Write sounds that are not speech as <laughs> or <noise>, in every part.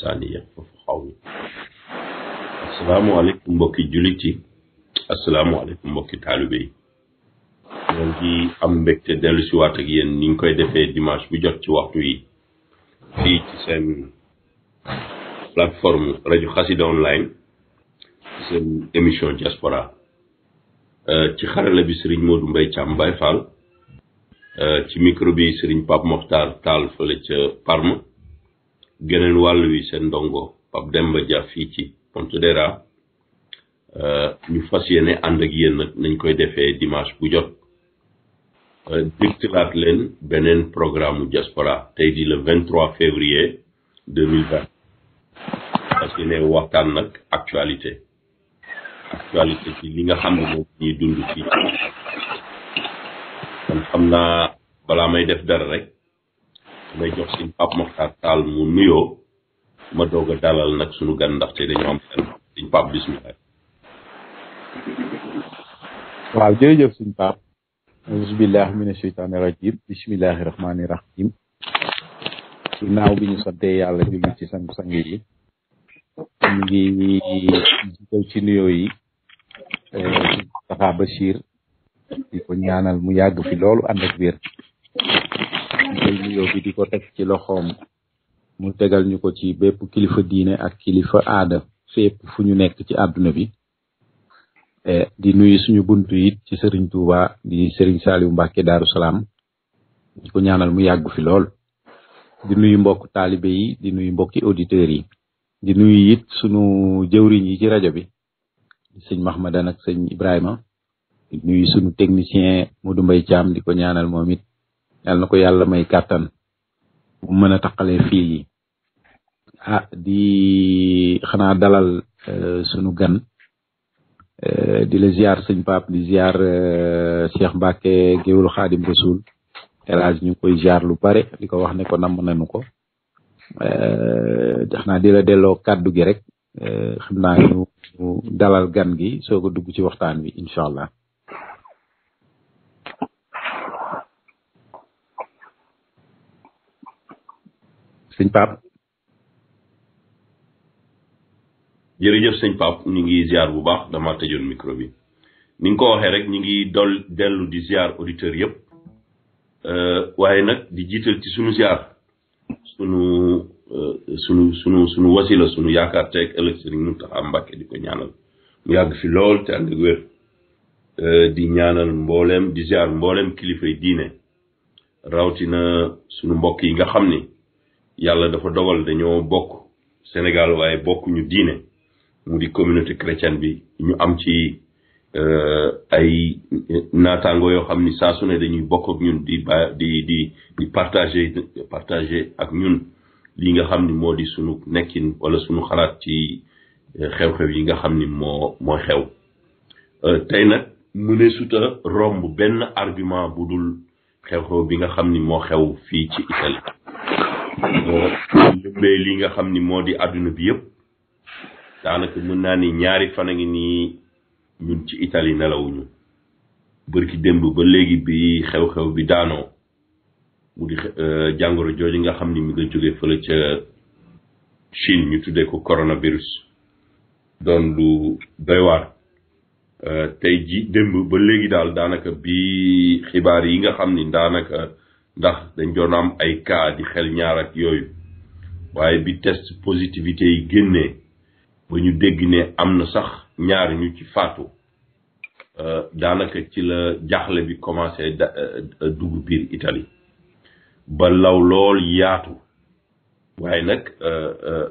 lisaani foofu ya, xaw assalamu alaykum mbokki juliti assalamu alaykum mbokki taalibe ñoo ngi am mbégte delu ci wat ak yeen ni ngi koy défé dimanche bu jot ci waxtu yi fi ci sen plateforme radio khassida online sen émission diaspora ci eh, xarala bi serigne Modou mbay cham bay Fall ci eh, micro bi serigne Pape Mokhtar tal fele ci Parma geneen wàll wi seen ndongo Pape Demba Dia fii ci Pontedera euh, ñu fas yéene ànd ak yéen nañ koy defee dimanche bu jot euh, dégtalaat leen beneen programme diaspora tey di le 23 février 2020 fas yéene waxtaan nag actualité actualité ci li nga xam ne moom ñuy dund fii kon xam naa balaa may def dara rek may jox suñ pap Mokhtar Tall mu nuyo ma doga dalal nak sunu gan ndaxte dañu am gan suñ Pape bismillah waaw jërëjëf suñ Pape أعوذ بالله من الشيطان الرجيم بسم الله ginaaw biñu sante yalla bi ci sang sang yi ñu ngi jiital ci nuyo yi Tafa eh, Bashir di ko ñaanal mu yàgg fi loolu ànd ak wér jël nuyoo di ko teg ci loxoom mu tegal ñu ko ci bépp kilifa diine ak kilifa aada fépp fu ñu nekk ci àdduna bi e, di nuyu suñu buntu it ci sëriñ Touba di sëriñ Saliou Mbacke Daaru Salaam di ko ñaanal mu yàgg fi lool di nuyu mbokk taalibe yi di nuyu mbokki auditeurs yi di nuyu it suñu jëwriñ yi ci rajo bi sëñ Mahmadan ak sëñ Ibrahima di nuyu suñu technicien Modou Mbaye Thiam di ko ñaanal moom it yàlla na ko yàlla may kàttan bu mën a taqalee fiil a ah, di xanaa dalal euh, sunu gan euh, di la ziar sëñ Pape di ziar euh, Cheikh Mbacke géwélu Xaadim Rasul elage ñu koy jar lu bare di ko wax ne ko namm nañu ko xanaa di la delloo kàddu gi rek xam naa dalal gan gi soo ko dugg ci waxtaan wi incha allah sëñ Pape. jërëjëf sëñ Pape ñu ngi ziar bu baax dama tëjoon micro bi ni nga ko waxee rek ñu ngi dol dellu di ziar auditeurs yëpp euh, waaye nag di jiital ci suñu ziar sunu euh, sunu sunu sunu wasila sunu yaakaar teeg ëllëg sëriñ Mountakha Mbacké di ko ñaanal mu yàgg fi lool te ànd ak wér euh, di ñaanal mbooleem di ziar mbooleem kilifa yi diine rawatina sunu mbokk yi nga xam ni. yàlla dafa dogal dañoo bokk Sénégal waaye bokk ñu diine mu di communauté chrétienne bi ñu am ci euh, ay naataango yoo xam ni saa su dañuy bokk ñun di ba di di di partager ak ñun li nga xam ni moo di sunu nekkin wala sunu xalaat ci euh, xew-xew yi nga xam ni moo moo xew euh, tey nag mu ne suta romb benn argument bu dul xew-xew bi nga xam ni moo xew fii ci Italie lëmbee li nga xam ni moo di àdduna bi yëpp daanaka mën naa ni ñaari fan a ngi nii ñun ci Italie nelawuñu bërki démb ba léegi bi xew-xew bi daanoo mu di euh, jàngoro jooju nga xam ni mi nga jóge fële ca Chine ñu tuddee ko coronavirus doon lu doy waar euh, tey ji démb ba léegi daal daanaka bi xibaar yi nga xam ni daanaka ndax dañ doon am ay cas di xel ñaar ak yooyu waaye bi test positivité yi génnee ba ñu dégg ne am na sax ñaar ñu ci faatu euh, daanaka ci la jaxle bi commencé euh, dugg biir Italie ba law lool yaatu waaye nag euh,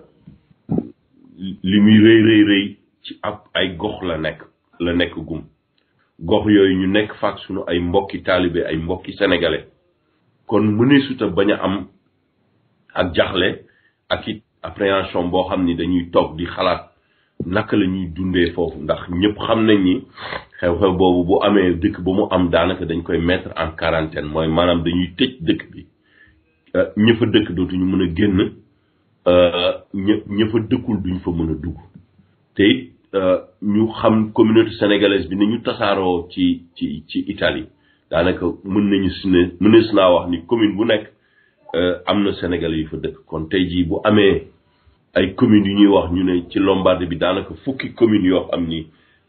li muy rëy rëy rëy ci ab ay gox la nekk la nekk gum gox yooyu ñu nekk faak sunu ay mbokki taalibe ay mbokki sénégalais kon mëneesuta bañ a am ak jaxle ak it appréhension boo xam ni dañuy toog di xalaat naka la ñuy dundee foofu ndax ñëpp xam nañ ni xew-xew boobu bu amee dëkk ba mu am daanaka dañ koy mettre en quarantaine mooy maanaam dañuy tëj dëkk bi euh, ñë fa dëkk dootuñu mën a génn ñë euh, ñë fa dëkkul duñ fa mën a dugg te it euh, ñu xam communauté sénégalaise bi ni ñu tasaaroo ci ci ci Italie daanaka mën nañu si ne mënees naa wax ni commune bu nekk euh, am na sénégal yu fa dëkk kon tey jii bu amee ay communes yu ñuy wax ñu ne ci Lombardie bi daanaka fukki commune yoo xam ni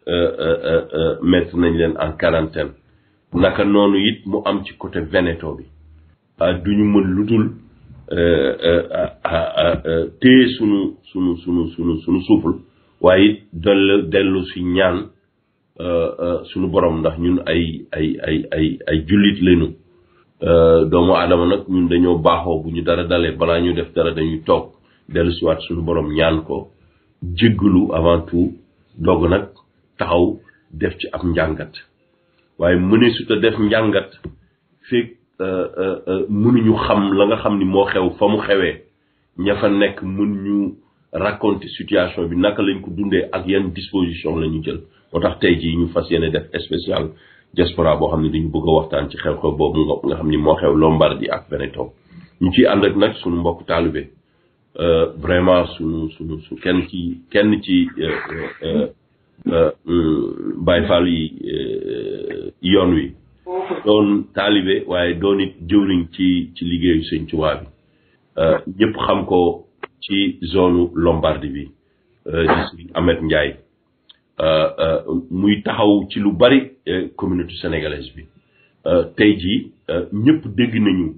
euh, euh, mettre nañ leen en quarantaine naka noonu it mu am ci côté Veneto bi ah, du ñu mën lu dul ah, ah, téye sunu sunu sunu sunu sunu suuful waaye it dellu si ñaan Euh, euh, suñu borom ndax ñun ay ay ay ay ay jullit lañu euh, doomu aadama nag ñun dañoo baaxoo bu ñu dara dalee balaa ñu def dara dañuy toog dellusiwaat suñu borom ñaan ko jéggalu avant tout doog nag taxaw def ci ab njàngat waaye mënee su ta def njàngat fekk mënuñu xam la nga xam ni moo xew fa mu xewee ña fa nekk mën ñu raconter situation bi naka lañ ko dundee ak yan disposition la ñu jël moo tax tey jii ñu fas yéene def spécial diaspora boo xam ne dañu ñu a waxtaan ci xew-xew boobu nga xam ni moo xew Lombardie ak Veneto ñu ciy ànd ak nag suñu mbokk taalibe euh, vraiment suñu suñu su kenn ci kenn euh, euh, Faal yi yoon wi doon taalibe waaye doon it jëwriñ ci ci liggéeyu Sëñ Tuubaa bi ñëpp xam ko ci zone Lombardie bi di Sëñ Amet Njaay Euh, euh, muy taxaw ci lu bari euh, communauté sénégalaise bi tey ji ñëpp dégg nañu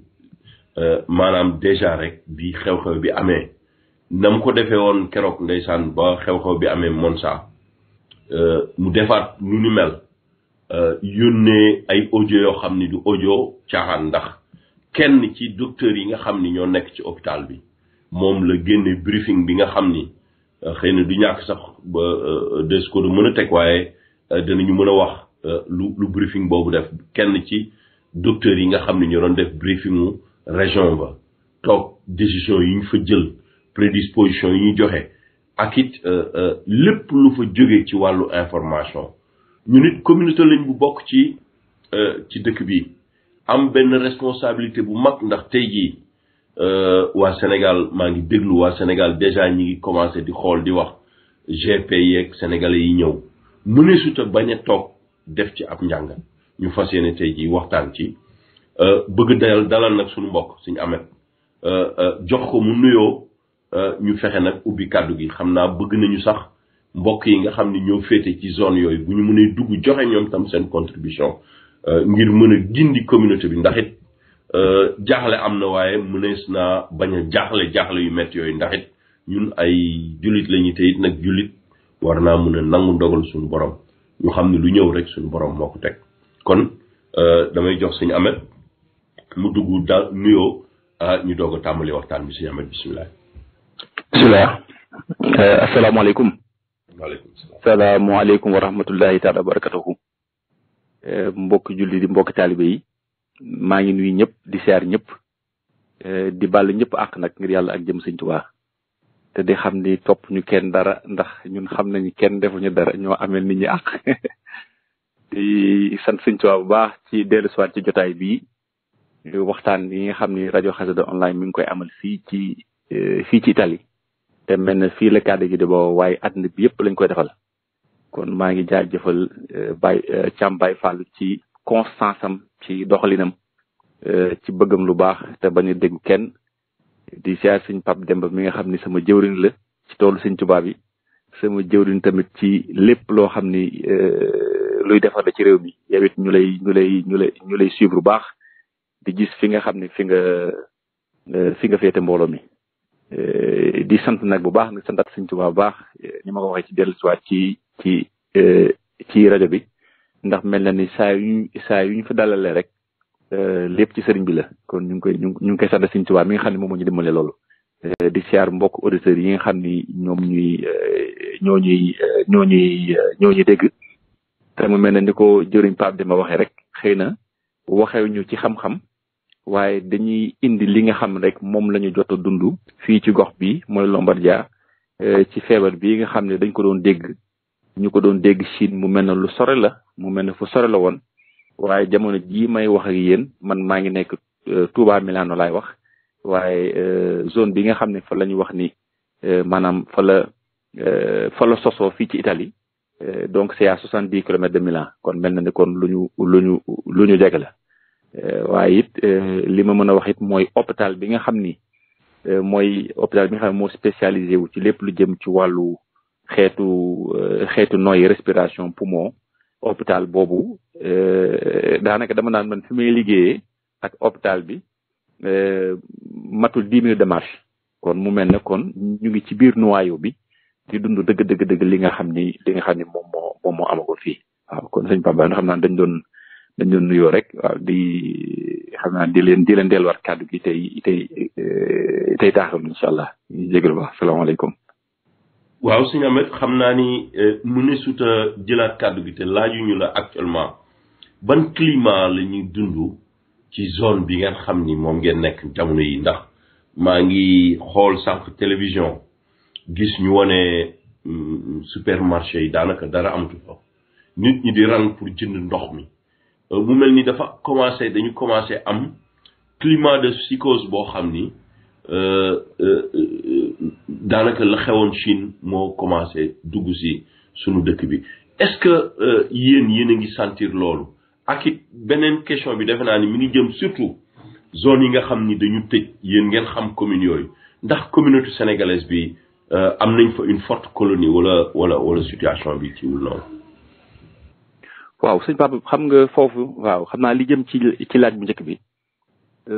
maanaam déjà rek bi xew-xew bi amee na mu ko defee woon keroog ndeysaan ba xew-xew bi amee Monsa mu defaat nu ni mel yónnee ay audio yoo xam ni du audio caaxaan ndax kenn ci docteur yi nga xam ni ñoo nekk ci hôpital bi moom la génne briefing bi nga xam ni xëy na du ñàkk sax ba euh, euh, des ko du mën a teg waaye euh, dinañu mën a wax lu lu briefing boobu def kenn ci docteurs yi nga xam ne ñu doon def briefingu région ba toog décision yi ñu fa jël prédisposition yi ñu joxe ak it lépp lu fa jóge ci wàllu information ñu nit communauté lañ bu bokk ci ci dëkk bi am benn responsabilité bu mag ndax tey jii Euh, waa Sénégal maa ngi déglu waa Sénégal déjà ñi ngi commencé di xool di wax GP yeeg sénégalais yi ñëw mënee suta bañ a toog def ci ab njàng ñu fas yéene tey jii waxtaan ci euh, bëgg dal dalal nag suñu mbokk suñu amet euh, jox ko mu nuyoo ñu fexe nag ubbi kàddu gi xam naa bëgg nañu sax mbokk yi nga xam ne ñoo féete ci zone yooyu bu ñu mënee dugg joxe ñoom tam seen contribution ngir mën a gindi communauté bi ndax it Euh, jaaxle am na waaye mënees na bañ a jaaxle jaaxle yu métti yooyu ndax it ñun ay jullit lañu te it nag jullit war naa mën nangu ndogal suñu borom ñu xam ne lu ñëw rek suñu borom moo ko teg kon euh, damay jox suñu amee mu dugg da nuyoo ah, ñu doog tàmbali waxtaan bi suñu amet bisimilah. bisimilah. Euh, asalaamaaleykum. waaleykum salaam. wa rahmatullahi mbokk jullit yi mbokk taalibe yi. maa ngi nuyu ñëpp di siyaar ñëpp eh, di bàll ñëpp àq nag ngir yàlla ak jëm sëñ Tuubaa te di xam ni topp ñu kenn dara ndax ñu xam nañu kenn defuñu dara ñoo amel nit ñi àq <laughs> di sant sëñ Tuubaa bu baax ci dellu siwaat ci jotaay bii waxtaan yi nga xam ni rajo Xassida online mi ngi koy amal fii ci eh, fii ci Italie te mel na fii la kàddu gi di boobu waaye àdduna bi yëpp lañ koy defal kon maa ngi jaajëfal eh, Baye Thiam Baye ci constance am ci doxalinam euh, ci bëggam lu baax te bañ a dégg kenn di siyaar sëñ Pape Demba mi nga xam ni sama jëwriñ la ci toolu sëñ Tuubaa bi sama jëwriñ tamit ci lépp loo xam ni euh, luy defar la ci réew mi yow ñu lay ñu lay ñu lay ñu lay suivre baax di gis fi nga xam ne fi nga euh, fi nga féete mbooloo mi di sant nag bu baax nag santaat sëñ Tuubaa bu baax ñu ma ko waxee ci dellusiwaat ci ci ci rajo bi ndax mel na ni saa yu saa yu ñu fa dalalee rek euh, lépp ci sëriñ bi la kon ñu ngi koy ñu ngi koy sant Sëriñ Tuubaa mi nga xam ne moom moo ñu dimbale loolu. Euh, di siyaar mbokk auditeurs yi nga xam ni ñoom ñuy euh, ñoo ñuy ñoo ñuy ñoo dégg te mu mel na ni ko jëriñ Pape di ma waxee rek xëy na waxew ci xam waaye dañuy indi li nga xam rek moom la ñu jot a dund fii ci gox bi mooy Lombardia ci feebar bi nga xam ne dañ ko doon dégg ñu ko doon dégg Chine mu mel ne lu sore la. mu mel ne fu sore la woon waaye jamono jii may wax ak yéen man maa ngi nekk euh, Touba Milano laay wax waaye euh, zone bi nga xam ne fa la ñu wax ni euh, maanaam fa la fa la fii ci Italie donc c'est à soixante dix kilomètres de Milan kon mel na ni kon lu ñu lu ñu lu ñu jege la waaye it li ma mën a wax it mooy hôpital bi nga xam ni mooy hôpital bi nga xam ne moo spécialisé wu ci lépp lu jëm ci wàllu xeetu xeetu nooy respiration poumon hôpital euh danaka dama nan man fumay may ak hôpital bi euh, matul 10 minutes de marche kon mu melne kon ñu ngi ci biir noyau bi di dund deug deug deug li nga xamni li nga xamni mom mo mom mo amago fi waaw kon señ papa nga xamna dañ doon dañ doon nuyo rek waaw di xamna di len di leen delluwaat kaddu gi tay tey tay euh, taxam inshallah ba alaykum waaw sëñ Ahmed xam naa ni eh, mu ne suta jëlaat kàddu gi te laajuñu la actuellement ban climat la ñuy dund ci zone bi ngeen xam ni moom ngeen nekk jamono yi ndax maa ngi xool sànq télévision gis ñu wone mm, supermarché yi daanaka dara amatu fa nit ñi di rang pour jënd ndox mi eh, mu mel ni dafa commencé dañu commencé am climat de psychose boo xam ni Euh, euh, euh, daanaka la xewoon Chine moo commencé dugg si sunu dëkk bi est-ce que yéen yéen a ngi sentir loolu ak it beneen question bi defe naa ni mi ngi jëm surtout zone yi nga xam ni dañu tëj yéen ngeen xam communes yooyu ndax communauté sénégalaise bi am nañ fa une fort colonie wala wala wala situation bi ci wul noonu. waaw sëñ Pape xam nga foofu waaw xam naa li jëm ci ci laaj bu njëkk bi.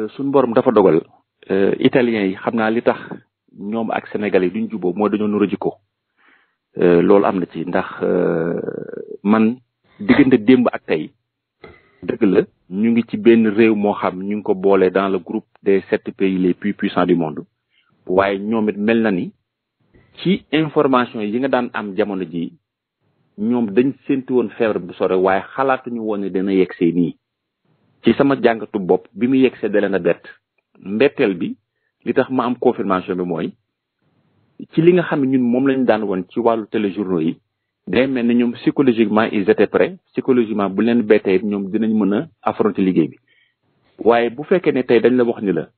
suñu borom dafa dogal. Euh, italiens yi xam naa li tax ñoom ak sénégalais yi duñ juboo moo dañoo nuru jikko euh, loolu am na ci ndax euh, man diggante démb ak tey dëgg la ñu ngi ci benn réew moo xam ñu ngi ko boole dans le groupe de sept pays les puis sant du monde waaye ñoom it mel na ni ci information yi nga daan am jamono ji ñoom dañ séntu woon feebar bu sore waaye xalaatuñu woon ne dana yegsee nii ci sama jàngatu bopp bi mu yegsee da a bett mbettel bi li tax ma am confirmation bi moy ci li nga xam ne ñun mom lañu daan won ci wàllu téléjournaux yi day melni ni psychologiquement ils étaient prêts psychologiquement bu leen bété ñoom dinañ mëna affronter liggéey bi waye bu fekkee né tay dañ la wax ni la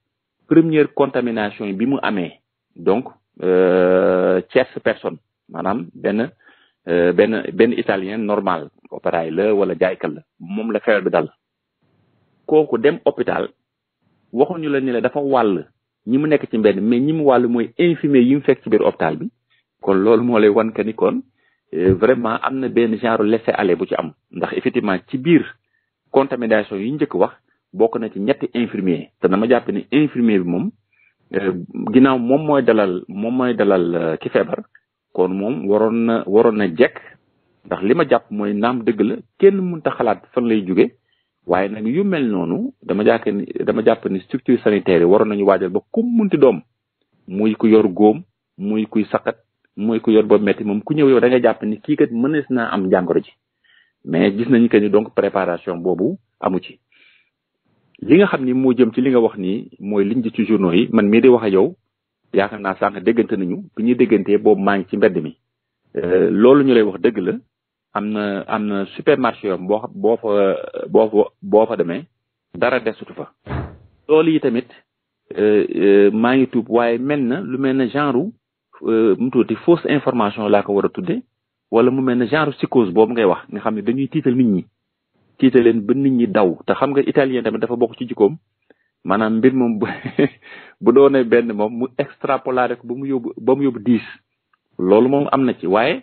première contamination bi mu amé donc euh tierce personne maanaam benn ben ben italien normal opéraay la wala jaaykat la mom la feebar bi dal koku dem hôpital waxuñu la ni la dafa wàll ñi mu nekk ci mbenn mais ñi mu wàll mooy infirmier yi mu fekk ci biir hôpital bi kon loolu moo lay wan que ni kon euh, vraiment am na benn genre laisser aller bu ci am ndax effectivement ci biir contamination yi njëkk wax bokk na ci ñetti infirmier te dama jàpp ni infirmier bi moom euh, ginnaaw moom mooy dalal moom mooy dalal euh, ki feebar kon moom waroon na waroon na jekk ndax li ma jàpp mooy naam dëgg la kenn mun mënta xalaat fan lay jóge waaye nag yu mel noonu dama jàkk ni dama jàpp ni structure sanitaire yi waroon nañu waajal ba ku munti doom muy ku yor góom muy kuy saqat muy ku yor boobu metti moom ku ñëw yow da nga jàpp ni kii kat mënees naa am jàngoro ji mais gis nañu que ni donc préparation boobu amu ci. li nga xam ni moo jëm ci li nga wax nii mooy liñ ji ci journaux yi man mii di wax ak yow yaakaar naa sànq déggante nañu bi ñuy déggantee boobu maa ngi ci mbedd mi. Euh, loolu ñu lay wax dëgg la am na am na supermarché yoom boo boo fa boo fa boo fa demee dara desut fa loolu yi tamit euh, euh, maa ngi tuub waaye mel na lu mel ne genre euh, mu tuuti fausse information laa ko war a tudde wala mu mel ne genre psychose boobu ngay wax nga xam ne dañuy tiital nit ñi tiital leen ba nit ñi daw te xam nga italien tamit dafa bokk ci jikkoom maanaam mbir moom bu <laughs> doonee benn moom mu extrapolé rek ba mu yóbbu mu yóbbu diis loolu moom am na ci waaye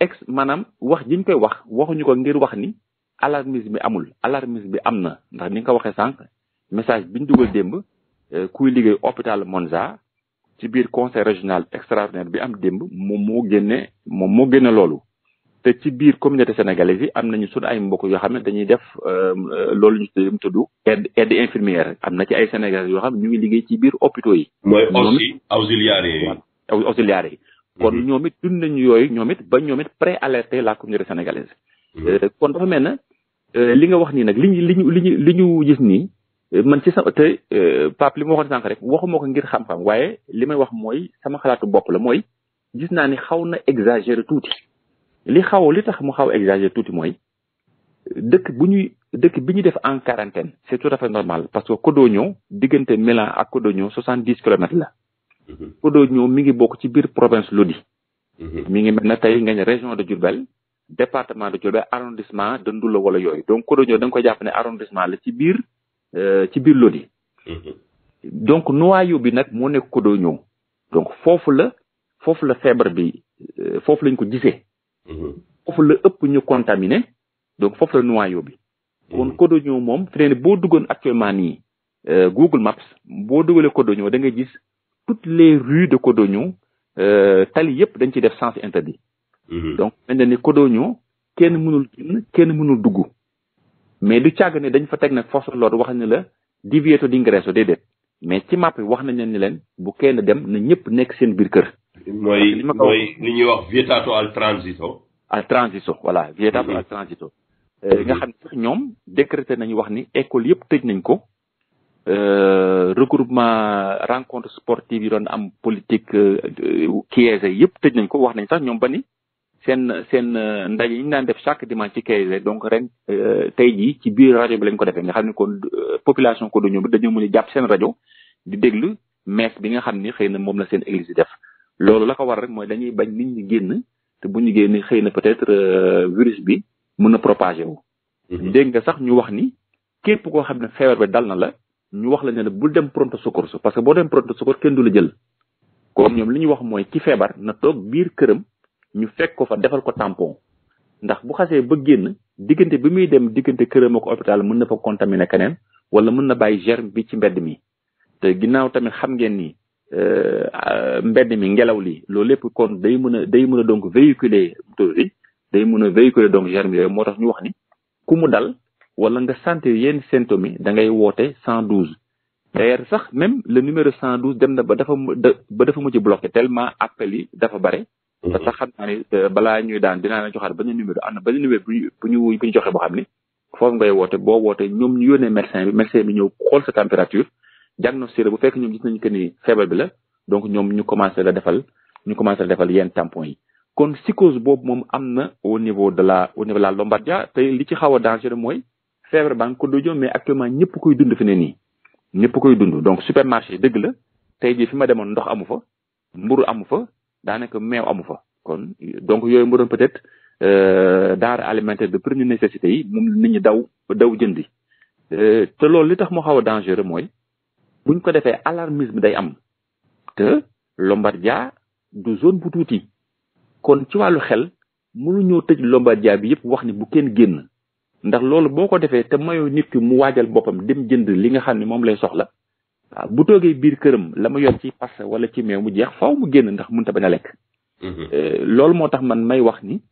ex maanaam wax jiñ koy wax waxuñu ko ngir wax ni alarmisme bi amul alarmisme bi am na ndax ni nga ko waxee sànq message biñ dugal démb euh, kuy liggéey hôpital Monza ci biir conseil régional extraordinaire bi am démb moom moo génne moom moo génne loolu te ci biir communauté sénégalaise yi am nañu sunu ay mbokk yoo xam ne dañuy def euh, euh, loolu ñu mu tudd aide aide infirmière am na ci ay sénégalais yoo xam ne ñu ngi liggéey ci biir hôpitaux yi. mooy aussi auxiliaires yi. auxiliaires yi kon mhm. ñoom it dund nañu yooyu ñoom ba ñoomit it pré alerté la communauté sénégalaise. Mhm. Euh, kon dafa mel ne euh, li nga wax nii nag li ñu li ñu li ñu li ñu gis nii euh, man te Pape li ma waxoon sànq rek waxuma ko ngir xam-xam waaye li may wax mooy sama xalaatu bopp la mooy gis naa ni xaw na exagéré tuuti li xaw li tax mu xaw exagéré tuuti mooy dëkk bu ñuy dëkk bi ñu def en quarantaine c'est tout à fait normal parce que Codogno diggante Milan ak Codogno soixante dix kilomètres la. Mhm. Podogno mi ngi bokk ci biir province Lodi. Mhm. mi ngi mel na tey nga ne région de Diourbel département de Diourbel arrondissement de Ndoulo wala yooyu donc Podogno da nga ko jàpp ne arrondissement la ci biir euh, ci biir Lodi. Mhm. donc noyau bi nag moo nekk Podogno donc foofu la foofu la feebar bi euh, foofu lañ ko gisee. foofu la ëpp ñu contaminé donc foofu la noyau bi. kon Codogno moom fi ne boo duggoon actuellement nii euh, Google Maps boo dugalee Codogno da ngay gis toutes les rues de Codogno euh, tali yep dañ ci def sens interdit. Mhm. donc mel na ni Codogno kenn mënul génn kenn mënul dugg. mais du càgg ne dañ fa tek nak force de wax ni la divieto d'ingresso déedéet mais ci map wax nañ leen ni len bu kenn dem na ñëpp nek seen bir kër. Moy moy ni ñi wax vietato al transito. al transito voilà vietato mhm. al transito. Euh, nga mhm. xam ne sax ñoom décrété nañ wax ni école yep tej nañ ko. Euh, regroupement rencontre sportive yi doon am politique euh, euh, Kiese yëpp tëj nañ ko wax nañ sax ñoom ba ni seen seen ndaje yi ñu daan def chaque dimanche ci Kiese donc ren tey jii ci biir rajo bi lañ ko defee nga xam ne kon population ko dañoo dañoo mën a jàpp seen rajo di déglu messe bi nga xam ni xëy na moom la seen église def. loolu la ko war rek mooy dañuy bañ nit ñi génn te bu ñu génn xëy na peut-être virus bi mën na propager wu. Mm-hmm. dégg nga sax ñu wax ni képp koo xam ne feebar bi dal na la. ñu wax la ne bul dem pronto secours parce que boo dem pronto secours kenn du la jël comme ñoom li ñu wax mooy ci feebar na toog biir këram ñu fekk ko fa defal ko tampon ndax bu xasee ba génn diggante bi muy dem diggante këram ak hôpital mën na fa contaminer keneen wala mën na bàyyi germe bi ci mbedd mi te ginnaaw tamit xam ngeen ni euh, mbedd mi ngelaw lii loolu lépp kon day mën a day mën a donc véhiculer taux day mën a véhiculer donc germe yooyu moo tax ñu wax ni ku dal wala nga santé yenn symptômes yi da ngay woote 112 d'ailleurs sax même le numéro 112 dem na ba dafa ba dafa mujj bloqué tellement appel yi dafa bare. te mm-hmm. sax xam naa ne euh, balaa ñuy daan dinaa la joxaat benn numéro am na benn numéro bu ñu bu ñu bu ñu joxe boo xam ni foofu ngay woote boo wootee ñoom ñu yónnee médecin bi médecin bi ñëw xool sa température diagnostic la bu fekk ñoom gis nañu que ni feebar bi la donc ñoom ñu commencé la defal ñu commencé la defal yenn tampon yi. kon psychose boobu moom am na au niveau de la au niveau de la Lombardia te li ci xaw a dangereux mooy. feebar baa ngi ko dojo mais actuellement ñëpp koy dund fi ne nii ñëpp koy dund donc supermarché dëgg la tey jii fi ma demoon ndox amu fa mburu amu fa daanaka meew amu fa kon donc yooyu mu doon peut-être euh, denrée alimentaire de première nécessité yi moom nit ñi daw daw jëndi euh, te loolu li tax mu xaw a dangereux mooy buñ ko defee alarmisme day am te Lombardia du zone bu tuuti kon ci wàllu xel mënu ñoo tëj Lombardia bi yëpp wax ni bu kenn génn ndax loolu boo ko defee te mayu nit ki mu waajal boppam dem jënd li nga xam ne moom lay soxla waaw bu toogee biir këram la mu yor ci parce wala ci meew mu jeex faw mu génn ndax mun bañ a lekk. Mm-hmm. Euh, loolu moo tax man may wax ni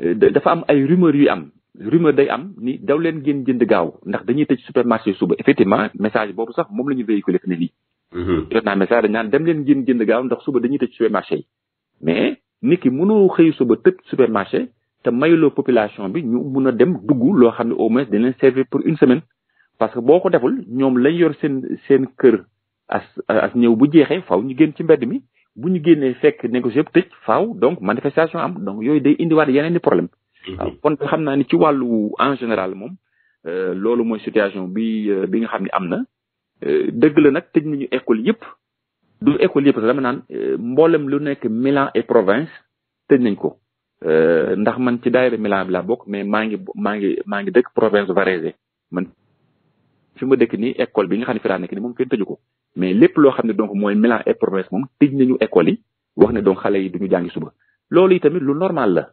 euh, dafa am ay rumeur yu am rumeur day am ni daw leen ngeen jënd gaaw ndax dañuy tëj supermarché suba effectivement message boobu sax moom la ñu véhiculé fi ne nii. Mm-hmm. jot naa message dañ naan dem leen ngeen jënd gaaw ndax suba dañuy tëj supermarché yi mais nit ki mënoo xëy suba tëj supermarché. te mayuloo population bi ñu mun dem duggu lo xam au moins dina leen servir pour une semaine parce que boko ko deful ñoom lañ yor sen sen kër as as ñëw bu jéxé faaw ñu gën ci mbéd mi bu ñu gënné fekk négoce yëpp tëj faaw donc manifestation am donc yoy day indi waat yeneen i problème mhm. waaw kon xam ni ci walu en général moom euh, lolu moy situation bi euh, bi nga xam amna am na euh, dëgg la nag tëj nañu école yëpp du école yëpp dama naan mbollem lu nekk Milan et province tëj nañ ko Euh, ndax man ci daayira Milan bi laa bokk mais maa ngi maa ngi maa ngi dëkk province Varese man fi ma dëkk ni école bi nga xam ne fi laa nekk nii moom kenn tëju ko mais lépp loo xam ne donc mooy Milan et province moom tëj nañu école yi wax ne donc xale yi duñu jàngi suba loolu yi tamit lu normal la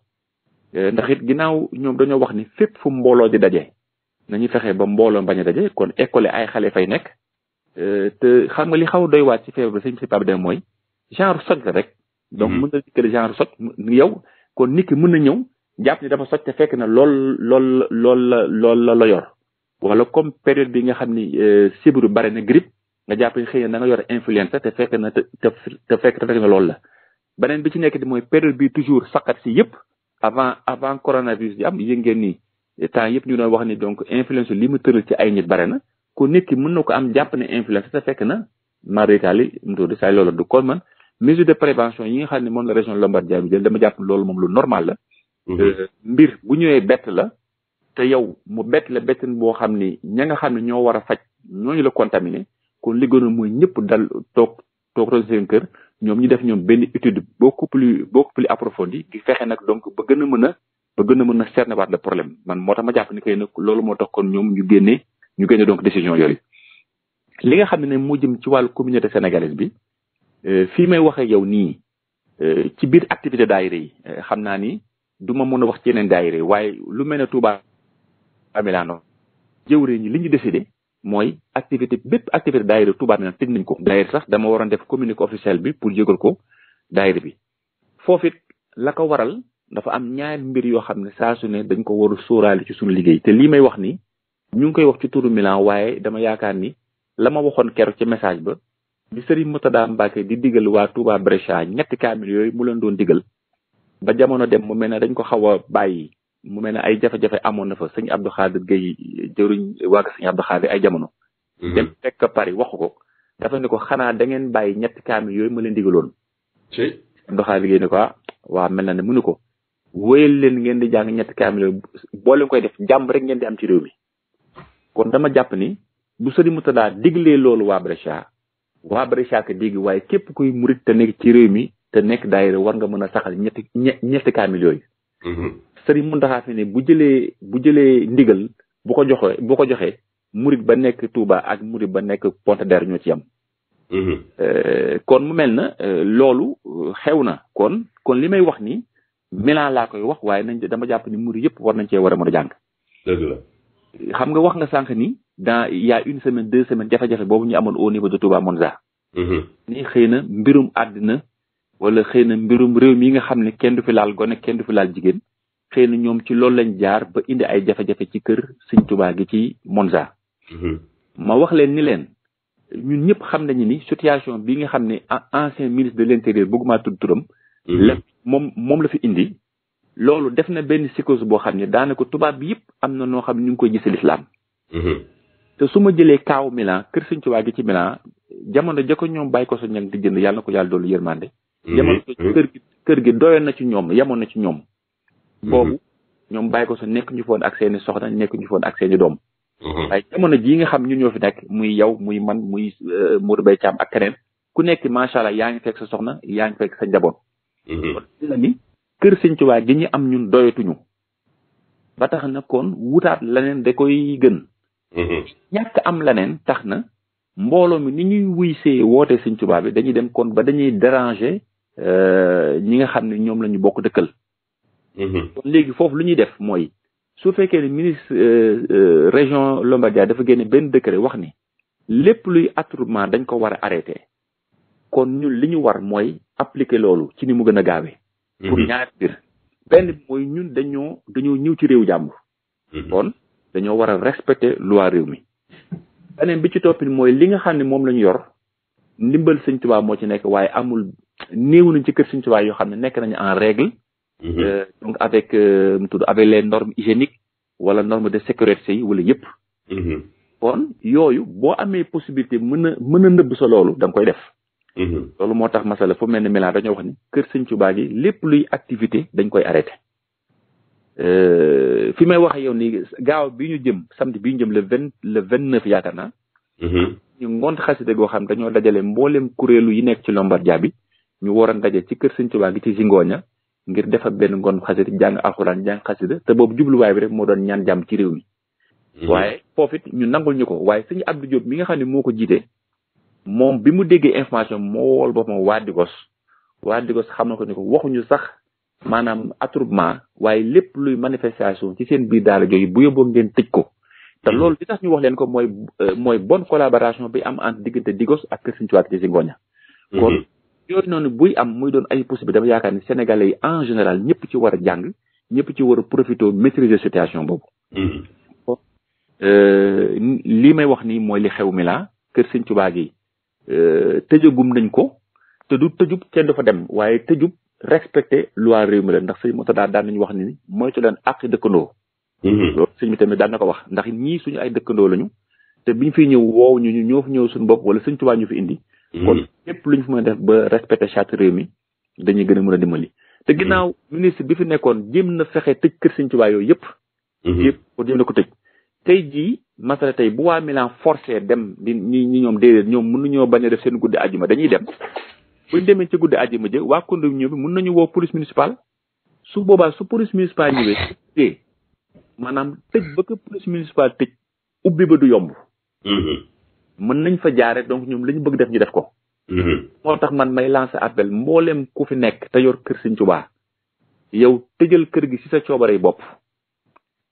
euh, ndax it ginnaaw ñoom dañoo wax ni fépp fu mbooloo di daje nañu fexe ba mbooloo bañ a daje kon école ay xale fay nekk euh, te xam nga li xaw doy waat ci feebar bi sëñ si Pape mooy genre soj rek donc hmm. mën na dikkale genre soj yow kon nit ki mën na ñëw jàpp ni dafa soj te fekk na lool lool lool la lool la la yor wala comme période bi nga xam ni euh, sibiru bare na grippe nga jàpp ni xëy na da nga yor influenza te na te te fekk na loolu la beneen bi ci nekk di mooy période bi toujours saqat si yëpp avant avant coronavirus bi am yëngeen nii temps yëpp ñu doon wax ni donc influence li mu tëral ci ay nit bare na kon nit ki mën na ko am jàpp ne influence te fekk na mari taali mu tudd say loolu du kon man mesure de prévention yi nga xam ne moom la région Lombardia bi jël dama jàpp loolu moom lu normal la. Mhm. Euh, mbir bu ñëwee bett la. te yow mu bett la bettin boo xam ni ña nga xam ne ñoo war a faj ñooñu la contaminé kon li gënoon mooy ñëpp dal toog toog toog seen kër ñoom ñu def ñoom benn étude beaucoup plus beaucoup plus approfondie di fexe nag donc ba gën a mën a ba gën a mën a cerner waat le problème moo tax ma jàpp ni loolu moo tax kon ñoom ñu génnee ñu génne donc décision yooyu. li nga xam ne moo jëm ci wàllu communauté sénégalaise bi. Euh, fii may waxee yow nii euh, ci biir activité daayira yi euh, xam naa ni duma mën a wax ci yeneen daayira yi waaye lu mel ne Touba Milano jëwree ñi li ñu décidé mooy activité bépp activité daayira Touba Milano tëj nañ ko daayira sax dama waroon def communiqué officiel bi pour jegal ko daayira bi foofu it la ko waral dafa am ñaari mbir yoo xam ne saa su dañ ko war a sóoraale ci suñu liggéey te lii may wax ni ñu ngi koy wax ci turu Milan waaye dama yaakaar ni la ma waxoon keroog ci message ba bi sëriñ Murtada Mbacke di diggal wa Touba brecha ñetti kamil yoy mu leen doon diggal ba jamono dem mu mel dañ ko xawa bayyi mu mel ay jafe-jafe amono na fa serigne Abdou Khadir Gueye jëruñ waa serigne Abdou Khadir ay jamono. Mm-hmm. dem fekk pari waxu ko. dafa ni ko xana da ngeen bayyi ñetti kamil yoy mu leen digaloon. ci Abdou Khadir Gueye ni ko ah waa ne mënu ko. leen ngeen di jang ñetti kamil yooyu leen koy def jam rek ngeen di am ci rew mi. kon dama japp ni bu sëriñ Murtada diglee loolu wa brecha waa Barichak dégg waaye képp kuy murit te nekk ci réew mi te nekk daayira war nga mën a saxal ñetti ñetti kaamil yooyu. Mm-hmm. sëriñ Muntaxa fi ne bu jëlee bu jëlee ndigal bu ko joxee bu ko joxee murit ba nekk Touba ak murit ba nekk der ñoo ci yam mm-hmm. euh, kon mu mel na euh, loolu euh, xew na kon kon li may wax ni milan laa koy wax waaye nañ dama jàpp ni murit yëpp war nañ cee war a mën a jàng. xam nga wax nga sànq nii dans yaa une semaine deux semaines jafe-jafe boobu ñu amoon au niveau de Touba Monza. Mm-hmm. nii xëy na mbirum àddina wala xëy na mbirum réew mi nga xam ne kenn du fi laal gone kenn du fi laal jigéen xëy na ñoom ci loolu lañ jaar ba indi ay jafe-jafe ci kër Sëñ Touba gi ci Monza. Mm-hmm. ma wax leen ni leen ñun ñëpp xam nañu ni situation bi nga xam ne ancien ministre de l'intérieur bëgguma tudd turam. Mm-hmm. la moom moom la fi indi. loolu def na benn psychose boo xam ne daanaka tubaab bi yëpp am na noo xam ñu ngi koy gis lislaam te su ma jëlee kaaw Milan kër Sëñ Tuubaa gi ci Milan jamono ja ko ñoom bàyyi ko sa ñag di jënd yàlla na ko yàlla doolu yërmande mhm. jamono mhm. kër gi kër gi doyoon na ci ñoom yemoon na ci ñoom mhm. boobu ñoom bàyyi ko sa nekk ñu foon ak seeni soxna nekk ñu foon ak seeni doom waaye jamono jii nga xam ñun ñoo fi nekk muy yow muy man muy euh, Modou Mbaye Thiam ak keneen ku nekk macha allah yaa ngi fekk sa soxna yaa ngi fekk sa njaboot kon la ni kër Sëñ Tuubaa gi ñu am ñun doyatuñu ba Mhm. ñàkk am leneen tax na mbooloo mi ni ñuy wuy see woote sëñ Tuubaa bi dañuy dem kon ba dañuy déranger euh, ñi nga xam ne ñoom la ñu bokk dëkkal. Mhm. kon léegi foofu lu ñuy def mooy su fekkee ne ministre euh, euh, région Lombardia dafa génne benn décret wax ni lépp luy attroupement dañ ko war a arrêté kon ñun li ñu war mooy appliquer loolu ci ni mu gën a gaawee. Mhm. pour ñaari mbir benn bi mooy ñun dañoo dañoo ñëw ci réew jàmbur kon. dañoo waral a respecter loi réew mi beneen bi ci toppin mooy li nga xam ne moom lañu yor ndimbal sëñ Tuubaa moo ci nekk waaye amul néew nañ ci kër sëñ Tuubaa yoo xam ne nekk nañu en règle mhm. euh, donc avec euh, mu tudd avec les normes hygiéniques wala normes de sécurité yi wala yëpp mhm. kon yooyu boo amee possibilité mën na mën a nëbb sa loolu da koy def mhm. loolu moo tax masala fu mel ne Milan dañoo wax ni kër sëñ Tuubaa gi lépp luy activité dañ koy arrêté Euh, fi may wax yow nii gaaw bi ñu jëm samedi bi ñu jëm le vingt le vingt neuf yaakaar naa. Mm-hmm. ñu ngont xasida goo xam dañoo dajale mbooleem kuréelu yi nekk ci Lombardia bi ñu war a daje ci kër Sëñ Tuubaa gi ci Zingoña ngir defar benn ngoon xasida jàng alxuraan jàng xasida te boobu jubluwaay bi rek moo doon ñaan jàmm ci réew mi. Mm-hmm. waaye foofu ñu nangul ñu ko waaye sëñ Abdou Diop mi nga xam ne moo ko jiite. moom bi mu déggee information moo wool boppam waa Digos waa xam na ko ni ko waxuñu sax. maanaam attroupement waaye lépp luy manifestation ci seen biir daara jooyu bu yóbboo ngeen tëj ko te mm-hmm. loolu li tax ñu wax leen ko mooy euh, mooy bonne collaboration bi am entre diggante Digos ak Kër Sëñ Tuubaa ci si Ngooña kon yooyu buy am muy doon ay pousse bi dama yaakaar ni sénégalais yi en général ñëpp ci war a jàng ñëpp ci war a profité maîtriser situation boobu mm-hmm. kon euh, lii may wax nii mooy li xew mi laa Kër Sëñ Tuubaa gi euh, tëjagum nañ ko te du tëjub kenn du fa dem waaye tëjub respecté loi réew mi la ndax sëñ Moutada daan nañu wax ni moytu leen àq dëkkandoo. Mhm. loolu sëñ bi tamit daan na ko wax ndax ñii suñu ay dëkkandoo lañu. te ñu fiy ñëw woow ñu ñoo fi ñëw suñu bopp wala sëñ Tuubaa ñu fi indi. Mhm. kon lépp lu ñu fi mën a ba respecté charte réew mi dañuy gën a mën a dimbali. te mhm. ginnaaw ministre bi fi nekkoon jéem na fexe tëj kër sëñ Tuubaa yooyu yëpp. yëpp pour na ko tëj. tey jii masala tey bu waa Milan forcé dem di ñi ñoom déedéet ñoom mënuñoo bañ a def seen guddi àjjuma dañuy dem bu ñu demee ci guddi àjjuma jë waa condominium bi mun nañu woo police municipale su boobaa su police municipale ñëwee maanaam tëj ba ko police municipale tëj ubbi ba du yomb. Mm-hmm. mën nañ fa jaaree donc ñoom lañu bëgg def ñu def ko. Mm-hmm. moo tax man may lancer appel mbooleem ku fi nekk te yor kër Sëñ Tuubaa yow tëjal kër gi si sa coobaree bopp.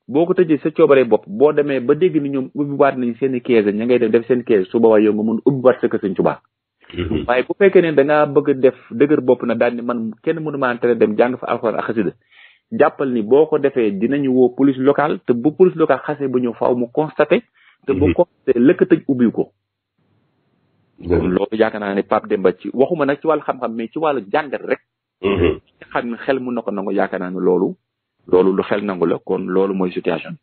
boo ko tëjee sa coobaree bopp boo demee ba dégg ni ñoom ubbiwaat nañ seen i kees ña ngay def def seen kees su boobaa yow nga mun ubbiwaat sa kër Sëñ Tuubaa Mhm. waaye bu fekkee ne da ngaa bëgg def dëgër bopp na daal ne man kenn mënu maa dem jàng fa alxuraan ak xasida jàppal ni boo ko defee dinañu woo police locale te bu police locale xasee ba ñëw faaw mu constaté te bu mhm. constaté lëkk tëj ubbi ko loolu yaakaar naa ne Pape Demba ci waxuma nag ci wàllu xam-xam mais ci wàllu jàngat rek mhm. xam ne xel mun na ko nangu yaakaar naa ne loolu loolu lu xel nangu la kon loolu mooy situation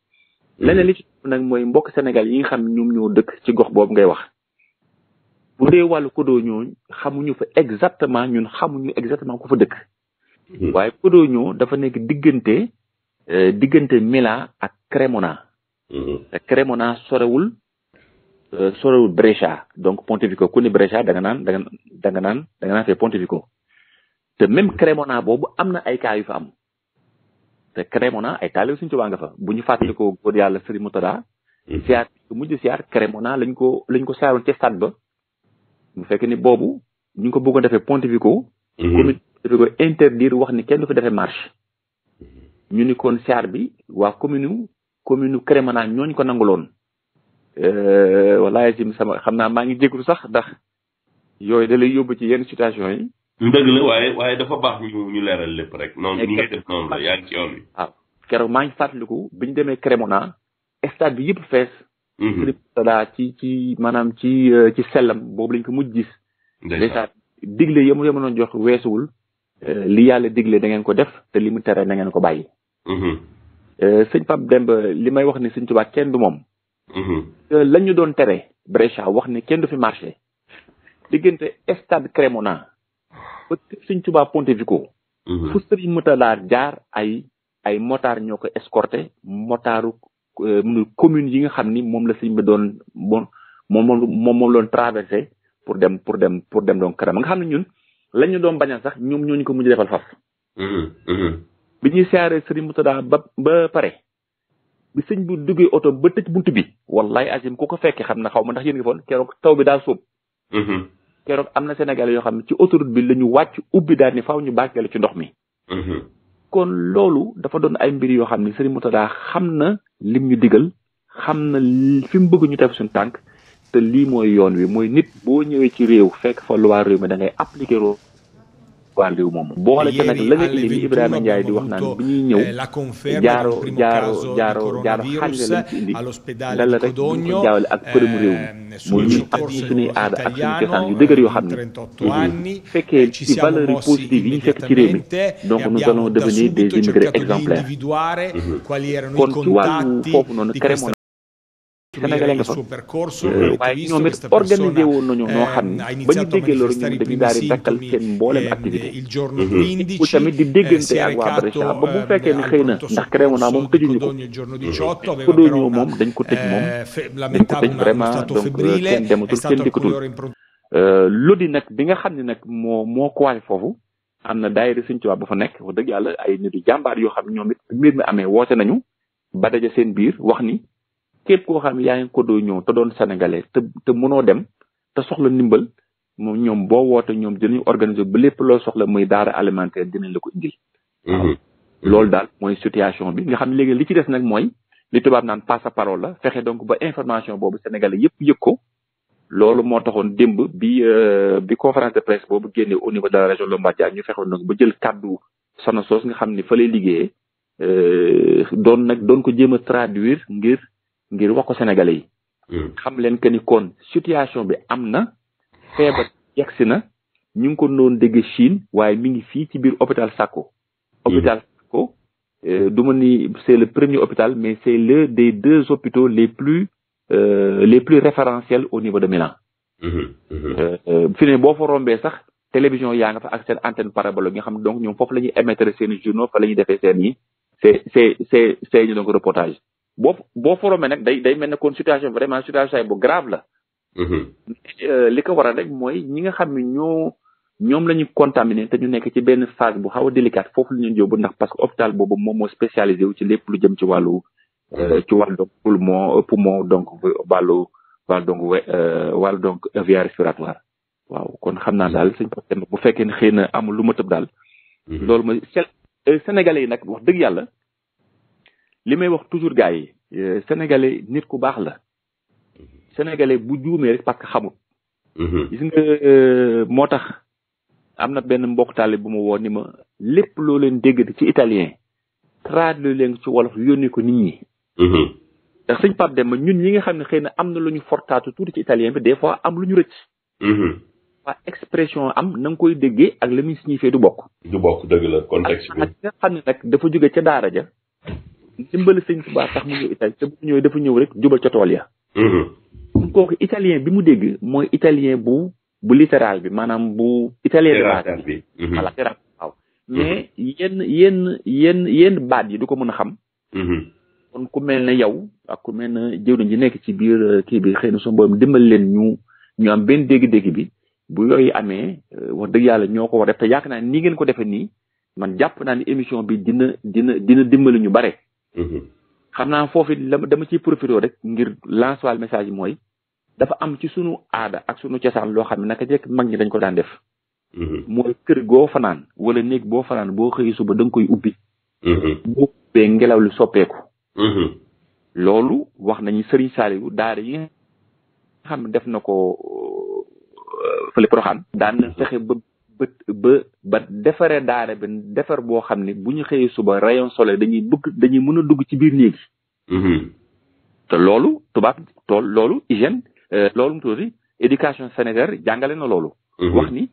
leneen li ci nag mooy mbokk Sénégal yi nga xam ñoom ñoo dëkk ci gox boobu ngay wax bu dee wàllu Codogno xamuñu fa exactement ñun xamuñu exactement ku fa dëkk. Hmm. waaye Codogno dafa nekk diggante euh, diggante mila ak Cremona. Hmm. te Cremona sorewul euh, sorewul Brescia donc Pontevico ku ne Brescia da nga naan da nga naan da nga naan fee Pontevico te même Cremona boobu am na ay cas yu fa am te Cremona ay taalibe suñ Tuubaa nga fa bu ñu fàttali ko yàlla Sëriñ Murtada hmm. siyaar mujj siyaar Cremona lañ ko lañ ko saaroon ca stade ba. bu fekk ni boobu ñu ko ko bëggoon defee Pontevico. Mhm. comité Pontevico interdire wax ni kenn du fi defee marche. Mhm. ñu ni koon char bi waa commune commune Crémona ñooñu ko nangu nanguloon. Euh, walaay si sama xam naa maa ngi jégalu sax ndax yooyu da yóbbu ci yenn situation yi. dëgg la waaye waaye dafa baax ñu ñu leeral lépp rek. noonu ñu ngi def noonu la yaa ci yoon wi. waaw ah, keroog maa ngi fàttaliku bi ñu demee Crémona stade bi yëpp fees. sala mm-hmm. ci ci maanaam ci euh, ci sellam boobu lañ ko mujj gis ndeysaan digle yamu yamu noon jox weesuwul euh, li yàlla digle da ngeen ko def te li mu tere da ngeen ko bàyyi mm-hmm. euh, sëñ Pape Demba li may wax ne sëñ Tuubaa kenn du moom mm-hmm. lañ ñu doon tere Brescia wax ne kenn du fi marché diggante stade Cremona ba sëñ Tuubaa Pontevico fu sëriñ Murtada jaar ay ay motaar ñoo ko escorté motaaru Euh, mënul commune yi nga xam ni moom la sëñ bi doon moom moom moom loon traversé pour dem pour dem pour dem donc Karama nga xam ne ñun lañ ñu doon bañal sax ñoom ñu ko mujj defal faf mm-hmm, mm-hmm. bi ñuy siyaaree Serigne Moutada ba ba pare bi sëñ bu duggee oto ba tëj bunt bi wallahi azim ku ko fekkee xam na xaw ma ndax yéen ngi foon keroog taw bi daa sóob mm-hmm. keroog am na Sénégal yoo xam ne ci autoroute bi la ñu wàcc ubbi daal ni faaw ñu bàckeelu ci ndox mi kon loolu dafa doon ay mbir yoo xam ne Serigne Moutada lim ñu digal xam na fi mu bëgg ñu def suñu tànk te lii mooy yoon wi mooy nit boo ñëwee ci réew fekk fa loi réew mi da ngay appliquer loo espoir réew moomu boole ca nag la nga indi li Ibrahima Ndiaye di wax naan bi ñuy ñëw jaaro jaaro jaaro jaaro xàlle lañ ci indi dal rek ñu jaawale ak përëm réew mu ñu ak suñuy aada ak suñu cosaan yu dëgër yoo xam ne ci valeurs positives yi fekk ci réew mi donc nous allons devenir des immigrés exemplaires kon ci wàllu foofu noonu crémoon Sénégalais nga fa ñoom it organisé woon nañu noo xam ne ba ñu déggee loolu ñoom dañu daal di dakkal seen mboolem activité ku tamit di déggante ak waa Brescia ba bu fekkee ne xëy na ndax Cremona moom tëjuñu ko moom dañ ko tëj moom dañ ko tëj vraiment donc kenn dematul kenn dikkatul lodi nag bi nga xam ne nag moo moo ko foofu am na daayira Sëñ Tuubaa ba fa nekk wax dëgg yàlla ay nitu jàmbaar yoo xam ñoom it mbir mi amee woote nañu ba daje seen biir wax ni képp koo xam ne yaa ngi ko doo ñëw te doon sénégalais te te mënoo dem te soxla ndimbal moom ñoom boo woote ñoom dinañu organiser ba lépp loo soxla mooy daara alimentaire dinañ la ko indil. Mm-hmm. loolu daal mooy situation bi nga xam ne léegi li ci des nag mooy li tubaab naan passe parole la fexe donc ba information boobu sénégalais yëpp yëg ko. loolu moo taxoon démb bi euh, bi conférence de presse boobu génnee au niveau de la région Lombardia ñu fexoon nag ba jël kàddu Sonasoos nga xam ne fa lay liggéeyee euh, nag doon ko jéem a ngir wax ko sénégalais yi. Hmm. xam leen que ni kon situation bi am na. feebar yegsi na ñu ngi ko doon dégg Chine waaye mi ngi fii ci biir hôpital sako hmm. hôpital sako euh, du ma ni c' est le premier hôpital mais c' est l'un des deux hôpitaux les plus euh, les plus référentiels au niveau de Milan. Hmm. Euh, euh, fi ne boo fa rombee sax télévision yaa nga fa ak seen antenne parabolique nga xam donc ñoom foofu la ñuy émettre seen journaux fa la ñuy defee seen yi. c'est c'est c'est c'est ñu donc reportage. boo boo foromee nag day day mel ne kon situation vraiment situation bu grave la. Mhm. Euh, li ko waral rek mooy ñi nga xam ne ñoo ñoom la ñu contaminé te ñu nekk ci benn phase bu xaw a délicate foofu la ñu jóobu ndax parce que hôpital boobu moom moo spécialisé wu ci lépp lu jëm ci wàllu. Euh, ci wàllu poumon euh, poumon donc wàllu wàllu donc wàllu donc respiratoire. waaw kon xam naa daal suñ bu fekkee ne xëy na amul lu ma tëb daal. Mhm. loolu mooy Sénégalais yi nag wax dëgg yàlla. que je wax toujours gars les euh, sénégalais nit ku bax la mhm. sénégalais bu djoumé rek parce que mhm. gis nga euh, motax les am benn mbokk taali bu ni ma lépp loo dégg ci italien traduire les ci wolof ko nit ñi mhm. ndax sëñ pap dem ñun ñi nga xam ne amna luñu am tout ci italien bi des fois am lu ñu pas expression am nang koy déggé ak du bok du bok contexte bi nga dafa daara ja ndimbali sëñ Tuubaa tax mu ñëw Italie dafa ñëw rek jubal ca tool ya. Mm-hmm. kon kooku italien bi mu dégg mooy italien bu bu littéral bi maanaam bu. italien littéral bi mm-hmm. voilà littéral mm-hmm. yenn yenn yenn baat yi du ko mën a xam. kon ku mel ne yow ak ku mel ne nañ ji nekk ci biir euh, kii bi xëy na suñu boroom dimbali leen ñu ñu am benn dégg-dégg bi bu yooyu amee euh, wax dëgg yàlla ñoo ko war def te yaakaar naa ni ngeen ko defee nii man jàpp naa ni émission bi dina dina dina dimbali ñu bare. Mhm. xam naa foofu dama ci profité rek ngir lance waal message yi mooy dafa am ci sunu aada ak sunu cosaan loo xam ne naka jekk mag ñi dañ ko daan def mhm. mooy kër goo fanaan wala néeg boo fanaan boo xëyee suba da koy ubbi mhm. ngelaw li soppeeku loolu wax nañu Serigne Saliou daara yi nga xam def na ko euh, fële proxaan daan na fexe ba ba defaree daara bi defar boo xam ne bu ñu xëyee suba rayon soleil dañuy bëgg dañuy mën a dugg ci biir néeg yi mm-hmm. te loolu tubaab tool loolu hygiène euh, loolu mu tuuti éducation Sénégal jàngale na loolu mm-hmm. wax ni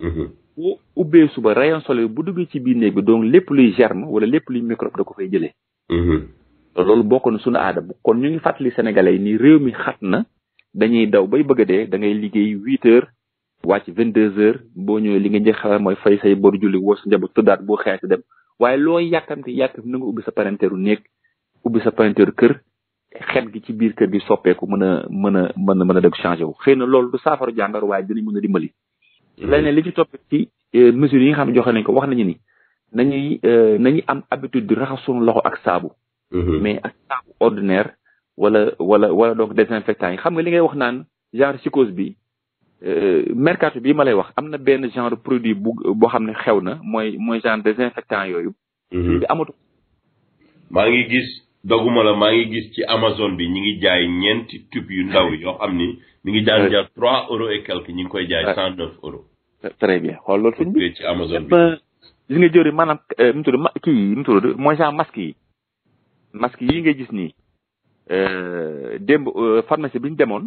mm-hmm. boo ubbee suba rayon soleil bu duggee ci biir néeg bi doom lépp luy germe wala lépp luy microbe da ko fay jële te loolu bokk na suñu aada kon ñu ngi fàttali sénégalais yi ni réew mi xat na dañuy daw bay bëgg a dee da ngay liggéey huit wàcc vingt deux heures boo ñëwee li nga njëkk xalaat mooy fay say bor julli woo sa njaboot tëddaat boo xëyaat dem waaye loo yàkkamti yàkkamti na nga ubbi sa parenteeru néeg ubbi sa parenteeru kër xet gi ci biir kër gi soppeeku mën a mën a mën a mën a dem changé wu xëy na loolu du saafara jàngaro waaye dinañ mën a dimbali mm-hmm. ne li ci topp ci euh, mesures yi nga xam joxe nañ ko wax nañu ni nañuy euh, nañu am habitude di raxas suñu loxo ak saabu mm-hmm. mais ak saabu ordinaire wala wala wala donc désinfectant yi xam nga li ngay wax naan genre psychose bi Euh, mercato bi ma lay wax am na benn genre produit bu boo xam ne xew na mooy mooy genre désinfectant yooyu. Mhm. maa ngi gis doguma la maa ngi gis ci Amazon bi ñi ngi jaay ñeenti tube yu ndaw ah yoo xam ni mi ngi daan ah jar trois euros et quelque ñi ngi koy jaay ah cent neuf euros. très bien xool loolu suñ bi ci Amazon bi li eh nga jëri maanaam eh, mu tudd ma kii yi mu tudd mooy genre masque yi masque yi nga gis nii euh, démb euh, pharmacie bi ñu demoon.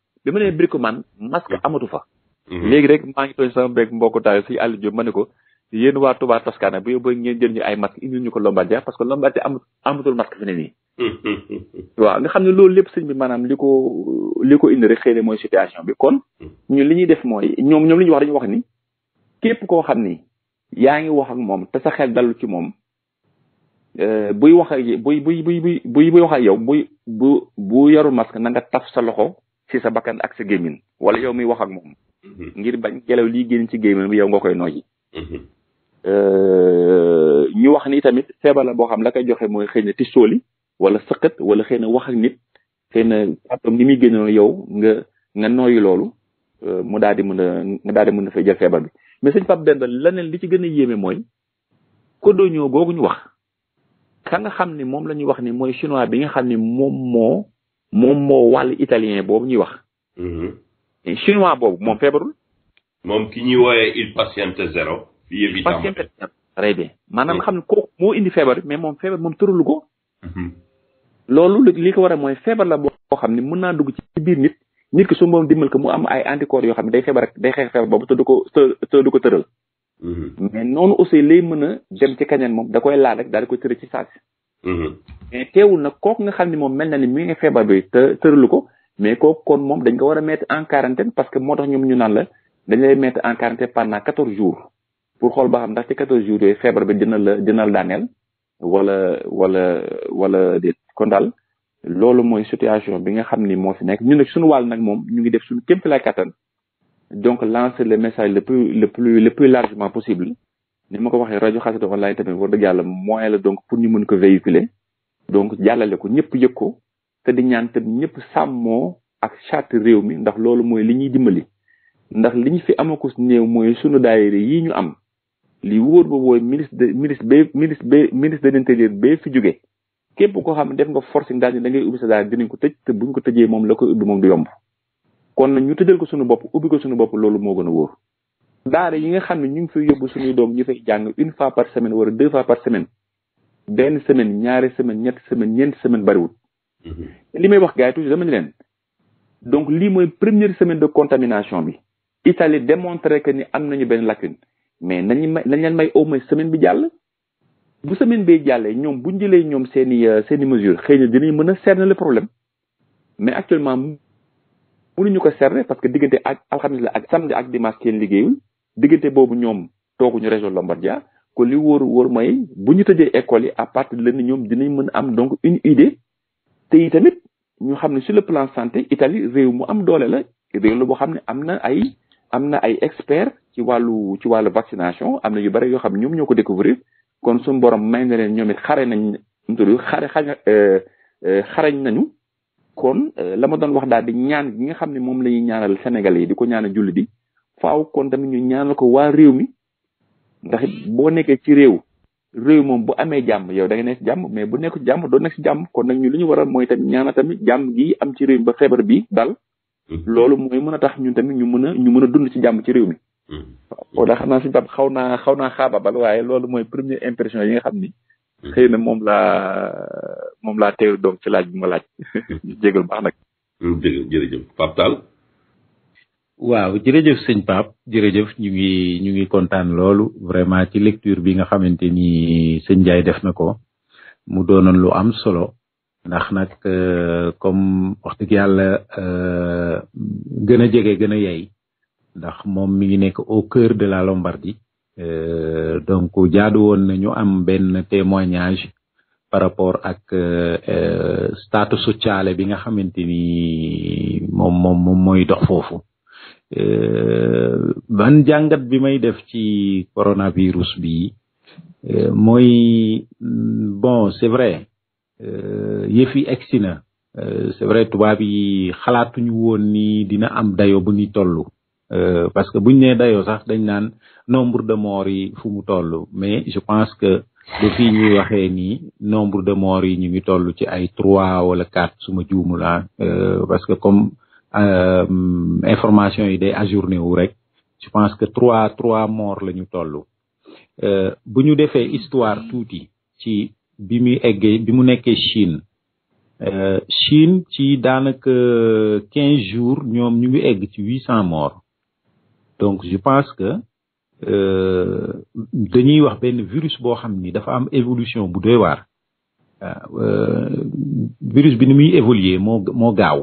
bi ma nee Brickman masque amatu fa. Mm-hmm. léegi rek maa ngi tooñ sama beeg mbokku taal si Aliou Diop ma ne ko yéen waa Touba Toscana bu yóbboo ngeen jël ñu ay masque indil ñu ko Lombardia parce que Lombardia am amatul masque fi ne nii. Mm-hmm. waaw nga xam ne loolu lépp sëñ bi maanaam li ko li ko indi rek xëy na mooy situation bi kon. Mm-hmm. ñun li ñuy def mooy ñoom ñoom li ñu wax dañu wax ni képp koo xam ni yaa ngi wax ak moom te sa xel dallu ci moom. Euh, buy wax ak buy buy buy buy buy wax ak yow buy bu bu yarul masque na nga sa loxo ci sa bakkan ak sa gémmin wala yow miy wax ak moom mm-hmm. ngir bañ gelaw lii génn ci gémmiñ bi yow nga koy noyyi mm-hmm. euh, ñu wax ni tamit feebar la boo xam la koy joxe mooy xëy na tisooli wala sëqët wala xëy na wax ak nit xëy na kàttam ni muy génnoon yow nga nga noyyi loolu euh, mu daal di mën a nga daal di mën a fa jël feebar bi mais sëñ Pape Demba leneen li ci gën a yéeme mooy kodoñoo googu ñu wax ka nga xam ni moom la ñuy wax ni mooy chinois bi nga xam ni moom moo moom moo wàll italien boobu ñuy wax. Mhm. chinois boobu moom feebarul. moom ki ñuy wooyee il patiente zéro. fii yëpp itam patiente zéro. très bien maanaam xam ne kooku moo indi feebar mais moom feebar moom tëralu ko. Mhm. loolu lii ko war a mooy feebar la boo xam ne mën naa dugg ci biir nit. nit ki su moom dimbal ko mu am ay anticorps yoo xam ne day feebar rek day xeex feebar boobu te du ko te du ko tëral. Mhm. mais noonu aussi lay mën a dem ci kañeen moom da koy laal rek daal di koy tëral ci saasi. Mm-hmm. mais teewul na kook nga xam ne moom mel na ni mi ngi feebar bi te tëralu ko mais kook kon moom dañ ko war a mettre en quarantaine parce que moo tax ñoom ñu naan la dañ lay mettre en quarantaine pendant quatorze jours pour xool ba xam ndax ci quatorze jours yooyu feebar bi dina la dina la daaneel wala wala wala déet kon daal loolu mooy situation bi nga xam ni moo si nekk ñu nag suñu wàll nag moom ñu ngi def suñu kéem lay kattan donc lancer le message le plus le plus le plus largement possible ni ma ko waxee rajo xasida online tamit war dëgg yàlla moyen la donc pour ñu mën ko véhiculer donc jàllale ko ñëpp yëg ko te di ñaan tam ñëpp sàmmoo ak charte réew mi ndax loolu mooy li ñuy dimbali ndax li ñu fi amakus néew mooy sunu daayira yi ñu am li wóor ba wooy ministre de ministre ba ministre ba ministre de l'intérieur ba fi jóge képp koo xam ne def nga forcing daal ni da ubbi sa daal dinañ ko tëj te buñ ko tëjee moom la koy ubbi moom yomb kon nag ñu tëjal ko sunu bopp ubbi ko suñu bopp loolu moo gën a wóor daara yi nga xam ne ñu ngi fay yóbbu suñuy doom ñu fay jàng une fois par semaine wala deux fois par semaine benn semaine ñaari semaine ñetti semaine ñeenti semaine bariwul mhm. li may wax gaa yi toujours dama ne leen donc lii mooy première semaine de contamination bi Italie démontré que ni am nañu benn lacune mais nañu may nañ leen may au moins semaine bi jàll bu semaine bi jàllee ñoom bu ñu jëlee ñoom seen i euh, seen i mesure xëy na dinañ mën a cerner le problème mais actuellement mënuñu ko cerner parce que diggante ak alxames la ak samedi ak dimanche kenn liggéeyul diggante boobu ñoom tooguñu région Lombardia kon li wóoru wóor mooy bu ñu tëjee école yi à partir de lenn ñoom dinañ mën a am donc une idée te tamit ñu xam ne sur le plan santé Italie réew mu am doole la réew la boo xam ne am na ay am na ay experts ci wàllu ci wàllu vaccination am na yu bëri yoo xam ne ñoom ñoo ko découvrir kon suñu borom may na leen ñoom it xare nañ mtudi xare euh, euh, xarañ nañu kon euh, la ma doon wax daal di ñaan gi nga xam ne moom la ñuy ñaanal Sénégalais yi di ko ñaanal julli di faaw kon tamit ñu ñaanal ko waa réew mi ndax boo nekkee ci réew réew moom bu amee jàmm yow da nga nekk jàmm mais bu nekk jàmm doo nekk si jàmm kon nag ñu li ñu waral mooy tamit ñaanal tamit jàmm gi am ci réew mi ba feebar bi dal mm-hmm. loolu mooy mën a tax ñun tamit ñu mën a ñu mën a dund ci jàmm ci réew mi mm-hmm. waaw da naa si bab xaw naa xaw naa xaaba bal waaye loolu mooy première impression yi nga xam ni mm-hmm. xëy na moom laa moom laa teew doom ci laaj bi ma laaj <laughs> jégal baax nag jërëjëf Pape Tall waaw jërëjëf sëñ Pape jërëjëf ñu ngi ñu ngi kontaan loolu vraiment ci lecture bi nga xamante ni sëñ Ndiaye def na ko mu doonoon lu am solo ndax nag euh, comme wax dëgg yàlla euh, gën a jege gën a yey ndax moom mi ngi nekk au cœur de la Lombardie euh, donc jaadu woon na ñu am benn témoignage par rapport ak statut sociale bi nga xamante ni moom mooy dox foofu Euh, ban jàngat bi may def ci coronavirus bi euh, mooy mm, bon c'est vrai euh, yëf yi egsi na c'est vrai tubaab yi xalaatuñu woon ni dina am dayo bu tollu toll parce que buñ ne dayo sax dañ naan nombre de morts yi fu mu toll mais je pense que ba ñuy waxee nii nombre de morts yi ñu ngi toll ci ay trois wala quatre suma juumu la parce que comme Euh, information yi day ajourné wu rek je pense que trois trois morts lañu euh, ñu euh buñu défé histoire touti ci bi muy eggee bi mu nekkee Chine euh, Chine ci danaka quinze jours ñom ñu ngi égg ci huit morts donc je pense que dañuy wax ben virus bo xamni dafa am évolution bu doy euh virus bi ni muy évoluer mo mo gaaw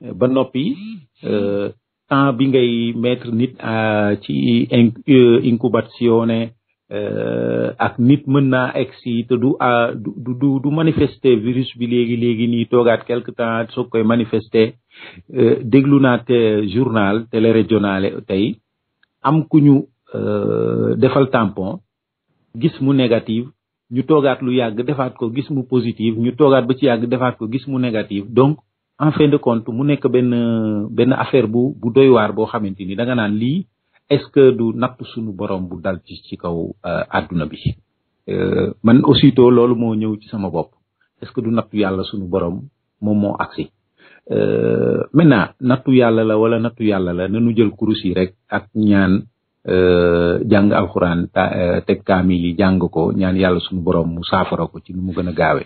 ba noppi hmm. euh, temps bi ngay metre nit euh, ci euh, incubation ne ak nit mën naa egsi te du du du du manifester virus bi léegi léegi nii toogaat quelque temps soog koy manifester déglu naa te journal télé régionale tey am ku ñu defal tampon gis mu negative ñu toogaat lu yàgg defaat ko gis mu positif ñu toogaat ba ci yàgg defaat ko gis mu négatif donc en fin de compte mu nek ben ben affaire bu bu doy war bo xamanteni da nga nan li est ce que du nap suñu borom bu dal ci ci kaw euh, aduna bi euh, man aussitôt mo ñew ci sama bop est ce que du nap yalla suñu borom mo moo euh maintenant nattu yalla la wala natu yalla la nañu jël kurusi rek ak ñaan euh, jang alcorane ta tek kamili jang ko ñaan yalla suñu borom mu safara ko ci nu mu gëna gaawé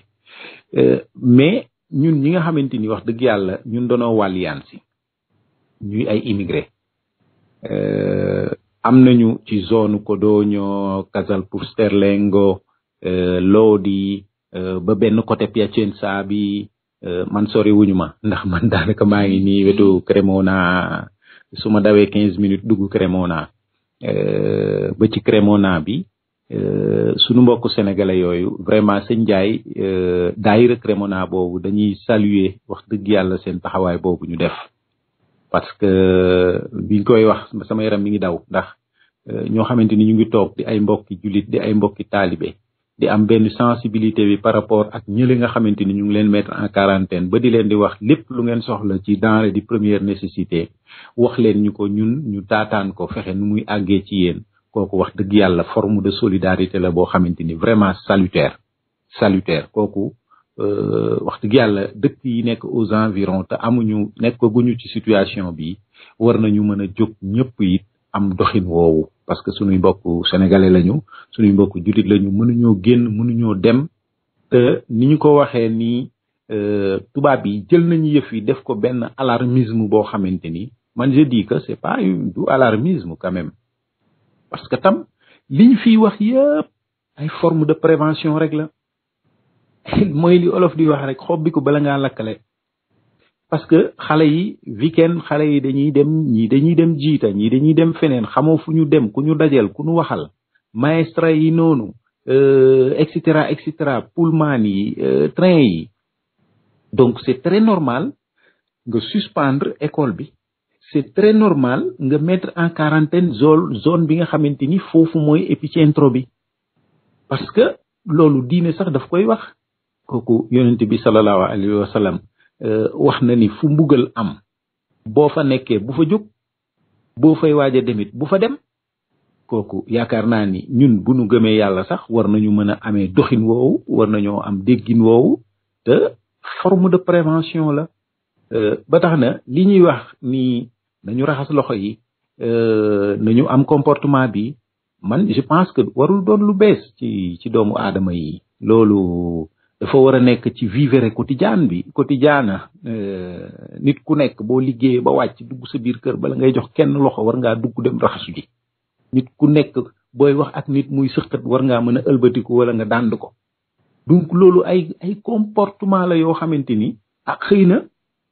euh mais ñun ñi nga xamante ni wax dëgg yàlla ñun doonoo wàlliyaan si ñuy ay immigré euh, am nañu ci zone Codogno Casalpusterlengo euh, Lodi euh, ba benn côté Piacenza bi man sori wuñu ma ndax man daanaka maa ngi nii wetu Cremona su ma dawee quinze minutes dugg Cremona ba ci Cremona bi Euh, suñu mbokku sénégalais yooyu vraiment sëñ Ndiaye euh, daayira Cremona boobu dañuy saluer wax dëgg yàlla seen taxawaay boobu ñu def parce que euh, biñ koy wax sama yaram mi ngi daw ndax ñoo xamante ni ñu ngi toog di ay mbokki jullit di ay mbokki taalibe di am benn sensibilité bi par rapport ak ñële nga xamante ni ñu ngi leen mettre en quarantaine ba di leen di wax lépp lu ngeen soxla ci denrée di première nécessité wax leen ñu ko ñun ñu taataan ko fexe nu muy àggee ci yéen kooku wax dëgg yàlla forme de solidarité la boo xamante ni vraiment salutaire salutaire kooku euh, wax dëgg yàlla dëkk yi nekk aux environs te amuñu nekkaguñu ci situation bi war nañu mën a jóg ñëpp it am doxin woowu parce que suñuy mbokk sénégalais lañu suñuy mbokku jullit lañu mënuñoo génn mënuñoo dem te ni ñu ko waxee ni euh, tubaab yi jël nañu yëf yi def ko benn alarmisme boo xamante ni man je dis que c'est pas du alarmisme quand parce que tam liñ fi wax yëpp ay forme de prévention rek la <laughs> mooy li olof di wax rek xob ko bala ngaa lakkale parce que xale yi weekend xale yi dañuy dem ñi dañuy dem jiita ñi dañuy dem feneen xamoo fu ñu dem ku ñu dajal ku ñu waxal maestra yi noonu euh, et cetera et cetera pullman yi euh, train yi donc c'est très normal nga suspendre école bi c'est très normal de mettre en quarantaine zone zone bi nga xamanteni ni moy a bi parce que lolu diiné sax daf koy wax koku yonent bi sallallahu alayhi wa sallam euh, wax na ni am bo fa nekkee bu fa juk fay demit bu fa dem koku yaakaar ni ñun bu sax war nañu mëna amé doxin war am déggin ou te forme de prévention la euh, ba tax ni nañu raxas loxo yi euh, nañu am comportement bi man je pense que warul doon lu bees ci ci doomu aadama yi loolu dafa war a nekk ci vivre quotidien bi quotidiana euh, nit ku nekk boo liggéeyee ba wàcc dugg sa biir kër bala ngay jox kenn loxo war ngaa dugg dem raxasu ji nit ku nekk booy wax ak nit muy sëqat war ngaa mën a ëlbatiku wala nga dànd ko donc loolu ay ay comportement la yoo xamante ni ak ah, xëy na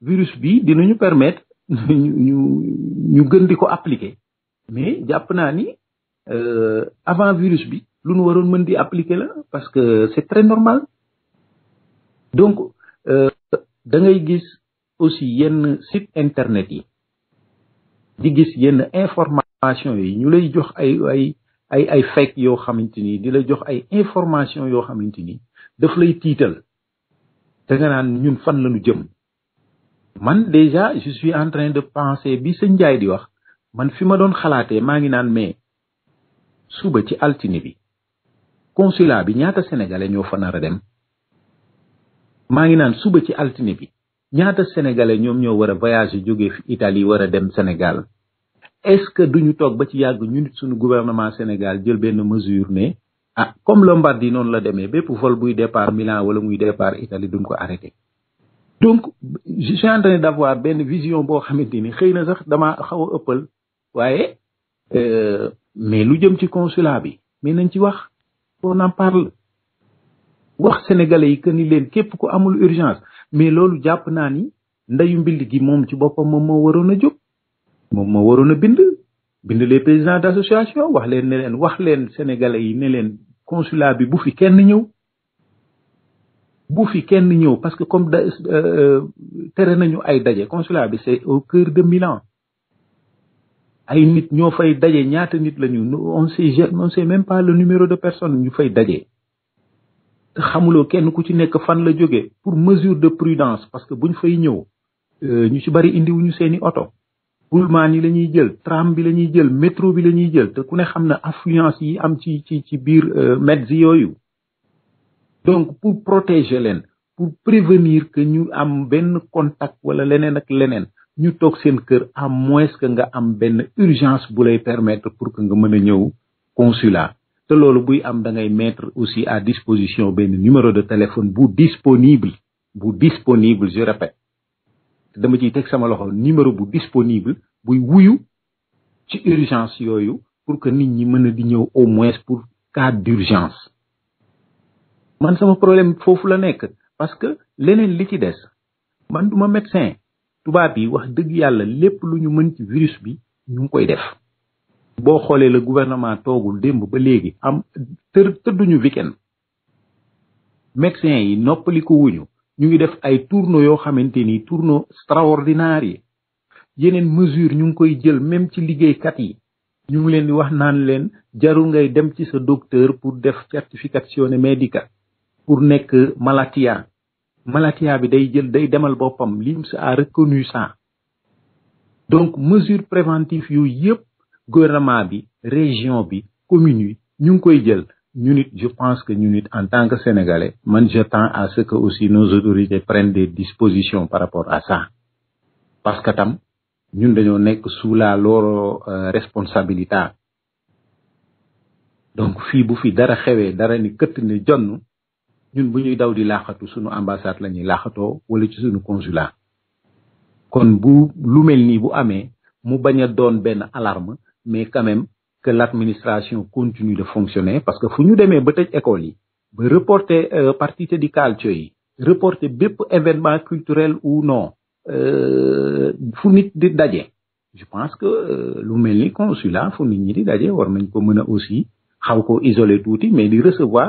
virus bi dinañu permettre ñu <laughs> ñu gën di ko appliquer mais jàpp naa ni euh, avant virus bi lu nu waroon mën di appliquer la parce que c'est très normal donc euh, da ngay gis aussi yenn site internet yi di gis yenn information yi ñu lay jox ay ay ay ay fekk yoo xamante ni di la jox ay information yoo xamante ni daf lay tiital da nga naan ñun fan la jëm man déjà je suis en de penser bi sëñ Njaay di wax man fi ma doon xalaatee maa ngi naan mais suba ci altine bi consulat bi ñaata sénégalais ñoo fa nar a dem maa ngi naan suba ci altine bi ñaata sénégalais ñoom ñoo war a voyager jógee fi Italie war a dem Sénégal est-ce que duñu toog ba ci yàgg ñu nit suñu gouvernement Sénégal jël benn mesure ne ah comme Lombardie noonu la demee bépp vol buy départ Milan wala muy départ Italie duñ ko arrêté donc je suis en d'avoir benn vision boo xamante ni xëy na sax damaa xaw a ëppal waaye euh, mais lu jëm ci consulat bi mais nañ ci wax on en parle wax sénégalais yi que ni leen képp ku amul urgence mais loolu jàpp naa ni ndeyu mbind gi moom ci boppam moom moo waroon a jóg moom moo waroon a bind bind les présidents d' association wax leen ne leen wax leen sénégalais yi ne leen consulat bi bu fi kenn ñëw bu fi kenn ñëw parce que comme euh, euh, tere nañu ay daje consulat bi c'est au cœur de Milan ay nit ñoo fay daje ñaata nit lañu on sait on sait même pas le numéro de personne ñu fay daje te xamuloo kenn ku ci nekk fan la jóge pour mesure de prudence parce que buñ fay ñëw euh, ñu ci bari indiwuñu seeni oto Pullman yi la ñuy jël tram bi la ñuy jël métro bi la ñuy jël te ku ne xam na affluence yi am ci ci ci biir medzi yooyu donc pour protéger leen pour prévenir que ñu am ben contact wala lenen ak lenen ñu tok seen kër à moins que nga am ben urgence bu lay permettre pour que nga mën a ñëw consulat te loolu buy am da ngay mettre aussi à disposition ben numéro de téléphone bu disponible bu disponible je répète dama ciy teg sama loxo numéro bu disponible buy wuyu ci urgence yooyu pour que nit ñi mën di ñëw au moins pour cas d'urgence man sama problème foofu la nekk parce que leneen li ci des man duma médecin tubaab yi wax dëgg yàlla lépp lu ñu mën ci virus bi ñu ngi koy def boo xoolee la gouvernement toogul démb ba léegi am tër tëdduñu weekend médecin yi noppalikuwuñu ñu ngi def ay tourno yoo xamante ni tourno extraordinaire yi yeneen mesure ñu ngi koy jël même ci liggéeykat yi ñu ngi leen di wax naan leen jarul ngay dem ci sa docteur pour def certification médicale pour nekk malatia malatia bi day jël day demal boppam lim si à reconnu ça donc mesure préventive yooyu yëpp gouvernement bi région bi commune yi ñu ngi koy jël ñu it je pense que ñun it en tant que sénégalais man je j'attends à ce que aussi nos autorités prennent des dispositions par rapport à ça parce que tam ñun dañoo nekk sous la loro euh, responsabilité donc fii bu fi dara xewee dara ni këtt ne jonn ñun bu ñuy daw di laaxatu suñu ambassade la ñuy laaxatoo wala ci suñu consulat kon bu lu mel nii bu amee mu bañ a doon benn alarme mais quand même que l'administration continue de fonctionner parce que fu ñu demee ba tëj école yi ba reporter euh, partie di calcio yi reporter bépp événement culturel ou non euh, fu nit di daje je pense que euh, lu mel ni consulat fu nit ñi di daje war nañ ko mën a aussi xaw ko isolé tuuti mais di recevoir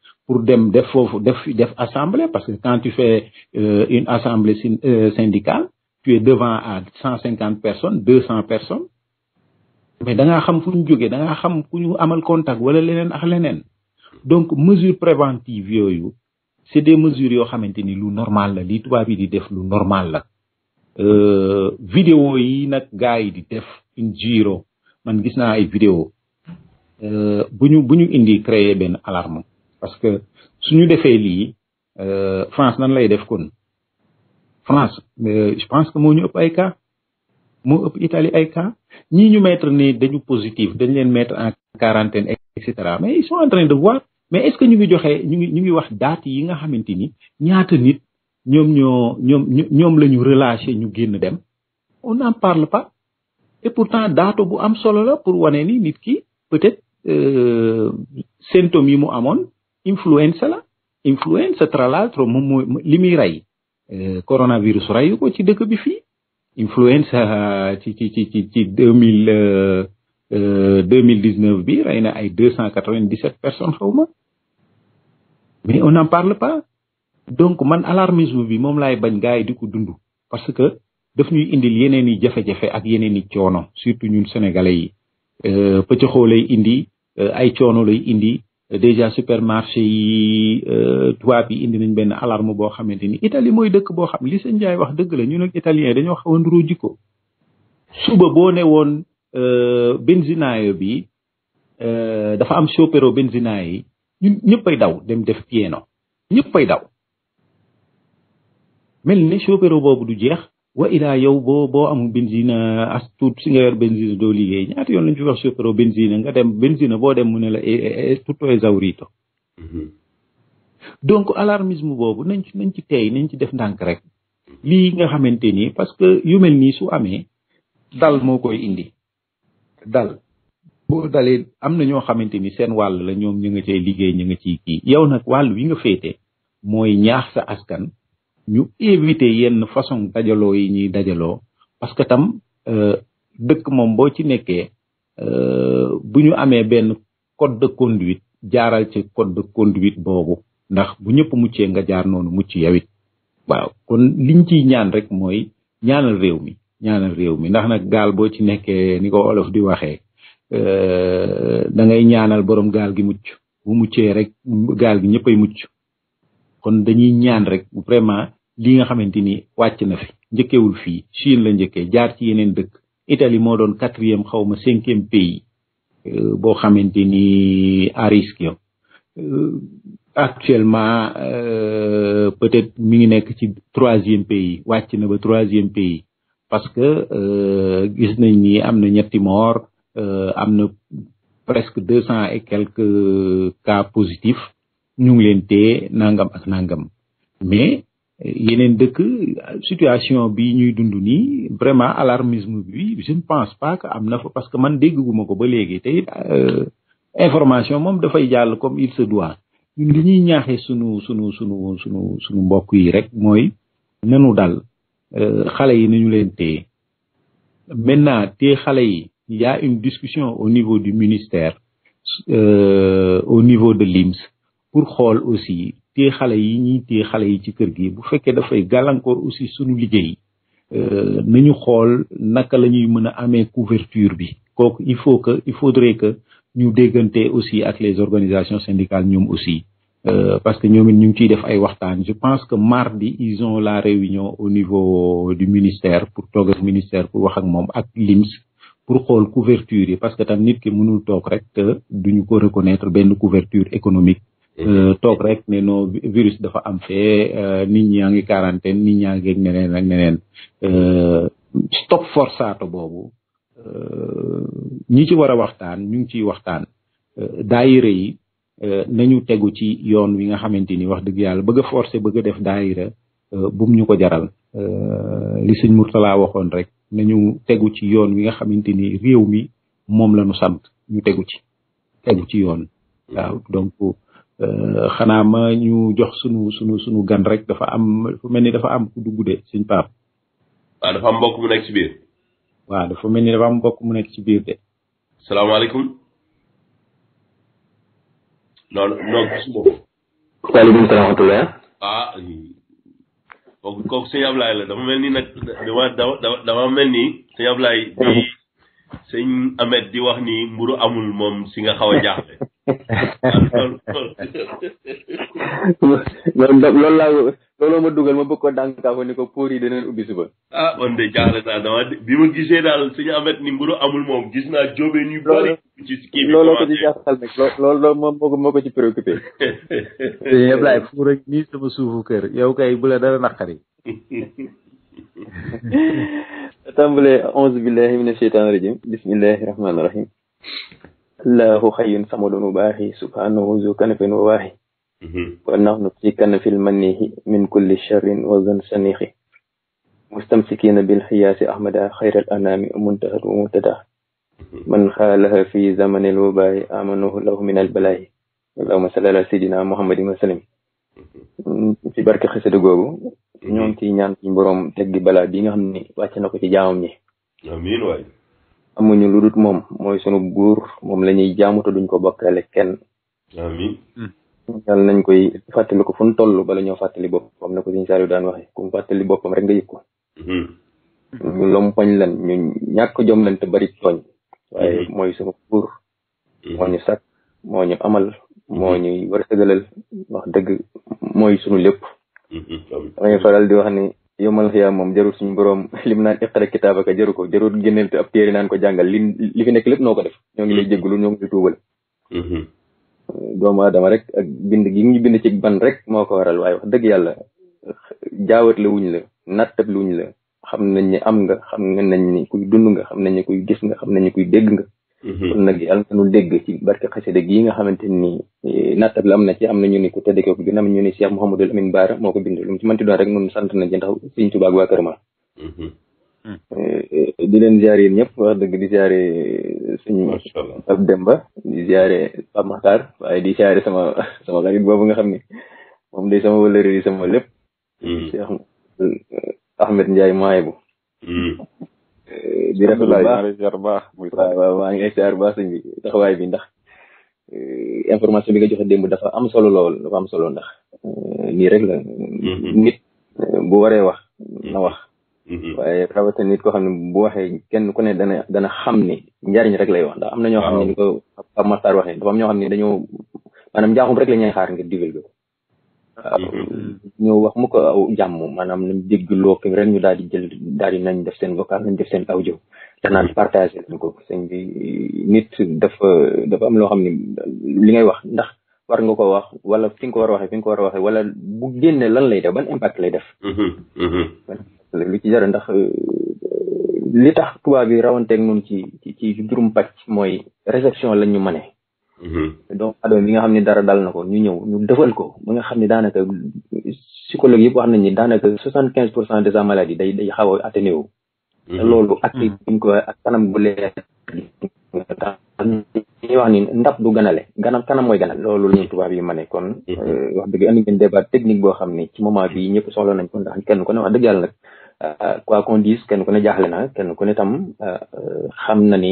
pour dem def fofu def def assemblée parce que quand tu fais euh, une assemblée euh, syndicale tu es devant à 150 personnes 200 personnes mais da nga xam fu ñu da nga xam ku ñu amal contact wala leneen ak leneen donc mesures préventives yoyu c'est des mesures yo xamanteni lu normal la li tubaab bi di def lu normal la euh, vidéo yi nak gaay di def une giro man gis ay vidéo euh buñu buñu indi créer alarme parce que suñu li euh France nan lay def kon France je pense que mo ñu ëpp ay cas mo ëpp Italie ay cas ñi ñu mettre ne dañu positif dañ leen mettre en quarantaine et cetera mais ils sont en train de voir mais est-ce que ñu ngi joxé ñu ngi ñu ngi wax date yi nga xamante ni ñaata nit ñom ñoo ñom ñom lañu relâcher ñu génn dem on n'en parle pas et pourtant date bu am solo la pour wane ni nit ki peut-être euh, symptôme yi mu amone influenza la influenza tra l'altro moom mooy li muy rey eh, coronavirus reyu ko ci dëkk bi fi influenza eh, ci ci ci ci ci deux mille eh, mille dix neuf bi rey na ay deux cent quatre vingt dix sept personnes xaw ma mais on n'en parle pas donc man alarmisme bi moom laay bañ gars yi di ko dund parce que daf ñuy indil yeneen i jafe-jafe ak yeneen i coono surtout ñun sénégalais yi pëcc xoo lay indi ay coono lay indi déjà supermarché yi euh, tubaab yi indi nañ benn alarme boo xamante ni Italie mooy dëkk boo xam li sëñ Ndiaye wax dëgg la ñun ak italien dañoo xaw a nduroo jikko suba bo ne woon euh, benzinayo bi euh, dafa am sopero benzinayo yi ñun ñëppay daw dem def pieno ñëppay daw mel ni sopero boobu du jeex wa ilaa yow boo boo amul benzine as tuut si nga yor benzine doo liggéey ñaata yoon lañ fi wax chauffeur benzine nga dem benzine boo dem mu ne la tutto è esaurito donc alarmisme boobu nañ ci nañ ci tey nañ ci def ndànk rek lii nga xamante ni parce que yu mel nii su amee dal moo koy indi dal boo am na ñoo xamante ni seen wàll la ñoom ñu nga cay liggéey ñu nga ciy yow nag wàll wi nga féete mooy ñaax sa askan ñu éviter yenn façon dajalo yi ñuy dajalo parce que tam euh, dëkk moom boo ci nekkee euh, bu ñu amee benn code de conduite jaaral ci code de conduite boobu ndax bu ñëpp muccee nga jaar noonu mucc yawit waaw kon liñ ciy ñaan rek mooy ñaanal réew mi ñaanal réew mi ndax nag gaal boo ci nekkee ni ko olof di waxee euh, da ngay ñaanal borom gaal gi mucc bu muccee rek gaal gi ñëppay mucc kon dañuy ñaan rek vraiment li nga xamanteni wacc na fi njëkkewul fi Chine la njëkkee jaar ci yeneen dëkk Italie mo doon 4e xawma 5e pays euh, bo xamanteni ni à risque yo euh, actuellement euh, peut être mi ngi nekk ci 3e pays wacc na ba 3e pays parce que euh, gis nañ ni am na ñetti mort am na presque 200 et quelques cas positifs ñu ngi leen téye nangam ak nangam mais yeneen dëkk situation bi ñuy dund nii vraiment alarmisme bi je ne pense pas que am na fa parce que man dégguma ko ba léegi te euh, information moom dafay jàll comme il se doit ñun li ñuy ñaaxee sunu sunu sunu sunu sunu mbokk yi rek mooy nanu dal euh, xale yi nañu leen téye maintenant téye xale yi il y a une discussion au niveau du ministère euh, au niveau de l'IMS pour xool aussi téye xale yi ñuy téye xale yi ci kër gi bu fekkee dafay gàllankoor aussi sunu liggéey euh, nañu xool naka la ñuy mën a amee couverture bi kooku il faut que il faudrait que ñu déggante aussi ak les organisations syndicales ñoom aussi euh, parce que nous it ñu ngi ciy def ay je pense que mardi ils ont la réunion au niveau du ministère pour le ministère pour wax ak moom ak LIMS pour couverture parce que tam nit ki mënul toog rek te duñu ko reconnaître la couverture économique Euh, toog rek neno no virus dafa am fee euh, nit ñaa ngi quarantaine nit ñaa ngi neneen ak neneen euh, stop forçato boobu ñi ci war a waxtaan ñu ngi ciy waxtaan daayira yi nañu tegu ci yoon wi nga xamante ni wax dëgg yàlla bëgg forcé bëgg a def daayira bum ñu ko jaral li sëñ Mourtala waxoon rek nañu tegu ci yoon wi nga xamante ni réew mi moom la ñu sant ñu tegu ci tegu ci yoon waaw donc Eh, xana ma ñu jox sunu sunu sunu gan rek dafa am fu melni dafa am ku duggu de seigne pap wa dafa am mbokk mu nekk ci biir wa dafa melni dafa am mbokk mu nekk ci biir de salaamaaleykum non non gisuma waaleykum salaam rahmatulah ah ko ko sëñ Ablaye la dafa melni nak dama dama melni mel Ablaye di sëñ Ahmed di wax ni mburu amul mom si nga xawa a loolu loolu laa ma dugal ma bëgg ko dànkaafu ni ko pour yi danañ ubbi suba. ah man de jaaxle naa dama bi ma gisee daal suñu amet ni mburu amul moom loolu loolu moom moo ko ci préoccupé. <laughs> Eh, yow kay bu la dara naqari. <laughs> tàmbalee onze billahi mina sheytaan rajim bismillahi rahmaani rahim. allahu xayyun samadun ubaahi subhanahu zu kanafin wabaahi mhm. wa nahnu fi kanafil manihi min kulli sharrin wa zun sanihi mustamsikina bil xiyaasi ahmada xayral anaami muntahat wa murtada mhm. man xaalaha fi zamanil wabaayi amanahu lahu min albalaayi allahuma salli ala sayidina muhammadin wa sallim mhm. ci barke xasida googu ñoom ci ñaan ci borom teggi balaa bi nga xam ne wàcc na ko ci jaamam amuñu lu dut moom mooy sunu buur moom la ñuy jaamu te duñ ko bokkaale kenn. amiin. yàlla nañ koy fàttali ko fu nu toll bala ñoo fàttali boppam na ko suñu saar yu daan waxee ku mu fàttali boppam rek nga yëg ko. ñu lompañ lan ñu ñàkk jom lan te bari tooñ. waaye mooy sunu buur. moo ñu sàkk ñu amal moo ñuy wërsëgalal wax dëgg mooy sunu lépp. damay faral di wax ni. yomal xiyaam moom jarul suñu borom <laughs> lim naan iqra kitaabaka jaru ko jarul génneel te ab téere ko jàngal li li fi nekk lépp noo ko def ñoo ngi lay mm-hmm. jéggulu ñoo ngi lay tuubal mm-hmm. doomu aadama rek ak bind gi ngi bind ci ban rek moo ko waral waaye wax dëgg yàlla jaawatle wuñ la nattab luñ la xam nañ ne am nga xam nga nañ ni kuy dund nga xam nañ ne kuy gis nga xam nañ ne kuy dégg nga Mm-hmm. kon nag yàlla na ñu dégg yi barke nga xamante ni eh, nattab la am na ci am na ñu ni ku tëdd ko bi am ñu ni Cheikh Mouhamadul Amin Baara moo ko bind lu ci mënti doon rek ñun sant nañ ci ndax Sëriñ Tuubaa Ma mm-hmm. mm. eh, eh, di leen ziare ñëpp wax dëgg di ziare suñu ab Demba di ziare Pape waaye di ziare sama sama xarit boobu nga xam ne moom day sama wëlëri di sama lépp mm. Cheikh Ahmed Ndiaye Maaybu mm. Eh, di rafetlu bu baax waaw waaw maa ngi siyaar bu baax sëñ bi taxawaay bi ndax eh, information bi nga joxe démb dafa am solo lool dafa am solo ndax eh, nii rek la mhm. nit bu waree wax na mhm. wax mhm. waaye rawatina nit koo xam ne bu waxee kenn ku ne dana dana xam ni njariñ rek lay wax ndax am na ñoo xam ne ni ko Pape Makhtar waxee dafa am ñoo ne dañoo maanaam njaaxum rek la ñuy xaar ngir divulgué ñëw euh, wax mu ko aw jàmm maanaam nañ dégg loo ki ren ñu daal di jël daal di nañ def seen vocal nañ def seen audio te naan partagé leen ko sëñ bi nit dafa dafa am loo xam ne li ngay wax ndax war nga ko wax wala fi nga ko war a waxee fi nga ko war a waxee wala bu génne lan lay def ban impact lay def mm-hmm, mm-hmm. lu ci jar ndax euh, li tax tubaab bi rawanteeg noonu ci ci ci juróom pàcc mooy réception lañ ñu mënee Mhm. doomu aadama bi nga xam ne dara dal na ko ñu ñëw ñu defal ko ba nga xam ne daanaka psychologue yëpp wax nañ ni daanaka soixante quinze pour cent de sa day day xaw a atténué wu mhm. te loolu ak ñu mhm. ko ak kanam bu leer ñuy wax ni ndab du ganale ganam kanam mooy ganal loolu la tubaab yi ma ne kon euh, wax dëgg andi ngeen technique boo xam ne ci moment bi ñëpp soxla nañ ko ndax kenn ku ne wax dëgg yàlla nag euh, quoi qu'on dise kenn ku ne jaaxle na kenn ku ne tam euh, xam na ni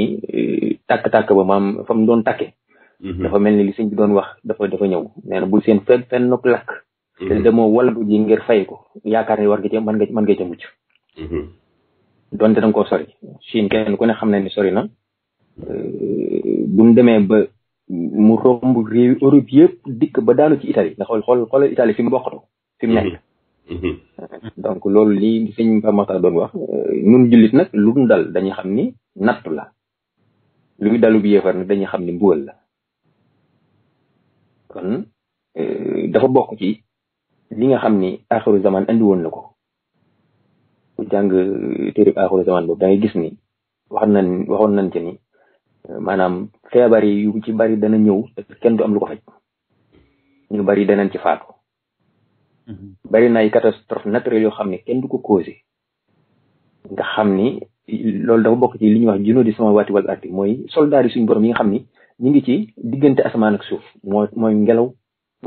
takk tàkk ba maam fa mu doon tàkke Mhm. dafa mel ni li sëñ bi doon wax dafa dafa ñëw nee bu bul seen fenn fenn ak lakk. Mhm. te demoo wallu ji ngir fay ko yaakaar ne war nga cee mën nga mën nga ca mucc. Mhm. donte da nga koo sori Chine xam na ni sori na. mu euh, demee ba mu romb réew Europe yëpp dikk ba daanu ci Italie nga xool xool xoolal Italie fi mu bokkatu fi mu <laughs> donc loolu lii sëñ Pape Makhtar doon wax nun euh, jullit nag lu mu dal xam ni nattu la luy dalu bi yéefar nag dañuy xam ni mbugal la. kon euh, dafa bokk li nga xam ni axiru zaman andi woon na ko ku jàng euh, téerib axiru zaman boobu gis ni wax nañ waxoon nañ ci ni euh, maanaam feebar yi yu ci bari dana ñëw te du am lu ko faj ñu bari danañ ci faatu mm-hmm. bari na ay catastrophe naturelle yoo xam ne kenn du ko causé nga xam ni loolu dafa bokk ci li ñuy wax junóo di sama waati wal arti mooy soldat yi suñu borom mi nga xam ni ñi ngi ci diggante asamaan ak suuf mooy mooy ngelaw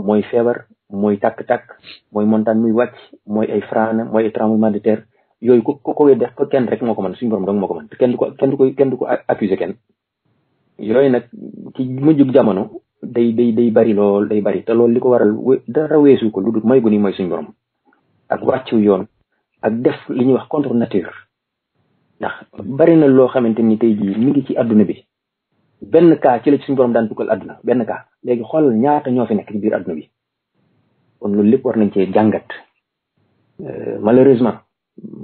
mooy feebar mooy tàkk-tàkk mooy montagne muy wàcc mooy ay frana mooy ay tremblement de terre yooyu ko ko koy def ko kenn rek moo ko mën suñu borom dong moo ko mën kenn du ko kenn du ko kenn du ko accuser kenn yooyu nag ci mujjub jamono day day day bari lool day bari te loolu li ko waral dara weesu ko lu dul may gu ni mooy suñu borom ak wàccu yoon ak def li ñuy wax contre nature ndax bari na loo xamante ni tey jii mi ngi ci àdduna bi ben ka ci la ci suñu borom daan dugal aduna ben ka legi xol ñaata ño fi nek ci biir aduna bi kon lu lepp war nañ cee jàngat euh, malheureusement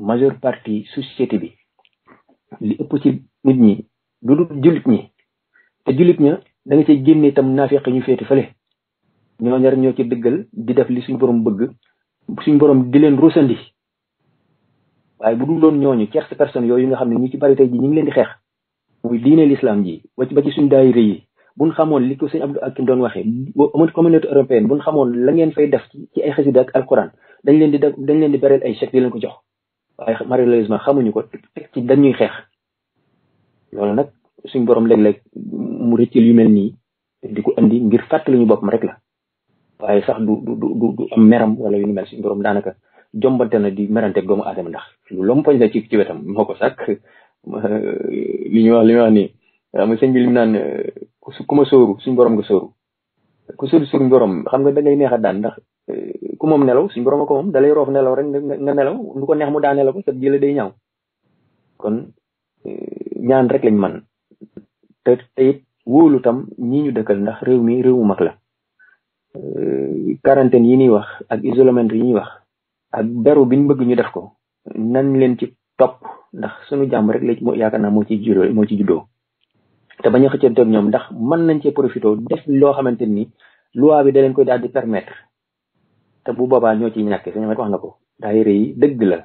majeure partie société bi li ëpp ci nit ñi du du julit ñi te julit ña da nga ci génne tam nafiq ñu fété fele ñoo ñar ñoo ci dëggal di def li suñu borom bëgg suñu borom di leen rusandi waaye bu dul doon ñooñu tierce personne yooyu nga xam ne ñu ci bari tey ji ñu ngi leen di xeex muy diine l'islam ji wacc ba ci suñu daayira yi buñ xamoon li ko seigne abdou ak doon waxee amul communauté européenne buñ xamoon la ngeen fay def ci ay ak alquran dañ leen di dañ leen di berel ay chèque di leen ko jox waaye malheureusement xamuñu ko tek ci dañuy xeex loolu nag suñ borom léeg-léeg mu rëccil yu mel nii ko andi ngir fàttali boppam rek la waaye sax du du du du am meram wala yu ni mel suñ borom daanaka jombante na di merante doomu aadama ndax lu lom fañ la ci ci wetam moo ko Eh, li ñuy wax li ñuy wax nii xam eh, nga sëñ bi li mu naan eh, ku ma suñ borom nga sóoru ku sóoru suñ borom xam nga da ngay neex a daan ndax ku moom nelaw suñ borom a ko moom dalay roof nelaw rek nga nelaw lu ko neex mu daane la ko sa jële day ñaaw kon ñaan rek lañ man te te it tam ñi ñu dëkkal ndax réew mi réew mu mag la quarantaine yi ñuy wax ak isolement yi ñuy wax ak beru biñ bëgg ñu def ko nan leen ci topp ndax suñu jàmm rek la yaakaar na moo ci juddoo moo ci juddoo te bañ a xëccante ak ñoom ndax man nañ cee profité def loo xamante ni loi bi da leen koy daal di permettre te bu boobaa ñoo ciy ñàkk suñu wax na ko daayira yi dëgg la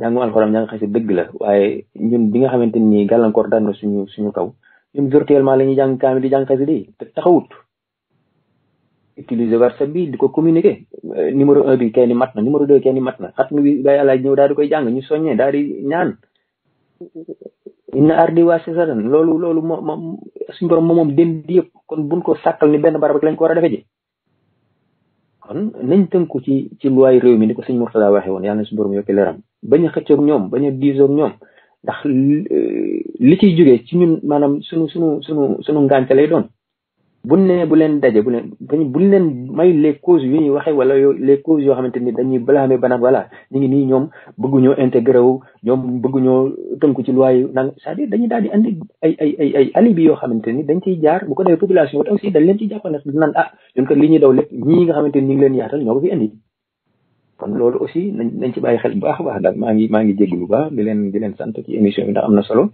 jàngum alxuraan njàng xasida dëgg la waaye ñun bi nga xamante ni gàllankoor daan na suñu suñu kaw ñun virtuellement la ñuy jàng kaamil di jàng xasida yi taxawut utiliser whatsapp bi di ko communiquer eh, numéro 1 bi kenn mat na numéro 2 kenn mat na xatmu bi bay Allah ñëw daal di koy jàng ñu soññee daal di ñaan inna ardi wa waasi'atan lolu lolu moom suñu borom mom moom den di yëpp kon buñ ko sakal ni benn barab rek lañ ko wara defé kon nañ tënku ci ci loi rew mi ni ko sëñ Mourtada waxee woon yàlla na borom yokki leeram baña a xëccoog ñoom bañ a diisoog ñoom ndax eh, li ci juggé ci ñun manam suñu suñu suñu suñu ngànca doon buñ ne bu leen daje bu leen buñ leen may le causes yu ñuy waxee wala les causes yoo xamante ni dañuy blâmer banag voilà ñu ngi nii ñoom bëgguñoo intégré wu ñoom bëgguñoo tënku ci loi yu nang c'est-à-dire dañuy daal di ay ay alibi yoo xamante ni dañ ciy jaar bu ko defee population bi aussi dañ leen ciy jàppale naan ah ñun kat li daw lépp ñii nga xamante ni ñu ngi leen yaatal ñoo ko fi indi kon loolu aussi nañ nañ ci bàyyi xel bu baax a baax daal maa ngi maa ngi jégg baax di leen di leen sant ci émission ndax am na solo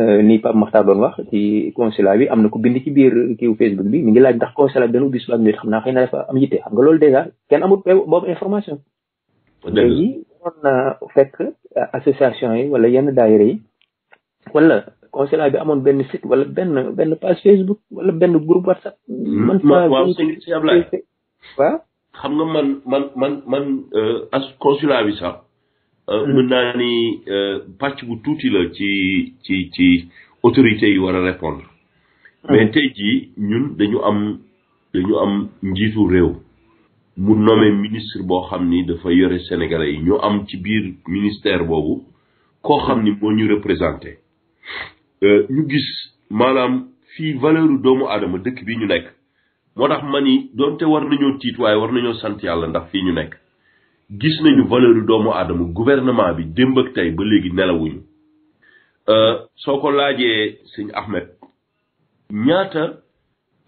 euh, ni Pape Makhtar doon wax ci consulat bi am na ko bind ci biir kiiw Facebook bi mi ngi laaj ndax consulat bi dana ubbi suba ñu xam naa xëy na dafa am yitte xam nga loolu dèjà kenn amul boobu information léegi association yi wala yenn daayira yi wala consulat bi amoon benn sit wala benn benn page Facebook wala benn groupe WhatsApp man fa waaw xam nga man man man man euh, as consulat bi sax. Euh, mm. mën naa ni euh, pàcc bu tuuti la ci ci ci autorités yi war a répondre. Mm. mais tey jii ñun dañu am dañu am njiitu réew. mu nommé ministre boo xam ni dafa yore Sénégalais yi ñu am ci biir ministère boobu koo xam ni moo ñu représenté. ñu gis maanaam fii valeur doomu aadama dëkk bi ñu nekk. moo tax ma ni doonte war nañoo tiit waaye war nañoo sant yàlla ndax fii ñu nekk gis nañu valeur doomu aadama gouvernement bi démb tey ba léegi nelawuñu euh, soo ko laajee sëñ Ahmed ñaata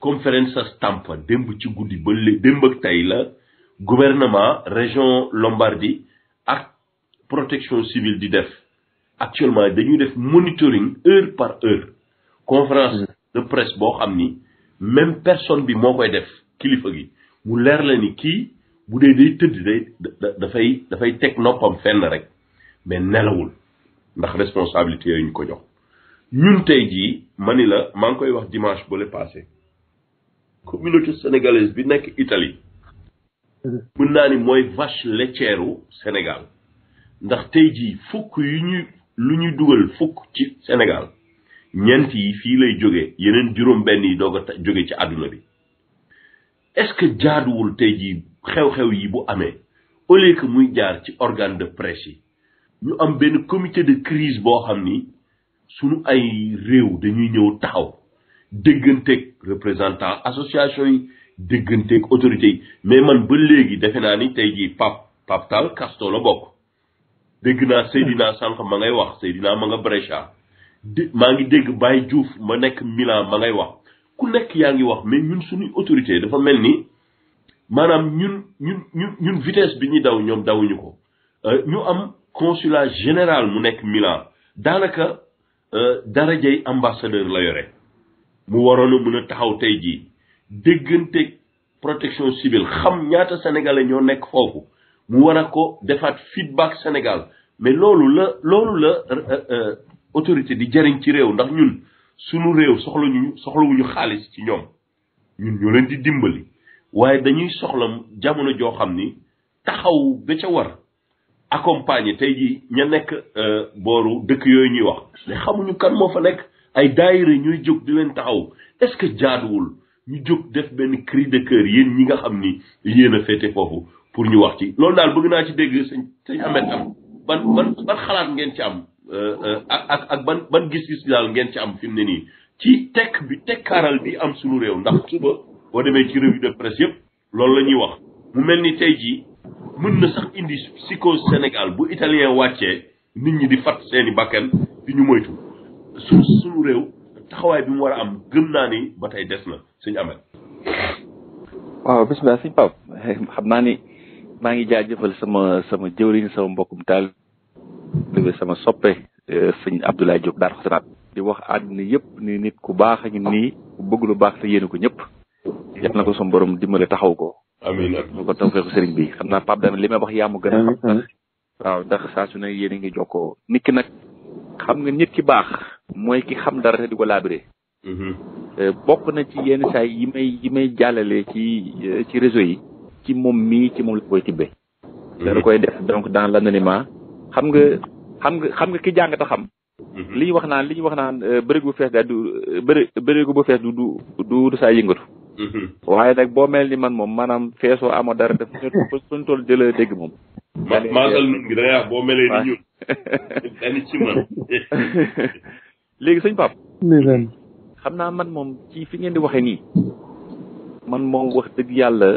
conférence sa Stampa démb ci guddi ba lé démb tey la gouvernement région Lombardie ak protection civile di def actuellement dañuy def monitoring heure par heure conférence mm. de presse boo xam ni même personne bi mokoy def kilifa gi mu leer la ni kii bu dee day tëdd day dafay dafay tek nopam fenn rek mais nelawul ndax responsabilité yooyu ñu ko jox ñun tey jii ma ni ngi koy wax dimanche ba le passé communauté sénégalaise bi nek Italie mën naa ni mooy vache laitière Sénégal ndax tey jii fukk yu ñu lu ñuy dugal fukk ci Sénégal ñeent yi fii lay jóge yeneen juróom benn yi doog a jóge ci àdduna bi est-ce que jaaduwul tey jii xew-xew yi bu amee au lieu muy jaar ci organ de presse yi ñu am benn comité de crise boo xam ni suñu ay réew dañuy ñëw taxaw dégganteeg représentant association yi dégganteeg autorité yi mais man ba léegi defe naa ni tey jii pap paptal kasto la bokk dégg naa Seydina sànq ma ngay wax Seydina ma nga Brescia maa ngi dégg Baye Diouf ma nekk Milan ma ngay wax ku nekk yaa ngi wax mais ñun suñuy autorité dafa mel ni maanaam ñun ñun ñun ñun vitesse bi ñuy daw ñoom dawuñu ko euh, ñu am consulat général mu nekk Milan daanaka euh, darajay ambassadeur la yore mu waroon a mën taxaw tey jii déggante protection civile xam ñaata sénégalais ñoo nekk foofu mu war ko defaat feedback Sénégal mais loolu la loolu la euh, autorité di jariñ ci réew ndax ñun suñu réew soxlañu soxlawuñu xaalis ci ñoom ñun ñoo leen di dimbali waaye dañuy soxla jamono joo xam ni taxaw ba ca war accompagner tey ji ña nekk euh, booru dëkk yooyu ñuy wax mais xamuñu kan moo fa nekk ay daayira ñooy jóg di leen taxaw est-ce que jaaduwul ñu jóg def benn cri de cœur yéen ñi nga xam ni yéen a féete foofu pour ñu wax ci loolu daal bëgg naa ci dégg sëñ sëñ Ahmed am ban ban ban xalaat ngeen ci am Eh, eh, ak ak ban ban gis-gis dal ngeen ci am fi mu ne nii ci tek bi karal bi am sunu rew ndax suba bo demee ci rew de presse yëpp loolu lañuy wax mu melni tay ji mën na sax indi psycho Sénégal bu italien wàccee nit ñi di fat seeni bakkan di ñu moytu su sunu rew taxaway bi mu wara am gëm na <laughs> ni batay tey na suñu amel wa bismillah suñ pap ni ma ngi jaajeufal sama sama jëwriñ sama mbokum talib sama soppe eh, sëñ Abdoulaye Diop daar di wax àddina yëpp ni nit ku baax a ngi nii ku lu baax yéene ko ñëpp yal na ko suñu borom dimbale taxaw ko amiin ñu ko bi xam naa li may wax yaa ma gën a xam waaw ndax saa su ne yéen a ngi jokkoo nit ki nag xam nga nit ki baax mooy ki xam dara te di ko laabiré mm-hmm. eh, bokk na ci yenn saa yi may yi jàllale ci eh, ci réseau yi ci moom mii ci moom la koy tibbee mm-hmm. da koy def donc dans l'anonymat xam nga xam nga xam nga ki jàng ta xam. Mhm. li wax naan li ñu wax naan euh, bërigo bu fees daal du euh, bëri bërigo bu fees du du du saa yëngatu. Mhm. waaye nag boo mel ni man moom maanaam feesoo amoo dara def suñu tool jëlee dégg moom. ma maasal nun gi boo melee ni ñun. dañu ci man. <laughs> léegi sëñ Pape. xam naa man moom ci fi ngeen di waxee nii. man moom wax dëgg yàlla.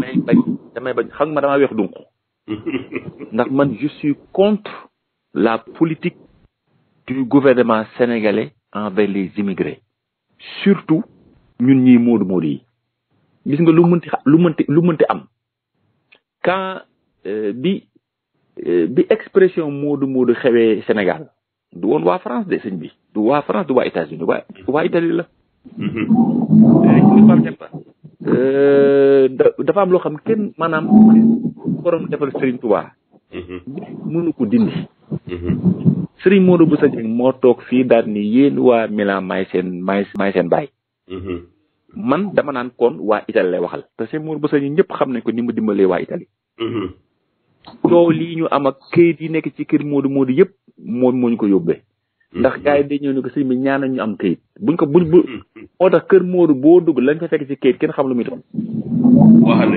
damay bañ damay bañ xam nga ma weex dunq <laughs> ndax man je suis contre la politique du gouvernement sénégalais envers les immigrés surtout ñun ñiy moodu moodu yi gis nga lu mënti lu mënti lu mënti am quand euh, bi euh, bi expression moodu moodu xewee Sénégal du woon waa France de sëñ bi du waa France du waa États-Unis waa waa Italie la <laughs> Euh, dafa am loo xam kenn maanaam borom defal Serigne Touba. Mhm. na ko dindi. Mhm. Serigne Modou Bousso Dieng moo toog fii daal ni yéen waa Milan maay seen maay maay seen baay. Mhm. man dama naan kon waa Italie lay waxal te Serigne Modou Bousso Dieng ñëpp xam nañ ko ni mu dimbalee waa Italie. coow lii ñu am ak këyit yi nekk ci kër Modou Modou yëpp moom moo ñu ko yóbbee. Mm-hmm. ndax gars yi dañ ñëw ni ko sëñ bi ñaan ñu am kayit buñ ko buñ bu mm-hmm. moo tax kër Modou boo dugg lañ ko fekk ci kayit kenn xam lu muy doon waaw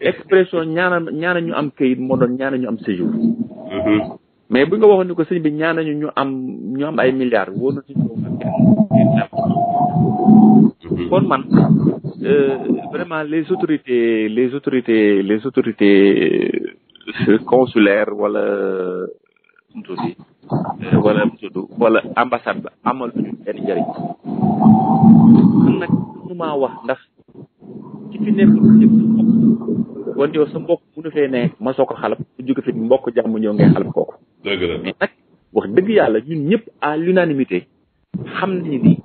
expression ñaana ñu am kayit moo doon ñaana ñu am séjour mm-hmm. mais bu nga waxoon ni ko sëñ bi ñaana ñu am ñu am ay milliards wóor na suñu kon man euh, vraiment les autorités les autorités les autorités euh, consulaires wala mu tuddi eh, wala mu tudd wala ambassade ba amal ñu benn njëriñ man nag mënumaa wax ndax ci fi nekk ñëpp wante sa mbokk mënu fee ne ma soo ko xalab su mbokk jàmm ñëw ngay xalab kooku dëgg la wax dëgg yàlla ñun ñëpp à l'unanimité xam nañu ni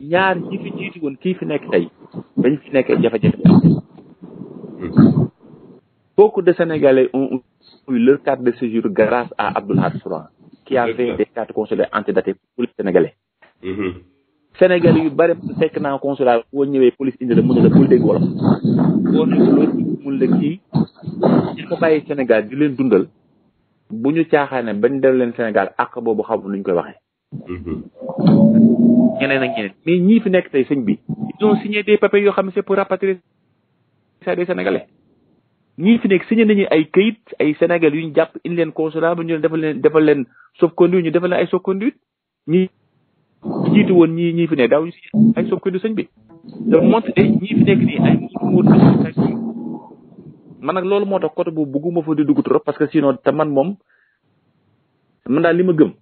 ñaar ñi fi jiitu woon kii fi nekk tey bañ fi nekkee jafe-jafe bi am hmm. de Sénégalais eu leur carte de séjour grâce à Abdoulhad Soura qui avait des cartes consulaires antidatées pour les Sénégalais. Mm-hmm. Sénégalais yu bëri fekk naa consulat boo ñëwee police indi la mu ne la bul dégg wolof boo dégg loolu mun la kii ñi ko bàyyi Sénégal di leen dundal bu ñu caaxaane bañ dellu leen Sénégal àq boobu xamul nu ñu koy waxee. Mm-hmm. ñeneen ak ñeneen mais ñii fi nekk tey sëñ bi. ils ont signé des papiers yoo xam ne pour rapatrier ça des Sénégalais. ñii fi nekk signé nañu ay kayit ay Sénégal yu ñu jàpp indi leen consulat ba ñu leen defal leen defal leen sauf conduite ñu defal ay sauf conduite woon ñii ñii fi nekk daaw ñu signé ay sauf conduite sëñ bi donc montre ñii fi nekk nii ay muur nag loolu moo tax côté boobu bugguma fa di dugg trop parce que sinon te man moom man daal li ma gëm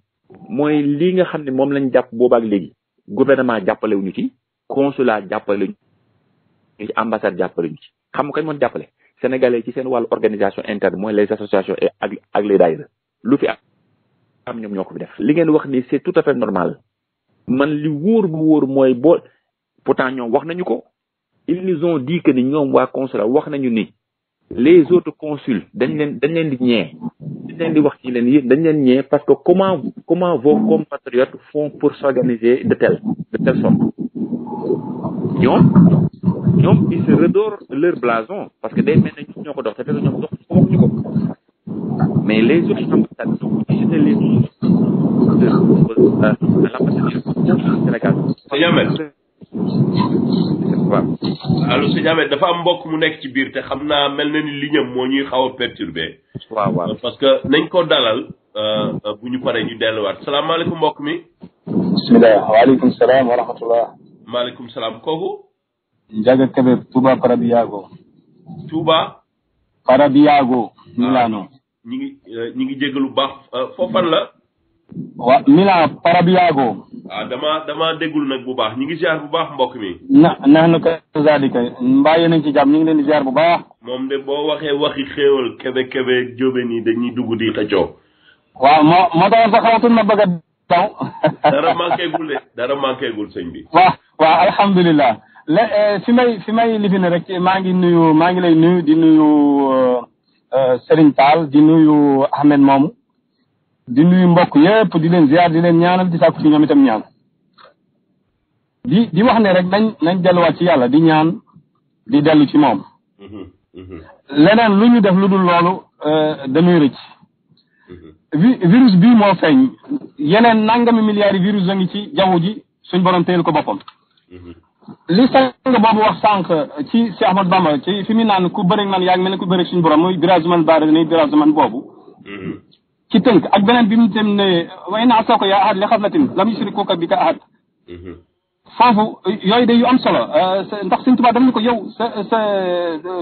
mooy lii nga xam ne moom lañ jàpp boobu boobaak léegi gouvernement jàppale wuñu ci consulat jàppale wuñu ci ambassade jàppale wuñu ci xam nga kañ moon jàppale sénégalais ci sen wal organisation interne moy les associations et ak les daayira lu fi am ñom ñoko fi def li ngeen wax ni c'est tout à fait normal man li woor bu woor moy bo pourtant ñom wax nañu ko ils nous ont dit que ñom wa waa consulat wax nañu ni les autres consuls dañ leen dañ leen di ñé dañ leen di wax ci leen dañ leen ñé parce que comment comment vos compatriotes font pour s'organiser de telle de telle sorte ñom ñoom ils se leur blason parce que day mel ne ñoo ko dox te fekk ñoom dox mais les autres ambassades donc j'étais les de waaw. allo sëñ Ahmed dafa am mbokk mu nekk ci biir te xam naa mel na ni liñam moo ñuy xaw a perturbé. waaw waaw parce que nañ ko dalal. Euh, bu ñu paree ñu delluwaat salaamaaleykum mbokk mi. bisimilah waaleykum salaam wa rahmatullah. maaleykum salaam kooku. Njaga Kebe Touba Parabiago. Touba. Parabiago. Ah, Milano. ñu ngi euh, ñu ngi jéggalu baax euh, foofan la. waaw Milan Parabiago. ah damaa damaa déggul nag bu baax ñu ngi ziar bu baax mbokk mi. na nahnu kazaalika mbaa yéen a ngi ci jàmm ñu ngi leen di ziar bu baax. moom de boo waxee waxi xéewal kebe kebe jóobe nii dañuy dugg di xëccoo. waaw moo moo taxoon sax xawatun na bëgg a daw. dara manqué gul gul sëñ bi. <laughs> waaw waaw alhamdulilah. le euh, fi may fi may lifine rek maa ngi nuyu maa ngi lay nuyu di nuyu euh, euh, Serigne Tall di nuyu Ahmed moomu di nuyu mbokk yëpp di leen ziar di leen ñaanal di sàkku ci ñoom itam ñaan di di wax ne rek nañ nañ delluwaat ci yàlla di ñaan di dellu ci moom mm-hmm, mm-hmm. leneen lu ñu def lu dul loolu dañuy rëcc mm-hmm. virus bi moo feeñ yeneen nangami milliards yi virus a ngi ci jaww ji suñ borom téyel ko boppam li sang boobu wax sànq ci Cheikh Ahmad Bamba ci fi mu naan ku bëri man yaa ngi mel ne ku bëri suñu borom muy birazuman baari ni birazuman boobu mm-hmm. ci tënk ak beneen bi mu tam ne way naa soo ko yaa ahad li xaflatin lam yusrikuka bi ka ahad mm-hmm. foofu yooyu de yu am solo euh, ndax suñ tubaab daf ni ko yow sa sa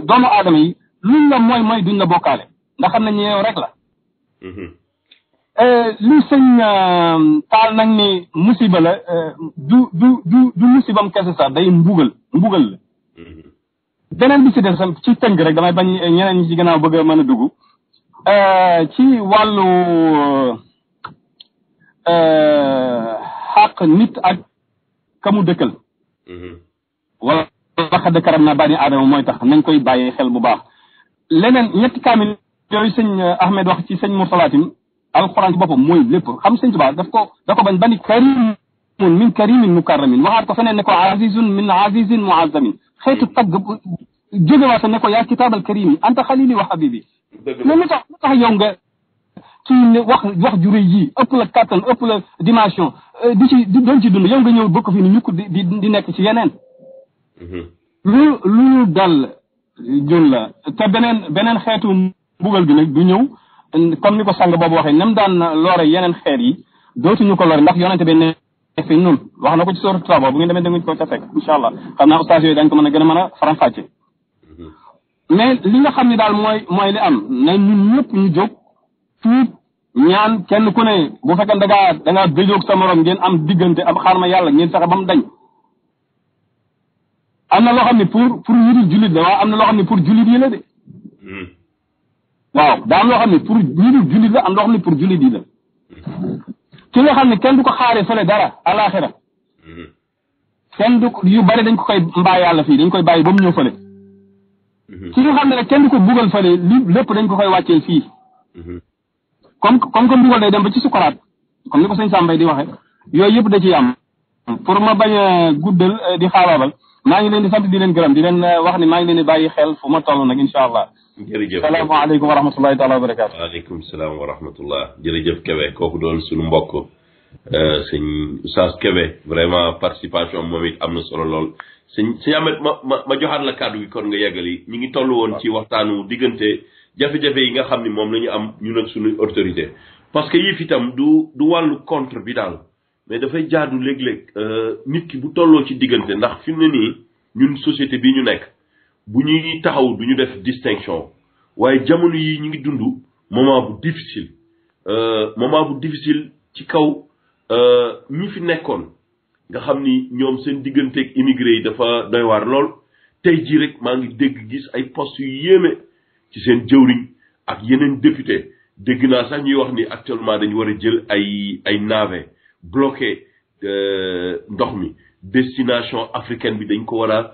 doomu aadama yi lu la mooy mooy duñ la bokkaale ndax xam nañ ne yow rek la mm-hmm. Euh, li sëñ euh, taal nag ni musiba la euh, du du du du musibam kese sax day mbugal mbugal la mhm. beneen bi si des ci tënk rek damay bañ ñeneen ñi ci gannaaw bëgg a mën a dugg ci wàllu xàq nit ak kamu dëkkal mhm. wala laqad karam na bani aadama mooy tax nañ koy bàyyi xel bu baax leneen ñetti kaamil yooyu sëñ Ahmed wax ci sëñ Mursalaatin alquran ci boppam mooy lépp xam sëñ tubaa daf ko da ko bañ bani karimun min karimin mukarramin waxaat ko feneen ne ko azizun min azizin muazzamin xeetu tagg jógewaata ne ko yaa kitaabal karim anta xalili wa habibi mais lu tax lu tax yow nga ci wax wax ju rëy yi ëpp la kattan ëpp la dimension di ci doon ci dund yow nga ñëw bokk fi ni ñukk di di nekk ci yeneen lu lu dal jun la te beneen beneen xeetu mbugal bi nag du ñëw comme ni ko sang boobu waxee nam daan lore yeneen xeer yi dootuñu ko lore ndax yonente bi ne fi nun wax na ko ci sóor taba bu ngeen demee danguñ ko ca fekk incha allah xam naa oustaz yooyu dañ ko mën a gën a mën a faram fàcce mais li nga xam ne daal mooy mooy li am na ñun ñëpp ñu jóg tuub ñaan kenn ku ne bu fekkee da ngaa da ngaa gëjoog sa morom ngeen am diggante am xaar ma yàlla ngeen fexe ba mu dañ am na loo xam ne pour pour yuri julit la waaye am na loo xam ne pour julit yi la de waaw daa am loo xam ne pour ñi dul jullit la la ki nga xam ne kenn du ko xaaree fële dara alaxira mhm. kenn du yu bari dañ ko koy mbaa yàlla fii dañ koy bàyyi ba mu ñëw fële mhm. ki nga xam ne nag kenn du ko bugal fële li lépp dañ ko koy wàccee fii mhm. comme comme que mbugal day dem ba ci sukaraat comme ni ko sëñ Sambay di waxe yooyu yëpp da ciy am pour ma bañ a guddal eh, di xaabaabal maa ngi leen di sant di leen gërëm di leen eh, wax ni maa ngi leen di bàyyi xel fu ma toll jërëjëf salaamaaleykum wa rahmatullahi taala wa barakaatu waaleykum salaam wa rahmatullah jërëjëf Kébé kooku doon suñu mbokk eh, sëñ Oustaz Kébé vraiment participation moom it am na solo lool sëñ sëñ Ahmed ma ma ma joxaat la kàddu gi kon nga yeggali ñu ngi toll woon ci waxtaanu diggante jafe-jafe yi nga xam ni moom la ñu am ñu nag suñu autorité parce que yii itam du du wàllu contre bi daal mais dafay jaadu léeg-léeg eh, nit ki bu tolloo ci diggante ndax fi mu ne nii ñun société bii ñu nekk bu ñuy taxaw du ñu def distinction waaye jamono yi ñu ngi dund moment bu difficile euh, moment bu difficile ci kaw euh, ñi fi nekkoon nga xam ni ñoom seen digganteeg immigré yi dafa doy waar lool tey jii rek maa ngi dégg gis ay post yu yéeme ci seen jëwriñ ak yeneen député dégg naa sax ñuy wax ni actuellement dañu war a jël ay ay nave bloqué euh, ndox mi destination africaine bi dañ ko war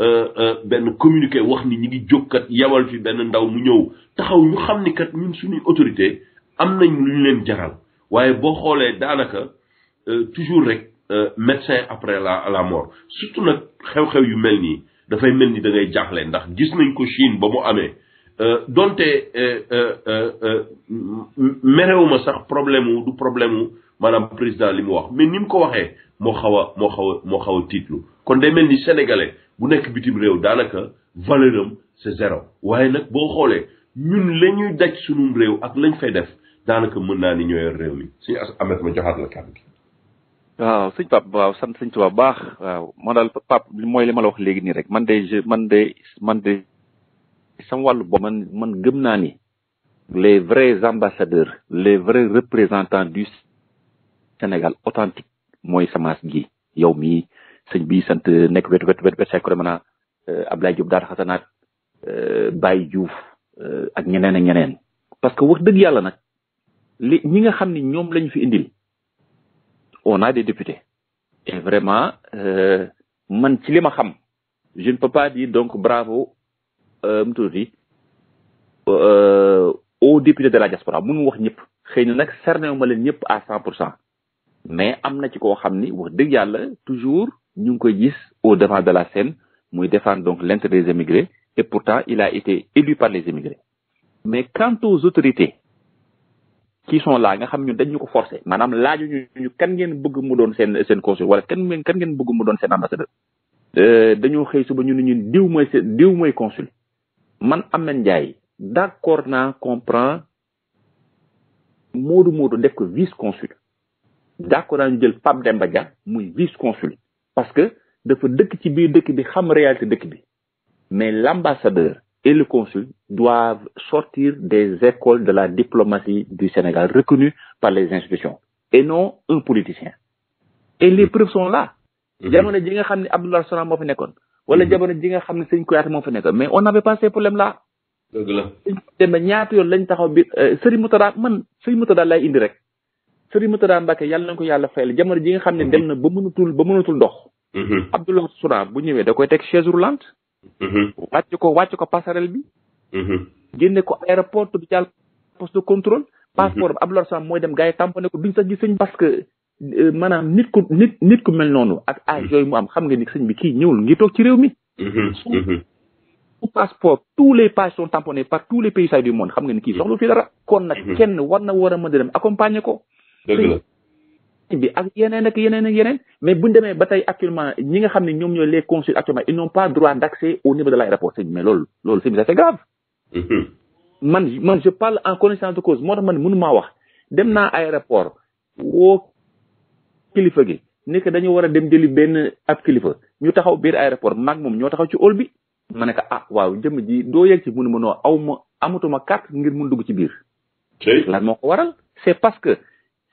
Euh, euh, benn communiqué wax ni ñi ngi jóg kat yebal fi benn ndaw mu ñëw taxaw ñu xam ni kat ñun suñuy autorité am nañ lu ñu leen jaral waaye boo xoolee daanaka euh, toujours rek médecin après la la mort surtout nag xew-xew yu mel nii dafay mel ni da ngay jaaxle ndax gis nañ ko Chine ba mu amee donte merewuma sax problème wu du problème wu maanaam président li mu wax mais ni mu ko waxee moo xaw a moo xaw moo xaw a tiitlu kon day mel ni sénégalais bu nek bitim rew danaka valeur c'est zéro waye nak bo xolé ñun lañuy daj sunum rew ak lañ fay def danaka mën naa ni ñoo yor réew mi suñu amet ma joxat la kàddu gi waaw sëñ pap waaw sant sëñ Tuubaa baax waaw mo dal pap moy li ma la wax legui ni rek man day man day man day sama walu bopp man man gëm naa ni les vrais ambassadeurs les vrais représentants du Sénégal authentique mooy semence gi yow mi sëñ bi sant nekk wet wet wet wet say Kolemana euh, Ablaye Diop daal xasanaat euh, Baye Diouf euh, ak ñeneen ak ñeneen. parce que wax dëgg yàlla nag li ñi nga xam ni ñoom lañ fi indil o a des députés. et vraiment man ci li ma xam. je ne peux pas dire donc bravo mu tuddati aux députés de la diaspora mënu wax ñëpp. xëy na nag cerné wu ma leen ñëpp à cent pour cent. mais am na ci koo xam ni wax dëgg yàlla toujours. nous avons dit au devant de la scène défend donc l'intérêt des émigrés et pourtant il a été élu par les émigrés mais quant aux autorités qui sont là nous xam dañ forcer nous laaju ñu kan nous bëgg consul euh, consul man d'accord nous comprend Modou Modou avons vice consul d'accord nous vice consul parce que dafa dëkk ci biir dëkk bi xam réalité dëkk bi mais l'ambassadeur et le consul doivent sortir des écoles de la diplomatie du Sénégal reconnues par les institutions et non un politicien et les mm-hmm. preuves sont là mm-hmm. jamono ji nga xam ne Abdoulaye Sora moo fi nekkoon wala mm-hmm. jamono ji nga xam ne sëñ Kouyaté moo fi nekkoon mais on avait pas ces problèmes là dëgg la sëñ Demba ñaata yoon lañ taxaw bi euh, sëriñ Moutada man sëriñ Moutada lay indi rek Serigne Mourtada Mbacke yàlla na ko yàlla fayal jamono ji nga xam ne mhm. dem na ba mënatul ba mënatul dox. Mhm. Abdoulaye Soura bu ñëwee da koy teg chaise roulante. Mhm. wàcc ko wàcc ko passerelle bi. génne ko aéroport du jàll poste de contrôle. passeport bi Abdoulaye Soura mooy dem gars yi tamponné ko duñ sax gis sëñ parce que euh, maanaam nit ku nit mel noonu ak âge yooyu mu am xam nga ni sëñ bi kii ñëwul ngi toog ci réew mi. passeport tous les pages sont tamponnés par tous les pays du monde xam nga ni kii soxlu fi dara. kon nag kenn war na war a mën a dem accompagner ko. dëgg la bi ak yeneen ak mais bu ñu demee ba tey actuellement ñi nga xam ne ñoom ñooy les consuls actuellement ils n'ont pas droit d'accès au niveau de l'aéroport sëñ bi mais loolu loolu sëñ bi ça mhm. man man je parle en connaissance de cause moo tax man mënu maa wax dem naa aéroport woo kilifa gi ni que dañu war a dem jëli benn ab kilifa ñu taxaw biir aéroport maag moom ñoo taxaw ci hall bi ma ne ko ah waaw jëmm ji doo yegg ci mënu ma noo aw ma amatuma kat ngir mun dugg ci biir lan moo ko waral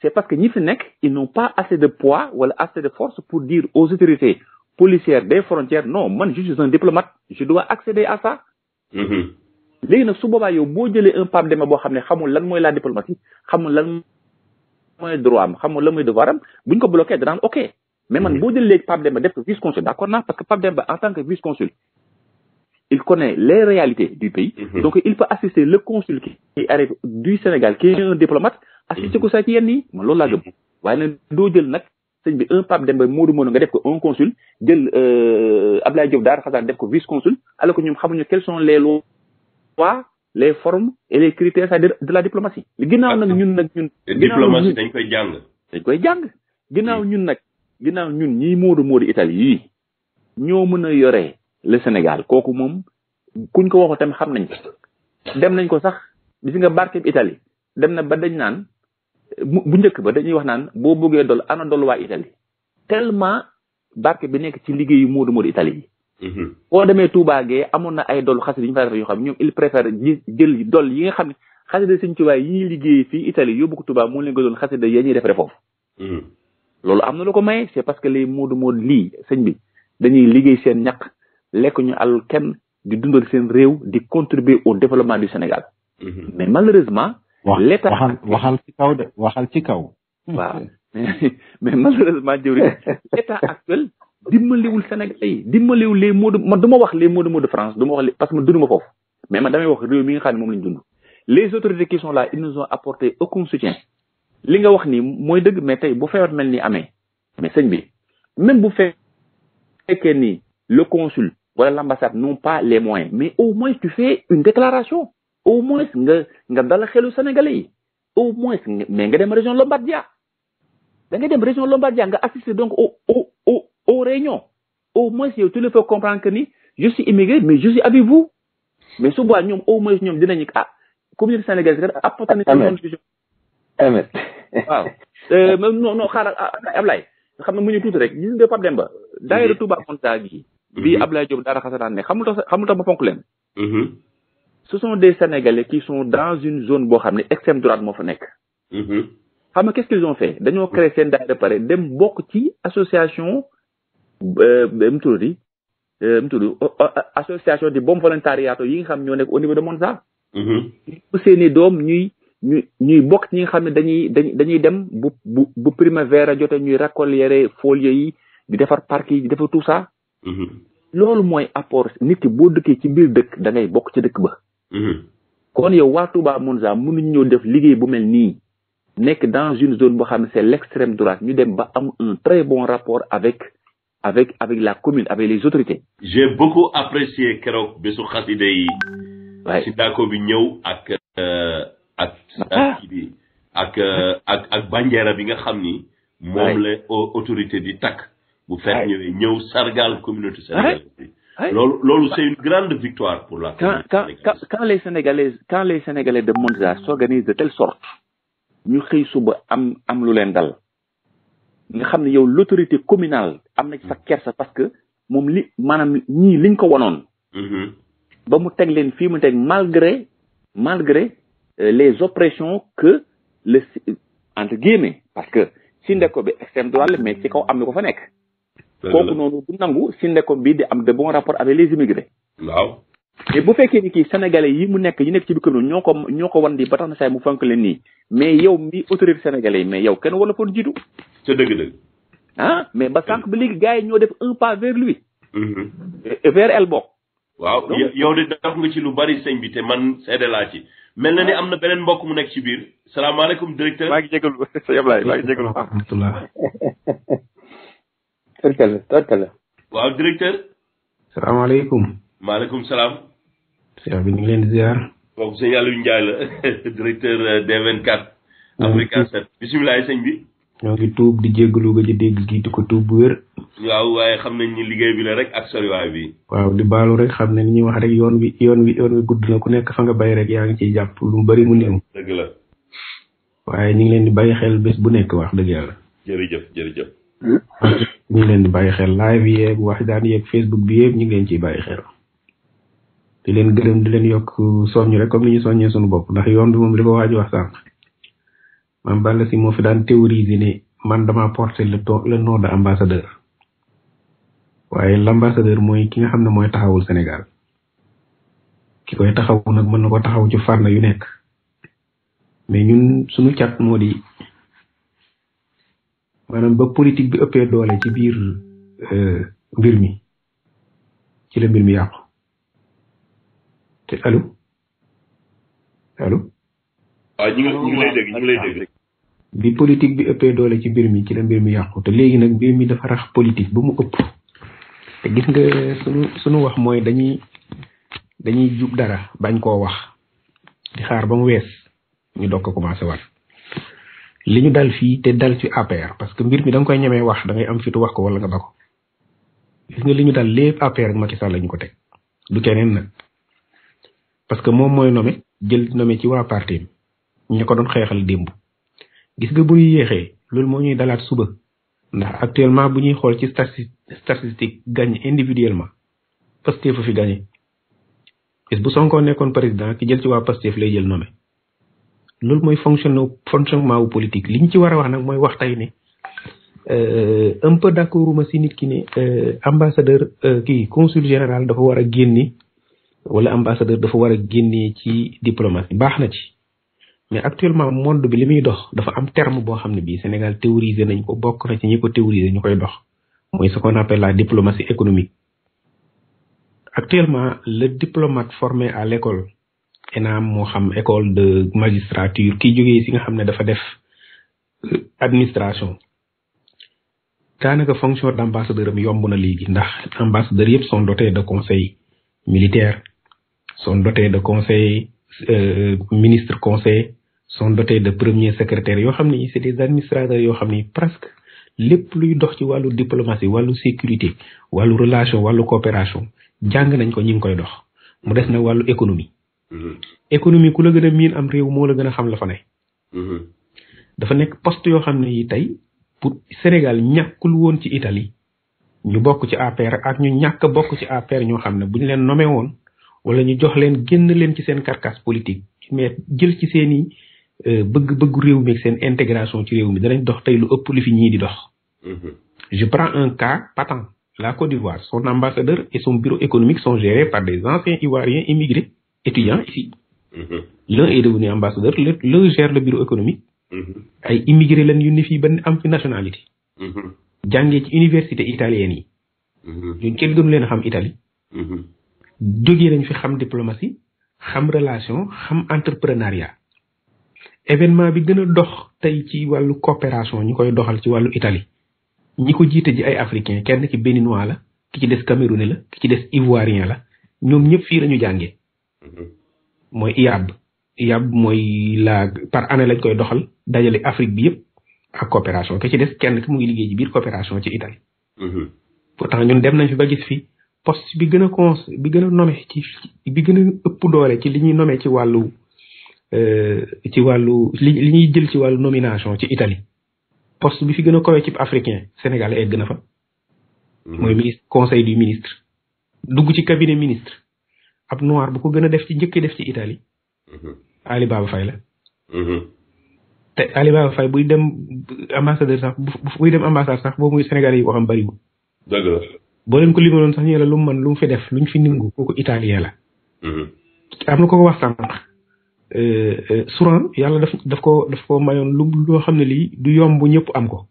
c'est parce que ñi fi ils n'ont pas assez de poids ou assez de force pour dire aux autorités policières des frontières non moi je suis un diplomate je dois accéder à ça mm-hmm. Les nag su boobaa yow boo un Pape Demba ma xam ne xamul lan la diplomatie xamul lan le droit am xamul lan mooy devoir am buñ ko bloqué danaan ok mais man mm-hmm. boo jëlee léegi Pape Demba vice consul d'accord, parce que Pape Demba en tant que vice consul il connaît les réalités du pays mm-hmm. donc il peut assister le consul qui arrive du Sénégal qui est un diplomate assis hmm. ci ko sa ci yenn yi man loolu laa hmm. gëm waaye nag doo jël nag sëñ bi un pape dem ba Modou moodu nga def ko un consul jël eh, ablaye diop daar xasaar def ko vice consul alors que ñoom xamuñu quels sont les lois les formes et les critères cest de la diplomatie li ginnaaw nag ñun nag ñun diplomatie dañ koy jàng dañ koy jàng ginnaaw hmm. ñun nag ginnaaw ñun ñi Modou Modou italie yii ñoo mën a yore le sénégal kooku moom kuñ ko waxu tam xam nañ ko dem nañ ko sax gis nga barkeb italie dem na ba dañ naan bu njëkk ba dañuy wax naan boo bëggee dol ana dol waa Italie tellement barke bi nekk ci liggéeyu moodu moodu Italie yi mhm. boo demee Touba Gueye amoon na ay dol xasida yi yoo xam ñoom il préfère ñi jël dol yi nga xam ne xasida Sëñ Tuubaa yi ñuy liggéey fii Italie yóbbu ko moo leen gënoon xasida ya ñuy foofu mhm. loolu am na lu ko maye c'est parce que les moodu moodu lii sëñ bi dañuy liggéey seen ñax lekk ñu àll kenn di dundal seen réew di contribuer au développement du Sénégal mhm. mais malheureusement l'état waxal waxal ci kaw de waxal ci kaw. waaw <laughs> mais malheureusement jëwriñ l'état actuel dimbaliwul Sénégalais yi dimbaliwul les mots de man du ma wax les mots de mots de France du ma wax parce que man dund foofu mais man damay wax réew mi nga xam ne moom lañ dund. les autorités qui sont là ils nous ont apporté aucun soutien li nga wax ni mooy dëgg mais tey bu feebar mel ni amee mais sëñ bi même bu fekkee ni le consul wala l'ambassade n'ont pas les moyens mais au moins tu fais une déclaration. au moins nga nga dala xelu sénégalais yi au moins mais nga dem région Lombardia da nga dem région Lombardia nga assister donc au au au au moins yow tu le fais comprendre ni je suis immigré mais je suis avec mais su boobaa ñoom au moins ñoom dinañu ah communauté sénégalaise kat apporté na amet waaw euh, non non xaaral ah, ah, Ablaye xam na mu ñu tuuti rek gis nga Pape Demba daayira Touba Montagne mhm. bi Ablaye Diop daara xasanaan ne xamul tax xamul tax ma fonk leen mhm. ce sont des Sénégalais qui sont dans une zone boo xam extrême droite moo fa nekk. Mhm. xam nga qu'est-ce qu'ils ont fait dañoo créé seen daay de pare dem bokk ci association euh, mu tudd di euh, mu tudd association di bom volontariato yi nga xam ñoo nekk au niveau de Monza. pour mhm. seeni doom ñuy ñuy ñuy bokk ci ñi nga xam ne dañuy dañuy dem bu bu bu primavera jotee ñuy racolier feuilles yi di defar parc di defar tout ça. Mhm. loolu mooy apport nit ki boo dëkkee ci biir dëkk da ngay bokk ci dëkk ba. Mhm. kon yo watou ba mounza moumi nyo def ligye boumel ni nek dan joun zon mou hame se l'ekstrem durak mi dem ba am un pre bon rapor avek la komune, avek les otorite jè boku apresye kerok beso khasi deyi si tako bi nyo ak euh, ah. euh, banyera vi nga hamni moum le otorite di tak mou fek nyo sargal komune te sargal C'est une grande victoire pour la quand, quand, les Sénégalais, quand les Sénégalais de Monza s'organisent de telle sorte, nous avons am, am l'olendal. Nous avons l'autorité communale, am sa mm. kersa parce que, mom li, manam, ni l'inko wanon. Mm-hmm. Ba nous tenons len fi, malgré, malgré euh, les oppressions que le, entre guillemets, parce que, c'est ndeko be extrême droit, mais c'est quand am le ko kooku noonu du nangu si nekkoon bii di am de bon rapport avec les immigrés. waaw. mais bu fekkee ni kii sénégalais yi mu nekk yi nekk ci biir commune ñoo ko ñoo ko wan di ba tax na saay mu fonk leen nii mais yow mi autorité sénégalais yi mais yow kenn wala foon jiitu. ca dëgg-dëgg. ah mais ba sànq ba léegi gars yi ñoo def un pas vers lui. Mm-hmm. vers elle bokk. waaw yow de daf nga ci lu bari sëñ bi te man seede laa ci. mel na ni ah. am na beneen mbokk mu nekk ci biir. salaamaaleykum directeur. maa ngi jégalu <laughs> sëñ Ablaye maa ngi jégalu. <laughs> tarkala tarkala waaw directeur salaamaaleykum maaleykum salaam cheikh bi ñu ngi leen di ziar kooku sëñ Aliou Ndiaye la 24 Africa 7 bisimilah sëñ bi ñoo ngi tuub di jéggalu ga ci dégg gi di ko tuub bu waaw waaye xam nañ ni liggéey bi la rek ak soriwaay bi waaw di baalu rek xam ne ni wax rek yoon wi yoon wi yoon wi gudd na ku nekk fa nga bay rek yaa ngi ciy jàpp lu mu néew dëgg la waaye ñu ngi leen di bàyyi xel bés bu nekk wax dëgg yàlla jërëjëf jërëjëf <coughs> ñu leen di bàyyi xel live yeeg waxtaan yeeg Facebook bi yëpp ñu ngi leen ci bàyyi xel di leen gërëm di leen yokk soññ rek comme ni ñu soññee suñu bopp ndax yoon bi moom li ko wax sànq maam Balla si moo fi daan théoriser ne man dama porter le ton le nom de ambassadeur waaye l' ambassadeur mooy ki nga xam ne mooy taxawul Sénégal ki koy taxawu nag mën na ko taxaw ci fànn yu nekk mais ñun suñu cat moo di maanaam ba politique bi ëppee doole ci biir euh, mbir mi ci la mbir mi yàqu te ah, bi politique doole ci mbir mi ci la mbir mi te léegi nag mbir mi dafa rax politique ba mu ëpp te gis nga sunu sunu wax mooy dañuy dañuy jub dara bañ koo wax di xaar ba mu wees ñu doog ko commencé waat. li ñu dal fii te dal fi APR parce que mbir mi da koy ñemee wax da am fitu wax ko wala nga ba ko gis nga li ñu dal lépp APR ak Macky ñu ko teg du keneen nag parce que moom mooy nome jël nommé ci waa parti ñu ko doon xeexal démb gis nga bu ñu yéexee loolu moo ñuy dalaat suba ndax actuellement bu ñuy xool ci statistique statistique gagne individuellement Pastef a fi gagné bis bu Sonko nekkoon président ki jël ci waa Pastef lay jël nommé loolu mooy fonctionnement fonctionnement wu politique liñ ci war a wax nag mooy wax tey ne euh, un peu d' accorduma si nit ki ne euh, ambassadeur euh, kii consul général dafa war a génni wala ambassadeur dafa war a génnee ci diplomatie baax na ci mais actuellement monde bi li muy dox dafa am terme boo xam ne bii Sénégal théorisé nañ ko bokk na ci ñi ko théorisé ñu koy dox mooy ce qu'on appelle la diplomatie économique actuellement le diplomate formé à l'école ENAM mo xam école de magistrature ki jógee si nga xam ne dafa def euh, administration daanaka fonction d'ambassadeur am yomb na ndax ambassadeurs sont dotés de conseil militaire sont dotés de conseil euh, ministre conseil sont dotés de premier secrétaire yo xamni c'est des administrateurs yo xamni presque les luy dox ci walu diplomatie walu sécurité walu relation walu coopération jang nañ ko ñing koy dox mu na économie Mhm. économie ku la gën a miin am réew moo la gën a xam la fa ne. Mhm. dafa nekk poste yoo xam ne yi tey pour Sénégal ñàkkul woon ci Italie ñu bokk ci APR ak ñu ñàkk bokk ci APR ñoo xam ne bu leen nommé woon wala ñu jox leen génn leen ci seen carcasse politique mais jël ci seen i bëgg euh, bëgg réew mi ak seen intégration ci réew mi danañ dox tey lu ëpp li fi ñii di dox. Mhm. je prends un cas patent la Côte d'Ivoire son ambassadeur et son bureau économique sont gérés par des anciens Ivoiriens immigrés étudiants ici. Mhm. L'un est devenu ambassadeur, l'un gère le bureau économique. Mhm. ay immigré lañ yu ni fi ben am fi nationalité. Mhm. jàngee ci université italienne yi. ñun kenn gënu leen xam Italie. jógee nañ fi xam diplomatie xam relation xam entrepreneuriat. événement bi gën dox tay ci walu coopération ñi koy doxal ci walu Italie. ñi ko jiite ji ay africain kenn ki béninois la ki ci dess camerounais la ki ci dess ivoirien la Ñom ñëpp fi lañu ñu mooy IAB IAB mooy la par année lañ koy doxal dajale Afrique bi yëpp ak coopération ke ci des kenn ki mu ngi liggéey ci biir coopération ci Italie. Mm-hmm. dem nañ ba gis fi poste bi gën a cons bi gën a nome ci gën a ëpp doole ci li ñuy nome ci wàllu euh, ci wàllu li li ñuy jël ci wàllu nomination ci Italie poste bi fi gën a kowee ci africain Sénégal egg na fa. Mm-hmm. mooy ministre conseil du ministre. dugg ci cabinet ministre. ab noir bu ko gëna def ci njëkkee def ci italie mhm. ali baba fay la mhm. te ali baba fay buy dem ambassadeur sax buy dem ambassadeur sax bo muy sénégal yi waxam bari bariwul dëgg la bo leen ko limaloon sax ñu lu man lu mu fi def luñ fi ningu koku italien la mhm. am na ko ko wax euh, euh souran yalla daf daf ko daf ko mayon lu lo xam li du yomb ñëpp am ko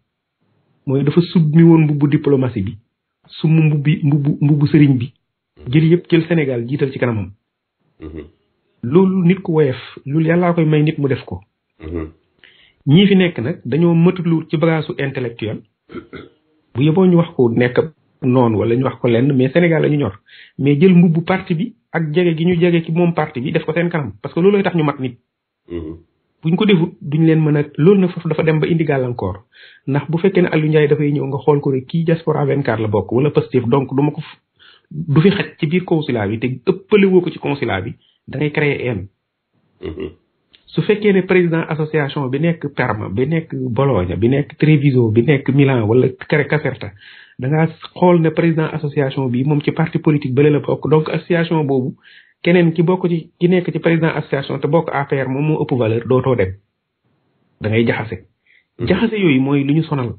moy dafa submi won bu diplomatie bi sumu mbubbi mbubu mbubu serigne bi ngir yëpp jël Sénégal jiital ci kanamam. Mm-hmm. loolu nit ku woyef loolu yàllaa koy may nit mu def ko. Mm-hmm. ñii fi nekk nag dañoo mëtulu ci bagaasu intellectuel bu yeboo ñu wax ko nekk noon wala ñu wax ko lenn mais Sénégal la ñor mais jël mbubbu parti bi ak jege gi ñu jege ki moom parti bi def ko seen kanam parce que loolooy tax ñu mat nit. Mm-hmm. buñ ko defut duñ leen mën a loolu nag foofu dafa dem ba indi gàllankoor ndax bu fekkee ne Aliou Ndiaye dafay ñëw nga xool ko rek kii diaspora 24 la bokk wala Pastef donc du ma du fi xaj ci biir consulat bi te ëppale woo ko ci consulat bi da ngay créer en mm-hmm. su fekkee ne président association bi nekk Parma bi nekk Bologna bi nekk Treviso bi nekk Milan wala Caserta da ngaa xool ne président association bi moom ci parti politique bële la bokk donc association boobu keneen ki bokk ci ki nekk ci président association te bokk affaire moom moo ëpp valeur dootoo dem da jaxase. Mm-hmm. jaxase yooyu mooy lu ñu sonal.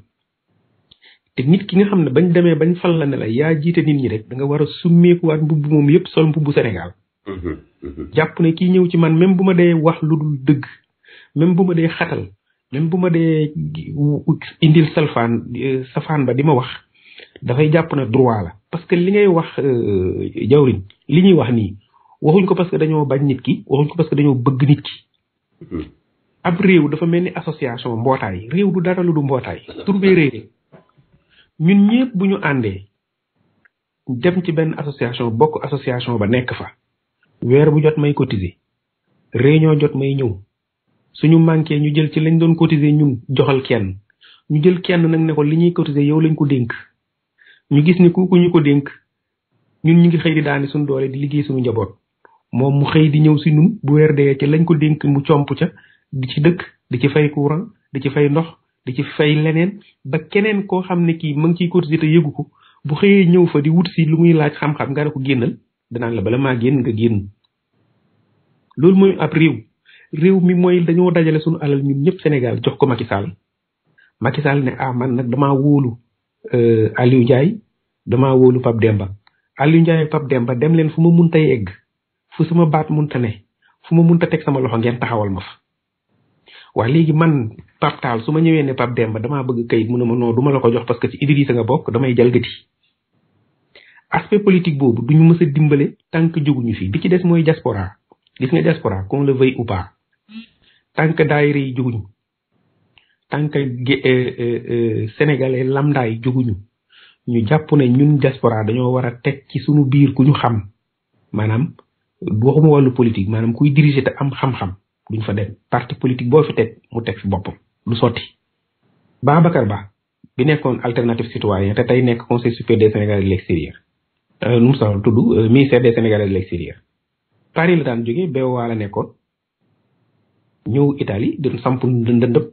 te nit ki nga xam ne bañ demee bañ fal la ne la yaa jiite nit ñi rek da nga war a summeekuwaat mbubb moom yépp sol mbubbu sénégal mhm, mhm. jàpp ne kii ñëw ci man même bu ma dee wax lu dul dëgg même bu ma dee xatal même bu ma dee indil salfaan safaan ba di ma wax dafay jàpp ne droit la parce que li ngay wax euh, jawriñ li ñuy wax nii waxuñ ko parce que dañoo bañ nit ki waxuñ ko parce que dañoo bëgg nit ki mhm. ab réew dafa mel ni association mbootaay réew du dara lu du mbootaay tur réew ñun ñëpp bu ñu àndee dem ci benn association bokk association ba nekk fa weer bu jot may cotiser réunion jot may ñëw suñu manqué ñu jël ci lañ doon cotiser ñun joxal kenn ñu jël kenn nag ne ko li ñuy cotiser yow lañ ko dénk ñu gis ni kooku ñu ko dénk ñun ñu ngi xëy di daani suñu doolee di liggéey suñu njaboot moom mu xëy di ñëw si ñun bu weer dee ci lañ ko dénk mu comp ca di ci dëkk di ci fay courant di ci fay ndox di ci fay leneen ba keneen koo xam ne kii mu ngi ciy cotiser te yëgu ko bu xëyee ñëw fa di wut si lu muy laaj xam-xam nga ne ko génnal danaan la bala ma génn nga génn loolu mooy ab réew réew mi mooy dañoo dajale suñu alal ñun ñëpp Sénégal jox ko Macky Sall Macky Sall ne ah man nag damaa wóolu euh, Aliou Ndiaye damaa wóolu Pape Demba Aliou Ndiaye Pape Demba dem leen fu ma munta egg fu suma baat mun ta ne fu ma ta teg sama loxo ngeen taxawal ma fa waa legi man Pape Tall su ma ñëwee ne Demba dama bëgg kay mëna ne ma non du la ko jox parce que ci Idrissa nga bok damay jalgati aspect politique bobu duñu mësa dimbalé tank tant fi bi ci dess moy diaspora gis nga diaspora qu'on le veuille ou pas tank daayira yi tank euh, euh euh sénégalais lambda yi jóguñu ñu japp né ñun diaspora dañoo wara tek, ci suñu biir ku ñu xam manam waxuma walu politique manam kuy diriger te am xam-xam duñ fa dem parti politique boo fi teg mu teg fi boppam du sotti Babacar Ba bi nekkoon alternative citoyen te tey nekk conseil supérieur des sénégalais de l'extérieur euh, nu mu sax tudd euh, ministère des sénégalais de l'extérieur Paris la daan jógee BOA la nekkoon ñëw Italie doon samp ndëndëp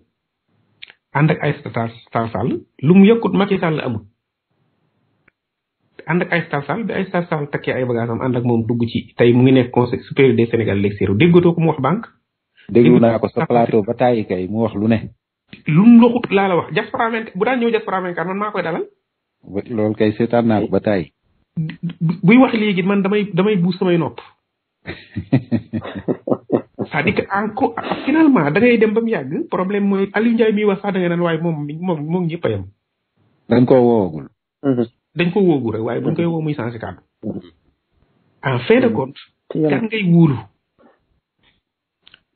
ànd ak ay Tall Sall lu mu yokkut Macky Sall amul ànd ak Aïssata Tall Sall bi Aïssata Tall Sall takkee ay bagaasam ànd ak moom dugg ci tey mu ngi nekk conseil supérieur de l'extérieur déggatoo ko mu wax déglu naa ko sa plateau ba tàyyi kay mu wax lu ne lu la xut la la wax diaspora vingt bu daan ñew diaspora vingt quatre man maa dalal lol kay setan na ko ba tàyyi buy wax legi man damay damay bu samay nopp <laughs> c'est-à-dire que finalement da ngay dem bam yag problème moy ali ndjay mi wax sax da ngay nan way mom mom mo ngi payam dañ ko wogul dañ ko wogul rek waaye bu ngay mm-hmm. wo muy sensé kàddu mm-hmm. en fin de mm-hmm. compte kan ngay wuru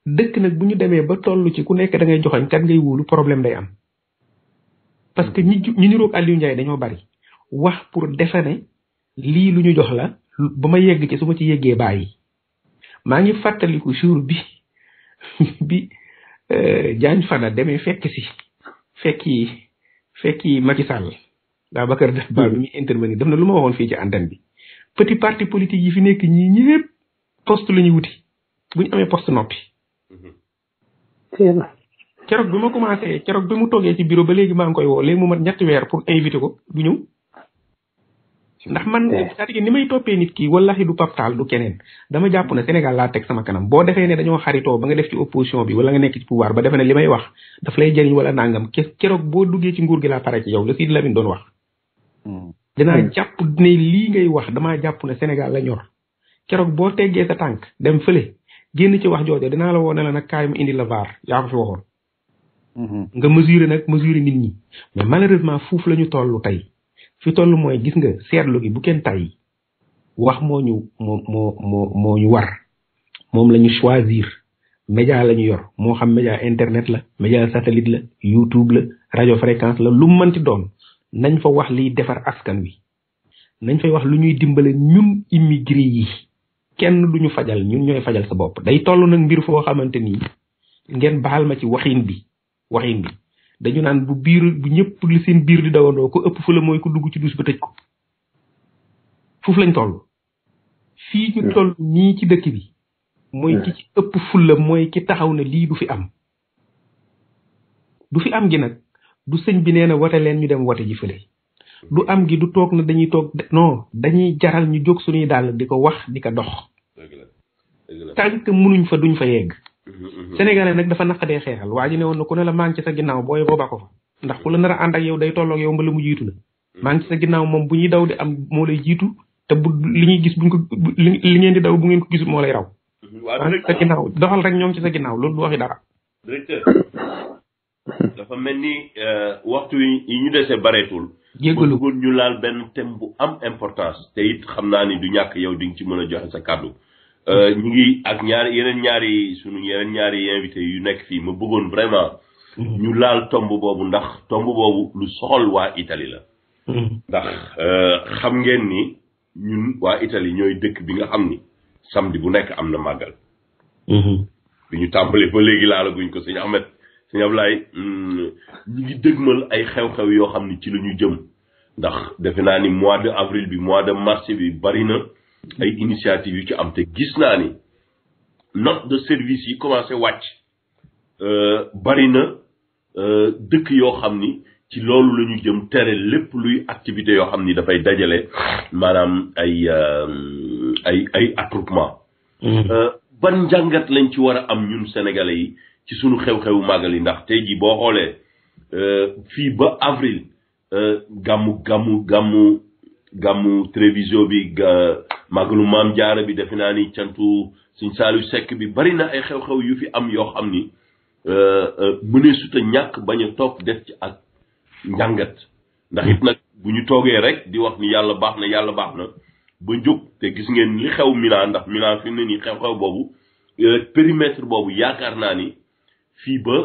dëkk nag bu ñu demee ba toll ci ku nekk da ngay joxañ kat ngay wóolu problème day am parce que ñi ñu niroog àlliw njaay dañoo bari wax pour defane lii lu ñu jox la ba ma yegg ci su ma ci yeggee bàyyi maa ngi fàttaliku jour bi <laughs> bi jaañ euh, fana demee fekk si fekki fekki Macky Sall daa Bakar def baa bi hmm. muy intervenir dem na lu ma waxoon fii ci antenne bi petit parti politique yi fi nekk ñii ñëpp poste la ñu wuti bu ñu amee poste noppi keroog bi ma commencé kérok bi mu toogee ci bureau ba légui ma ngi koy woo léegi mu mat ñett weer pour inviter ko du ñëw ndax man eh. cest ni may topé nit ki wallahi du paptal du keneen dama japp ne Sénégal la teg sama kanam bo défé né dañoo xarito ba nga def ci opposition bi wala nga nekk ci pouvoir ba défé né limay wax daf lay jëriñ wala nangam kérok bo duggé ci nguur gi la paré ci yow le sid Lamine doon wax hmm. dina hmm. japp né li ngay wax dama japp ne Sénégal la ñor kérok bo téggé sa tank dem feulé génn ci wax jooja dinaa la woo ne la nag kaay ma indi la vaar yaa ko fi waxoon. Mm-hmm. nga mesurer nag mesurer nit ñi. mais malheureusement foofu la ñu toll tey fi toll mooy gis nga seetlu gi bu kenn tey wax moo ñu moo moo moo moo ñu war moom la ñu choisir média la yor moo xam média internet la média satellite la YouTube la radio fréquence la lu mu mënti doon nañ fa wax liy defar askan wi nañ fay wax lu ñuy dimbale ñun immigré yi. kenn ñu fajal ñun ñooy fajal sa bopp day toll nag mbir foo xamante ni ngeen baal ma ci waxin bi waxin bi dañu naan bu biir bu ñëpp li seen biir di dawandoo ko ëpp fu mooy ko dugg ci dus ba tëj ko foofu lañ toll fii ñu toll nii ci dëkk bi mooy ki ci ëpp fulla mooy ki taxaw ne lii du fi am du fi am gi nag du sëñ bi nee na wote leen ñu dem wote ji fële du am gi du toog na dañuy toog non dañuy jaral ñu jóg suñuy dàll di ko wax di ka dox tant que munuñ fa duñ fa yegg mhm, mhm. sénégalais nag dafa naqadee xeexal waa ji ne woon na ku ne la maa ngi ci sa ginnaaw booy booba ko fa ndax ku la a ànd day tolloog yow mbala mu jiitu la mhm. maa moom bu ñuy daw di am moo lay jiitu te bu li ñuy gis buñ ko li di daw bu ngeen ko moo lay raw maa ngi ci sa ginnaaw doxal rek ñoom ci sa ginnaaw loolu du waxi dara dafa mel ni euh, waxtu yi ñu dese bareetul jéggalu bëggoon ñu laal benn thème bu am importance te it xam naa ni du ñàkk yow di nga ci mën a joxe sa kàddu euh, ñu ngi ak ñaari yeneen ñaari sunu yeneen ñaari invité yu nekk fii ma bëggoon vraiment mm-hmm. ñu laal tomb boobu ndax tomb boobu lu soxal waa itali la mm-hmm. ndax euh, xam ngeen ni ñun waa Italie ñooy dëkk bi nga xam ni samedi bu nekk am na màggal mm-hmm. bi ñu tàmbalee ba léegi laalaguñ ko sëñ Ahmed sëñ Ablaye mm, ñu ngi dëgmal ay xew-xew yoo xam ni ci la ñu jëm ndax defe naa ni mois de avril bi mois de mars bi bari na ay initiative yu ci am te gis naa ni note de service yi commencé wàcc euh, bari na euh, dëkk yoo xam ni ci loolu la ñu jëm tere lépp luy activité yoo xam ni dafay dajale maanaam ay euh, ay ay attroupement mm-hmm. ban njàngat lañ ci war a am ñun sénégalais yi ci sunu xew-xewu màggal yi ndax tey jii boo xoolee euh, fii ba avril euh, gàmmu gàmmu gàmmu gàmmu télévision bi màggalu maam jaara bi defe naa ni cantu suñ saalu sekk bi bari na ay xew-xew yu fi am yoo xam ni euh, mënee suta ñàkk bañ a toog def ci ak njàngat ndax nag bu ñu toogee rek di wax ni yàlla baax na yàlla baax na ba jóg te gis ngeen li xew Milan ndax Milan fi ne nii xew-xew boobu périmètre boobu yaakaar naa ni fii ba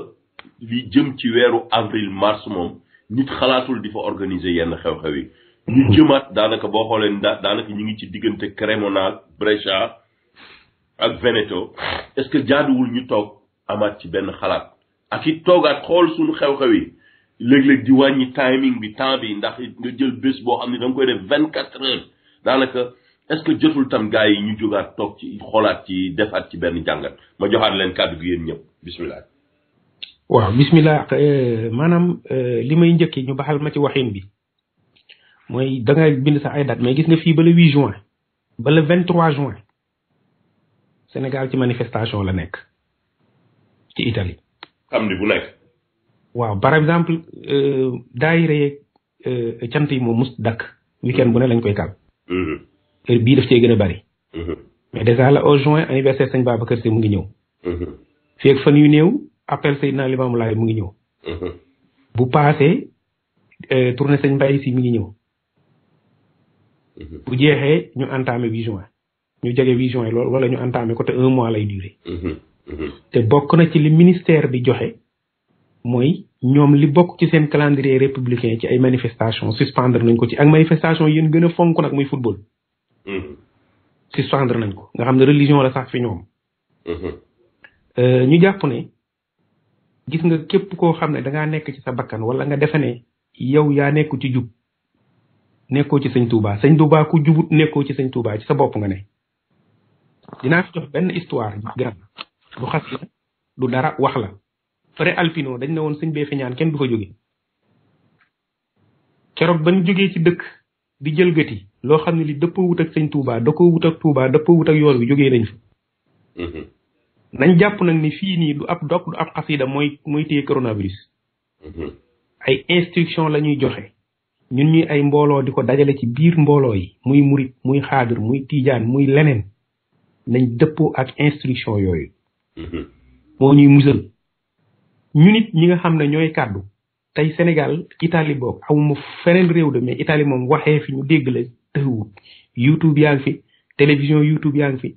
li jëm ci weeru avril mars moom nit xalaatul di fa organiser yenn xew-xew yi. ñu mhm. jëmaat daanaka boo xoolee daanaka ñu ngi ci diggante Crémonal Brescia ak Veneto est-ce jaaduwul ñu toog amaat ci benn xalaat ak it toogaat xool suñu xew-xew yi léeg-léeg di wàññi timing bi temps bi ndax nga jël bés boo xam ne da koy def vingt quatre heures daanaka est-ce jotul tam gaa yi ñu jógaat toog ci xoolaat ci defaat ci benn jàngat ma joxaat leen kàddu gi yéen ñëpp bismillah waaw bismillah eh, maanaam eh, li may njëkki ñu baxal ma ci waxin bi mooy danga bind sax ay date mais gis nga fii ba le huit juin ba le vingt trois juin Sénégal ci manifestation la nekk ci Italie am di bu nekk waaw par exemple eh, daayira yeeg cant yi moom mus dakk weekend bu ne lañ koy kal mm-hmm. bii daf cee gën a bari mm-hmm. mais dèjà la au juin anniversaire sëñ Babacar Sy mu ngi ñëw mm-hmm. fii ak fan yu néew après Seydina Limaamu Laay mu ngi ñëw. Mhm. bu paasee euh, tournée ay Mbaye si mi ngi ñëw. Mhm. bu jeexee ñu entamé huit juin ñu jege huit juin lool wala ñu entamé ko te un mois lay durer. Mhm. te bokk na ci li ministère di joxe mooy ñoom li bokk ci seen calendrier républicain ci ay manifestation suspendre nañ ko ci ak manifestation yéen gën a fonk nag muy football. suspendre nañ ko nga xam ne religion la sax fi ñoom. Euh, ñu jàpp ne. gis nga képp koo xam ne dangaa nekk ci sa bakkan wala nga defe ne yow yaa nekku ci jub nekkoo ci sëñ Touba sañ Touba ku jubut nekkoo ci sañ Touba ci sa bopp nga ne dinaa fi jox benn histoire grand du xas la dara wax la frais alpino dañ ne woon sëñ bee fi ñaan kenn du fa jóge keroog ba ñu jógee ci dëkk di jël gëti loo xam ne li dëppoo wut ak sëñ Touba da koo wut ak Touba dëppoo wut ak yoon wi jógee nañ fa mm-hmm. nañ jàpp nag ni fii nii du ab dog du ab xasida mooy mooy téye coronavirus. Mm-hmm. ay instruction lañuy joxe. ñun ñuy ay mbooloo di ko dajale ci biir mbooloo yi muy murit muy xaadir muy tiijaan muy leneen nañ dëppoo ak instruction yooyu. Mm-hmm. moo ñuy musal. ñu nit ñi nga xam ne ñooy kàddu tey Sénégal Italie boobu amuma feneen réew de mais itali moom waxee fi ñu dégg la tëxuwut YouTube yaa ngi fi télévision YouTube yaa fi.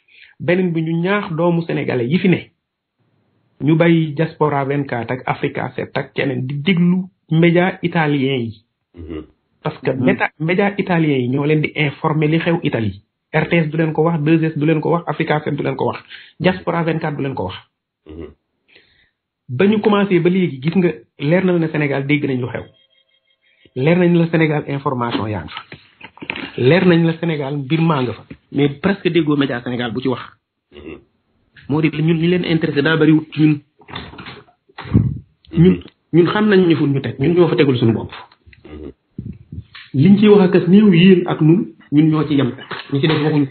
beneen bi ñu ñaax doomu sénégalais yi fi ne ñu bàyyi diaspora 24 ak Africa 7 ak keneen di déglu média italien yi. Mhm. parce que mhm. méta média italien yi ñoo leen di informer li xew Italie RTS du leen ko wax 2S du leen ko wax Africa 7 du leen ko wax diaspora 24 du leen ko wax. Mhm. ba ñu commencé ba léegi gis nga leer na la ne Sénégal dégg nañ lu xew leer nañ la Sénégal information yaa fa. leer nañ la Sénégal mbir maa ngi fa mais presque déggoo média Sénégal bu ci wax mhm. moo di ñun li leen intéressé daa bëriwut ci ñun ñun xam nañ ñu fu ñu teg ñun ñoo fa tegul suñu bopp mhm. liñ ciy wax akas néew yéen ak ñun ñun ñoo ci yem ñu ci def waxuñ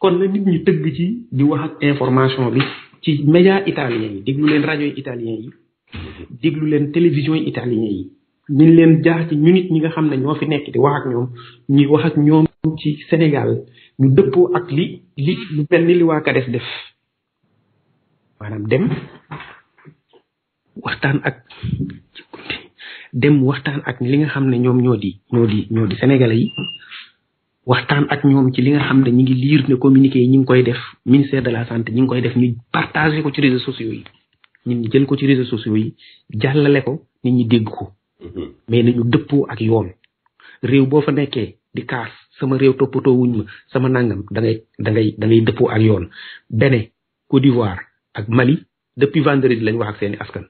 kon na nit ñu tëgg ci di wax information bi ci média italien yi déglu leen rajo yi italien yi mhm. déglu leen télévision yi italien yi ñu leen jaax ci ñu nit ñi nga xam ne ñoo fi nekk di wax ñoom ñuy wax ak ñoom ci Sénégal ñu dëppoo ak li li lu mel ni li def maanaam dem waxtaan ak dem waxtaan ak li nga xam ne ñoom ñoo di ñoo di ñoo di Sénégalais yi waxtaan ak ñoom ci li nga xam ne ñu ngi liir ne communiqué yi ñu ngi koy def ministère de la santé ñu ngi koy def ñu partagé ko ci réseaux sociaux yi ñun ngi jël ko ci réseaux sociaux yi jàllale ko nit ñi dégg ko. Mhm. mais nañu deppo ak yoon réew bo fa nekké di kaas sama réew topoto wuñ ma sama nangam da ngay da ngay da ngay deppo ak yoon bene côte d'ivoire ak mali depuis vendredi lañ wax ak seen askan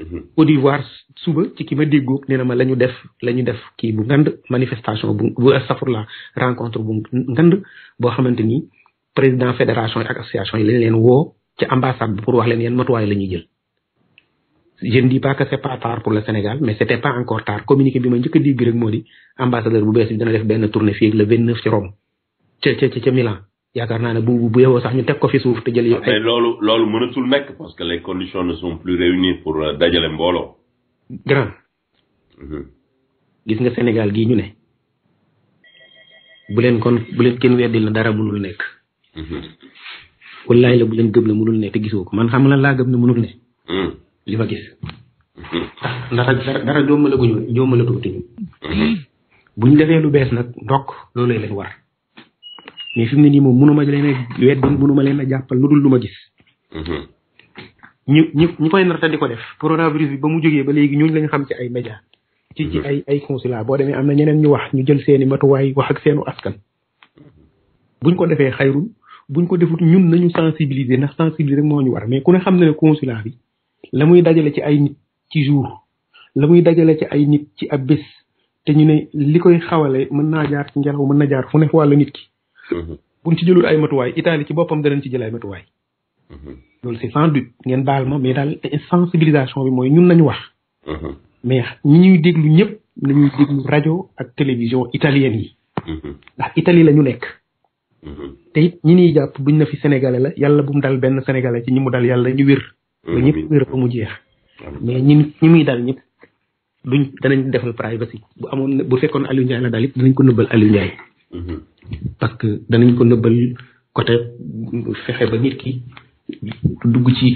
mhm. Côte d'Ivoire suba ci ki ma déggoo nee na ma lañu def lañu def ki bu ngand manifestation bu bu astafurla rencontre bu ngand bo xamanteni président fédération ak association yi lañ leen wo ci ambassade pour wax leen yeen matuwaay lañu jël je ne dis pas que c'est pas tard pour le Sénégal mais c'était pas encore tard Communiquer bi ma njëkk a dégg rek moo ambassadeur bu bees bi dana def benn tournée fii ak le 29 ci Rome ca ca ca Milan yaakaar naa bu bu yowoo sax ñu teg ko fi suuf te jël yow. mais loolu loolu mënatul nekk parce que les conditions ne sont plus réunies pour euh, dajale mbooloo. grand. Mhm. gis nga Sénégal gi ñu né. bu len kon bu len kenn wéddi la dara mënul nekk. Mhm. Wallahi la bu len gëm ne mënul ne te gisoko. man xam la laa gëm ne mënul ne. Mhm. li ma gis ndax dara dara joomalaguñu bu ñu defee lu bees nag ndokk loolay leen war mais fi mu ne nii moom mënuma leen a wet bi mënuma leen jàppal lu dul lu ma gis ñu ñu ñu koy nar te di ko def coronavirus bi ba mu jógee ba léegi ñooñu lañ xam ci ay média ci ci ay ay boo demee am na ñeneen ñu wax ñu jël seeni matuwaay wax ak seenu askan buñ ko defee xayrul buñ ko defut ñun nañu sensibiliser ndax sensibiliser rek moo ñu war mais ku ne xam na ne consulat bi la muy dajale ci ay nit ci jour la muy dajale ci ay nit ci ab bés te ñu ne li koy xawale mën naa jaar ci ngelaw mën na jaar fu ne wàllu nit ki. Mm-hmm. buñ ci jëlul ay matuwaay Italie ci boppam danañ ci jël ay matuwaay. Mm-hmm. loolu c'est sans doute ngeen baal ma mais daal sensibilisation bi mooy ñun nañu wax. Mm-hmm. mais ñi ñuy déglu ñëpp nañuy déglu rajo ak télévision italienne yi. ndax Italie la ñu nekk. te it ñi ñuy jàpp buñ na fi sénégalais la yàlla bu mu dal benn sénégalais ci ñi mu dal yàlla ñu wér. Mm-hmm. ba ñëpp wér fa mu jeex mais ñi ñi muy daal ñëpp duñ danañ defal privacy bu amoon bu fekkoon Aliou Ndiaye la daal it danañ ko nëbbal Aliou Ndiaye mm-hmm. parce que danañ ko nëbbal côté fexe ba nit ki dugg ci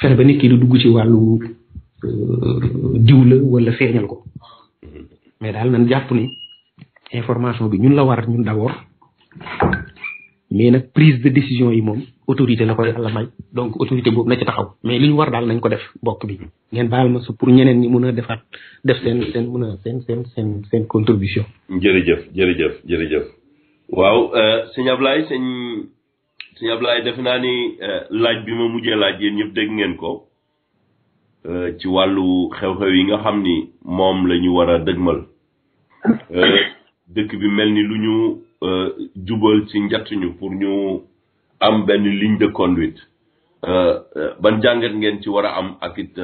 fexe ba du dugg ci wàllu euh, diw la wala feeñal ko mm-hmm. mais daal nan jàpp ni information bi ñun la war ñun d'abord mais nag prise de décision yi moom autorité la ko yàlla may donc autorité boobu na ci taxaw mais li ñu war daal nañ ko def bokk bi ngeen baal ma su pour ñeneen ñi mun a defaat def seen seen mun a seen seen seen seen contribution. jërëjëf jërëjëf jërëjëf waaw euh, sëñ Ablaye sëñ sëñ def defe naa ni euh, laaj bi ma mujjee laaj yéen ñëpp dégg ngeen ko euh, ci wàllu xew-xew yi nga xam ni moom la ñu war a dëgmal dëkk bi mel ni lu ñu. Euh, jubal ci njattuñu pour ñu am benn ligne de conduite euh, euh, ban jàngat ngeen ci war a am ak it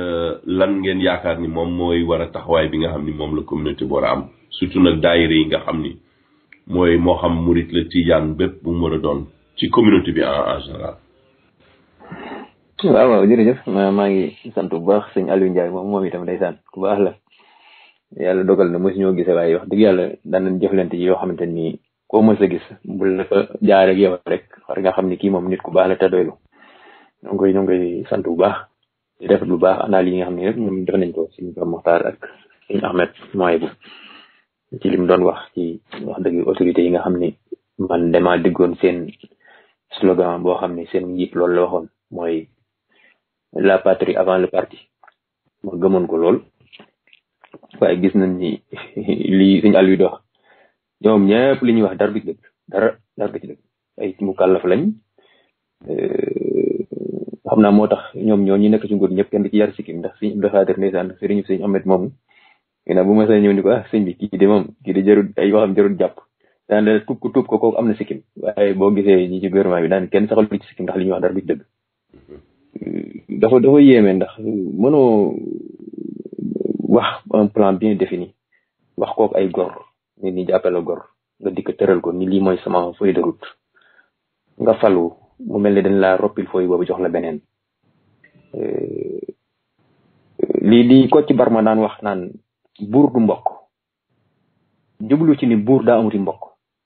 lan ngeen yaakaar ni moom mooy war a taxawaay bi nga xam ni moom la communauté bi war am surtout nag daayira yi nga xam ni mooy moo xam murit la tijaan bépp mu war a doon ci communauté bi en en waaw maa ngi sant bu baax sëñ Aliou Ndiaye moom moom itam ndeysaan ku baax la yàlla dogal na mosu ñoo gisee waaye wax dëgg yàlla daan nañ jëflante yoo xamante ni koo mës a gis bul dafa jaar ak yow rek war nga xam ne kii moom nit ku baax la te doylu no ngi koy ñoo ngi sant bu baax di rafet bu baax analyse yi nga xam ne rek ñoom def nañ ko suñu ko ak suñu Ahmed mooy bu ci lim doon wax ci wax dëgg autorité yi nga xam ni man dema diggoon seen slogan boo xam ne seen njiit loolu la waxoon mooy la patrie avant le parti ma gëmoon ko lool waaye gis nañ ni <laughs> lii suñu àll yi ñoom ñëpp li ñuy wax dara du ci dara dara du ci dëgg mu kàllaf lañ euh, xam naa moo tax ñoom ñoo ñu nekk ci nguur ñëpp kenn du ci yar sikkim ndax sëñ Abdou Xaadir ndeysaan sëriñu sëñ Ahmed moomu ginnaaw bu ma sa ñëw ni ko ah sëñ bi kii de moom kii de jarul ay waxam jàpp daan la tuub ko tuub ko kooku am na sikkim waaye boo gisee ñi ci gouvernement bi daan kenn saxal lu ci sikkim ndax li ñuy wax dara du ci dëgg mm-hmm. dafa dafa yéeme ndax mënoo wax un plan bien défini wax kook ay góor nit ñi jàppe la gor ko ni lii mooy sama feuille de route nga falu mu mel ni dañ laa roppil feuille boobu jox la beneen euh, lii li ko ci barma daan wax naan buur du mbokk jublu ci ni buur daa amuti mbokk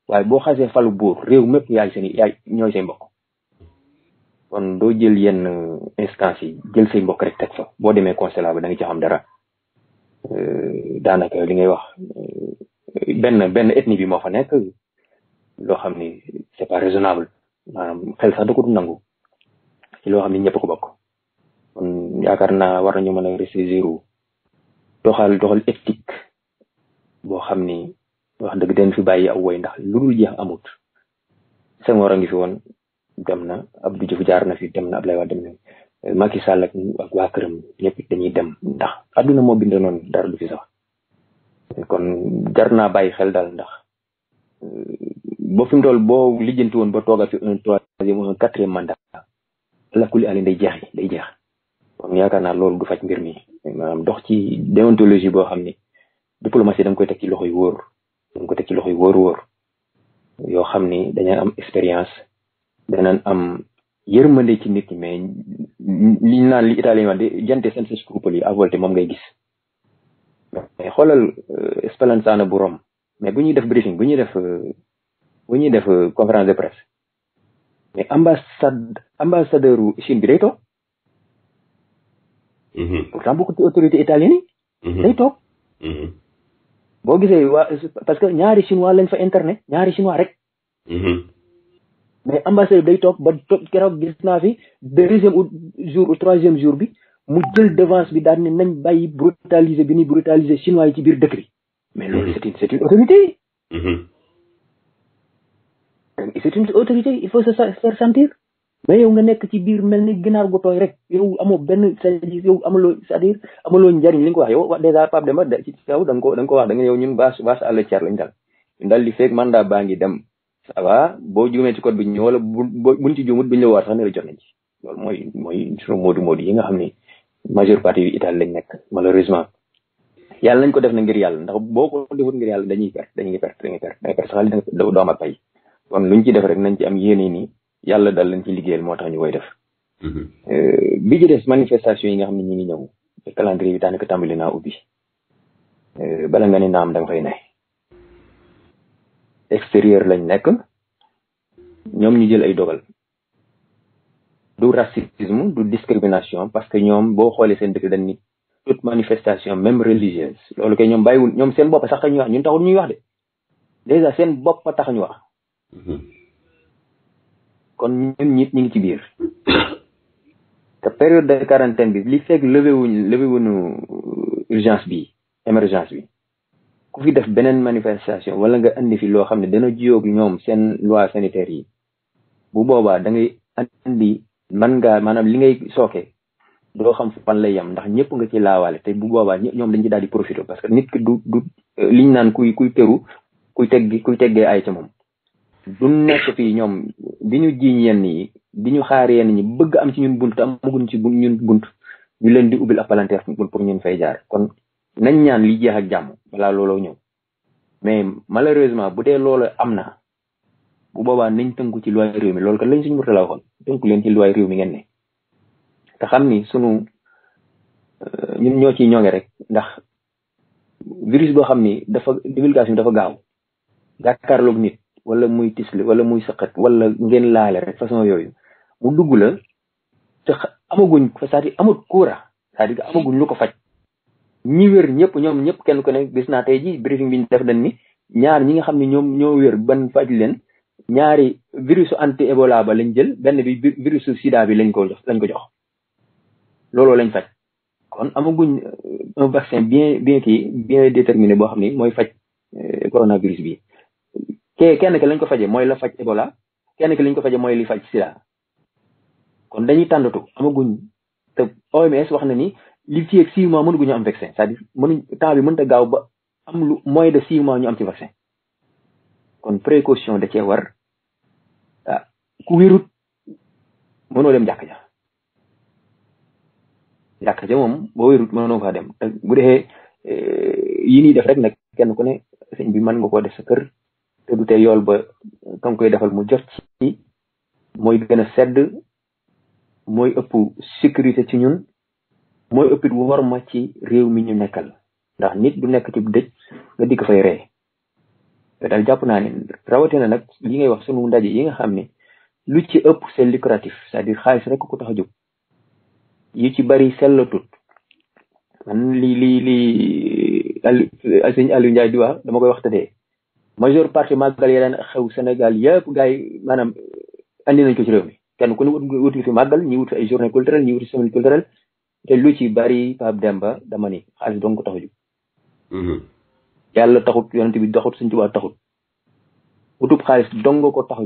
waaye boo xasee falu buur réew mépp yaay seen yaay ñooy say mbokk kon doo jël yenn euh, instance yi jël say mbokk rek teg fa boo demee consulat ba da nga xam dara euh, daanaka li ngay wax benn benn ethnie bi moo fa nekk loo xam ni c'est pas raisonnable maanaam xel sax da du nangu ci xam ni ñëpp ko bokk kon yaakaar naa war nañu mën a doxal doxal éthique boo xam ni wax dëgg den fi bàyyi aw woy ndax lu dul jeex amut Senghor a ngi fi woon dem na Abdou Diouf jaar na fi dem na Abdoulaye Wade dem na Macky Sall ak waa këram ñëpp dem ndax adduna moo bind noonu dara du fi sax kon jar naa bàyyi xel daal ndax euh, ba fi mu boo lijjanti woon ba toogal fi un troisième un quatrième mandat lakuli ali day jeex day jeex kon yaakaar naa loolu du faj mbir mi maanaam dox ci déontologie boo xam ni diplomatie si nga koy teg ci loxo yu wóor da nga teg ci loxo yu wóor wóor yoo xam ni dañaan am expérience danaan am yërmande ci nit ñi mais liñ naan li italien wax de jante seen scrupule yi à volte moom ngay gis mais xoolal euh, Spallanzani bu Rome mais bu ñuy def briefing bu ñuy def euh, bu ñuy def euh, conférence de presse mais ambassade ambassadeur u Chine bi day toog. Mm-hmm. pourtant bokk ci mm-hmm. mm-hmm. waa parce que ñaari chinois lañ fa internet ñaari chinois rek. mais ambassadeur day toog ba toog keroog gis naa fi deuxième jour troisième jour bi. mu jël devance bi daal ne nañ bàyyi brutaliser bi ñuy brutaliser chinois yi ci biir dëkk bi mais loolu mm-hmm. c'est une c'est une autorité mm-hmm. c'est une autorité il yow nga nekk ci biir mel ni ginaar gu tooy rek yow amoo benn c'est-à-dire yow loo c'est-à-dire amaloo njariñ li ko wax yow wax dèjà Pape Demba ko da ko wax da nga yow ñun bâche bâche àll cer lañ dal ñun daal li feeg mandat baa ngi dem ça boo juumee ci code bi ñu wala buñ ci juumut bi ñu la waar sax ne la jot nañ ci loolu mooy mooy sunu moodu moodu yi nga xam ni majeur parti bi Italie lañ nek malheureusement yalla nañ ko def na ngir yalla ndax boko ko defut ngir yalla dañuy perte dañuy perte dañuy perte ay perte xaalis do am ak pay kon luñ ci def rek nañ ci am yene ni yalla dal lañ ci liggéeyal motax ñu koy def mhm. eh, bi ci des manifestation yi nga xamni ñi ngi ñëw calendrier bi tambali na ubi euh bala nga ni naam da nga fay ne extérieur lañ nek ñom ñu jël ay dogal du racisme du discrimination parce que ñoom boo xoolee seen dëkk dañ ni toute manifestation même religieuse loolu kay ñoom bàyyiwul ñoom seen bopp sax tax ñu wax ñun taxul ñuy wax de dèjà seen bopp tax ñu wax mhm. kon ñun ñit ñu ngi ci biir te période de quarantaine bi li fekk levé wuñu levé urgence bi émergence bi ku fi def beneen manifestation wala nga indi fi loo xam ne dana jiyoog ñoom seen loi sanitaire yi bu boobaa da ngay man ngaa maanaam li ngay sooke doo xam pan lay yem ndax ñëpp nga ci laawale te bu boobaa ñoom dañ ci daal di profité parce que nit ki du du euh, liñ naan kuy kuy peru kuy teggi kuy teggee ay ca moom du nekk fii ñoom di ñu jiiñ yenn yi di ñu xaar yenn ñi bëgg am ci ñun bunt te amaguñ ci ñun bunt ñu leen di ubbil ab palanteer pour ñun fay jaar kon nañ ñaan li jeex ak jàmm balaa looloo ñëw mais malheureusement bu dee loolu am na bu boobaa nañ tënku ci loi réew mi loolu kat lañ suñ murtala waxoon tënku leen ci loi réew mi ngeen ne te xam ni sunu euh, ñun ñoo ciy rek ndax virus boo xam ni dafa divulgation dafa gaaw jàkkaarloog nit wala muy tisli wala muy sëqat wala ngeen laale rek façon yooyu mu dugg la te amaguñ c'est-à-dire amut kuura c'est-à-dire amaguñ ko faj ñi wér ñëpp ñoom ñëpp kenn ku ne gis naa tey ji briefing bi ñu def dañ ni ñaar ñi nga xam ne ñoom ñoo wér ban faj leen ñaari virusu anti Ebola ba lañ jël benn bi virusu sida bi lañ ko jox lañ ko jox looloo lañ faj kon amaguñ euh, un vaccin bien bien kii bien déterminé boo xam ni mooy faj euh, coronavirus bi ke kenn ki lañ ko faje mooy la faj Ebola kenn ki lañ ko faje mooy li faj sida kon dañuy tàndatu amaguñ te OMS wax na ni li ci yeeg six mois mënuguñu am vaccin c'est-à-dire mënuñ temps bi mënta gaaw ba am lu moins de six mois ñu am ci vaccin kon précaution da cee war ku wirut mënoo dem jàkk ja jàkk ja moom boo wirut mënoo faa dem eh, bu defee eh, yi ni def rek nag kenn ku ne sëñ bi man nga ko def sa kër te du tee yool ba kam koy defal mu jot ci mooy gën a sedd mooy ëpp sécurité ci ñun mooy ëppit war ma ci réew mi ñu nekkal ndax nit du nekk ci dëj nga dikk fay ree te daal jàpp naa ne rawatina nag yi ngay wax sunu ndaje yi nga xam ne lu ci ëpp c'est lucratif c'est-à-dire xaalis rek ko tax a jóg ci bari sellatut man li li li sëñ Aliou Ndiaye di wax dama koy waxtaanee majeure partie màggal ya daan xew Sénégal yëpp gars yi maanaam andi nañ ko ci réew mi kenn ku ne wut fi màggal ñi wut fi ay journée culturelle ñi wut fi semaine culturelle te lu ci bari Pape Demba dama ni xaalis dong ko tax a jóg mm-hmm. yàlla taxut yonent bi doxut suñ tubaa taxut utub xaalis dong ko tax a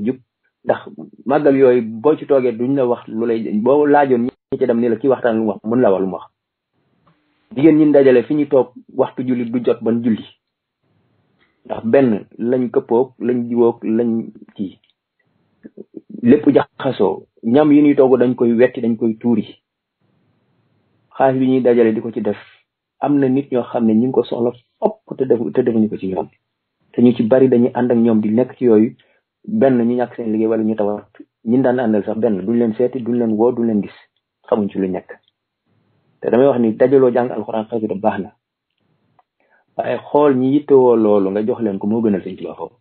ndax màggal yooyu boo ci toogee duñ la wax lu lay boo laajoon ñi ci dem ni la kii waxtaan lu wax mën la wax lu mu wax jigéen ñi dajale fi ñu toog waxtu julli du jot ban julli ndax benn lañ këppoog lañ diwoog lañ kii lépp jaxasoo ñam yi ñuy togg dañ koy wetti dañ koy tuuri xaalis bi ñuy dajalee di ko ci def am na nit ñoo xam ne ñu ngi ko soxla fopp te defu te ko ci ñoom te ñu ci bari dañuy ànd ak ñoom di nekk ci yooyu benn ñu ñàkk seen liggéey wala ñu tawat ñin daan àndal sax benn duñ leen seeti duñ leen woo duñ leen gis xamuñ ci lu nekk te damay wax ni dajaloo jàng alxuraan xasida baax na waaye xool ñi woo loolu nga jox leen ko moo gënal sëñ Tuubaa foofu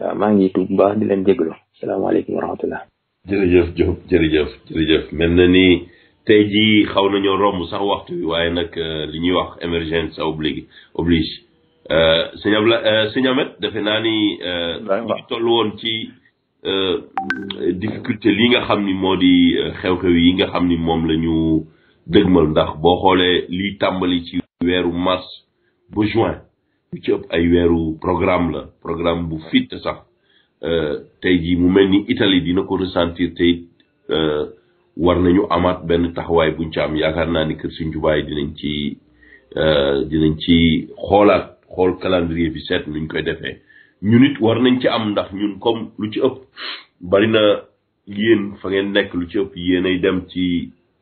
waaw maa ngi tuub baax di leen jégalu salaamaaleykum wa rahmatullah jërëjëf Diop jërëjëf jërëjëf mel na ni te jii xaw nañoo romb sax waxtu bi waaye nag euh, li ñuy wax émergence oblige oblige Euh, sëñ am la euh, defe naa ni. Euh, ñu toll woon ci difficulté li nga xam ni moo di xew yi nga xam ni moom la ñu dëgmal ndax boo xoolee liy tàmbali ci weeru mars ba juin lu ci ëpp ay weeru programme la programme bu fit sax tey jii mu mel ni Italie dina ko ressentir te war nañu amaat benn taxawaay buñ ci am yaakaar naa ni kër suñ jubaay dinañ ci dinañ ci xoolaat. xool calendrier bi seet nuñ koy defee ñun it war nañ ci am ndax ñun comme lu ci ëpp bari na yéen fa ngeen nekk lu ci ëpp yéenay dem ci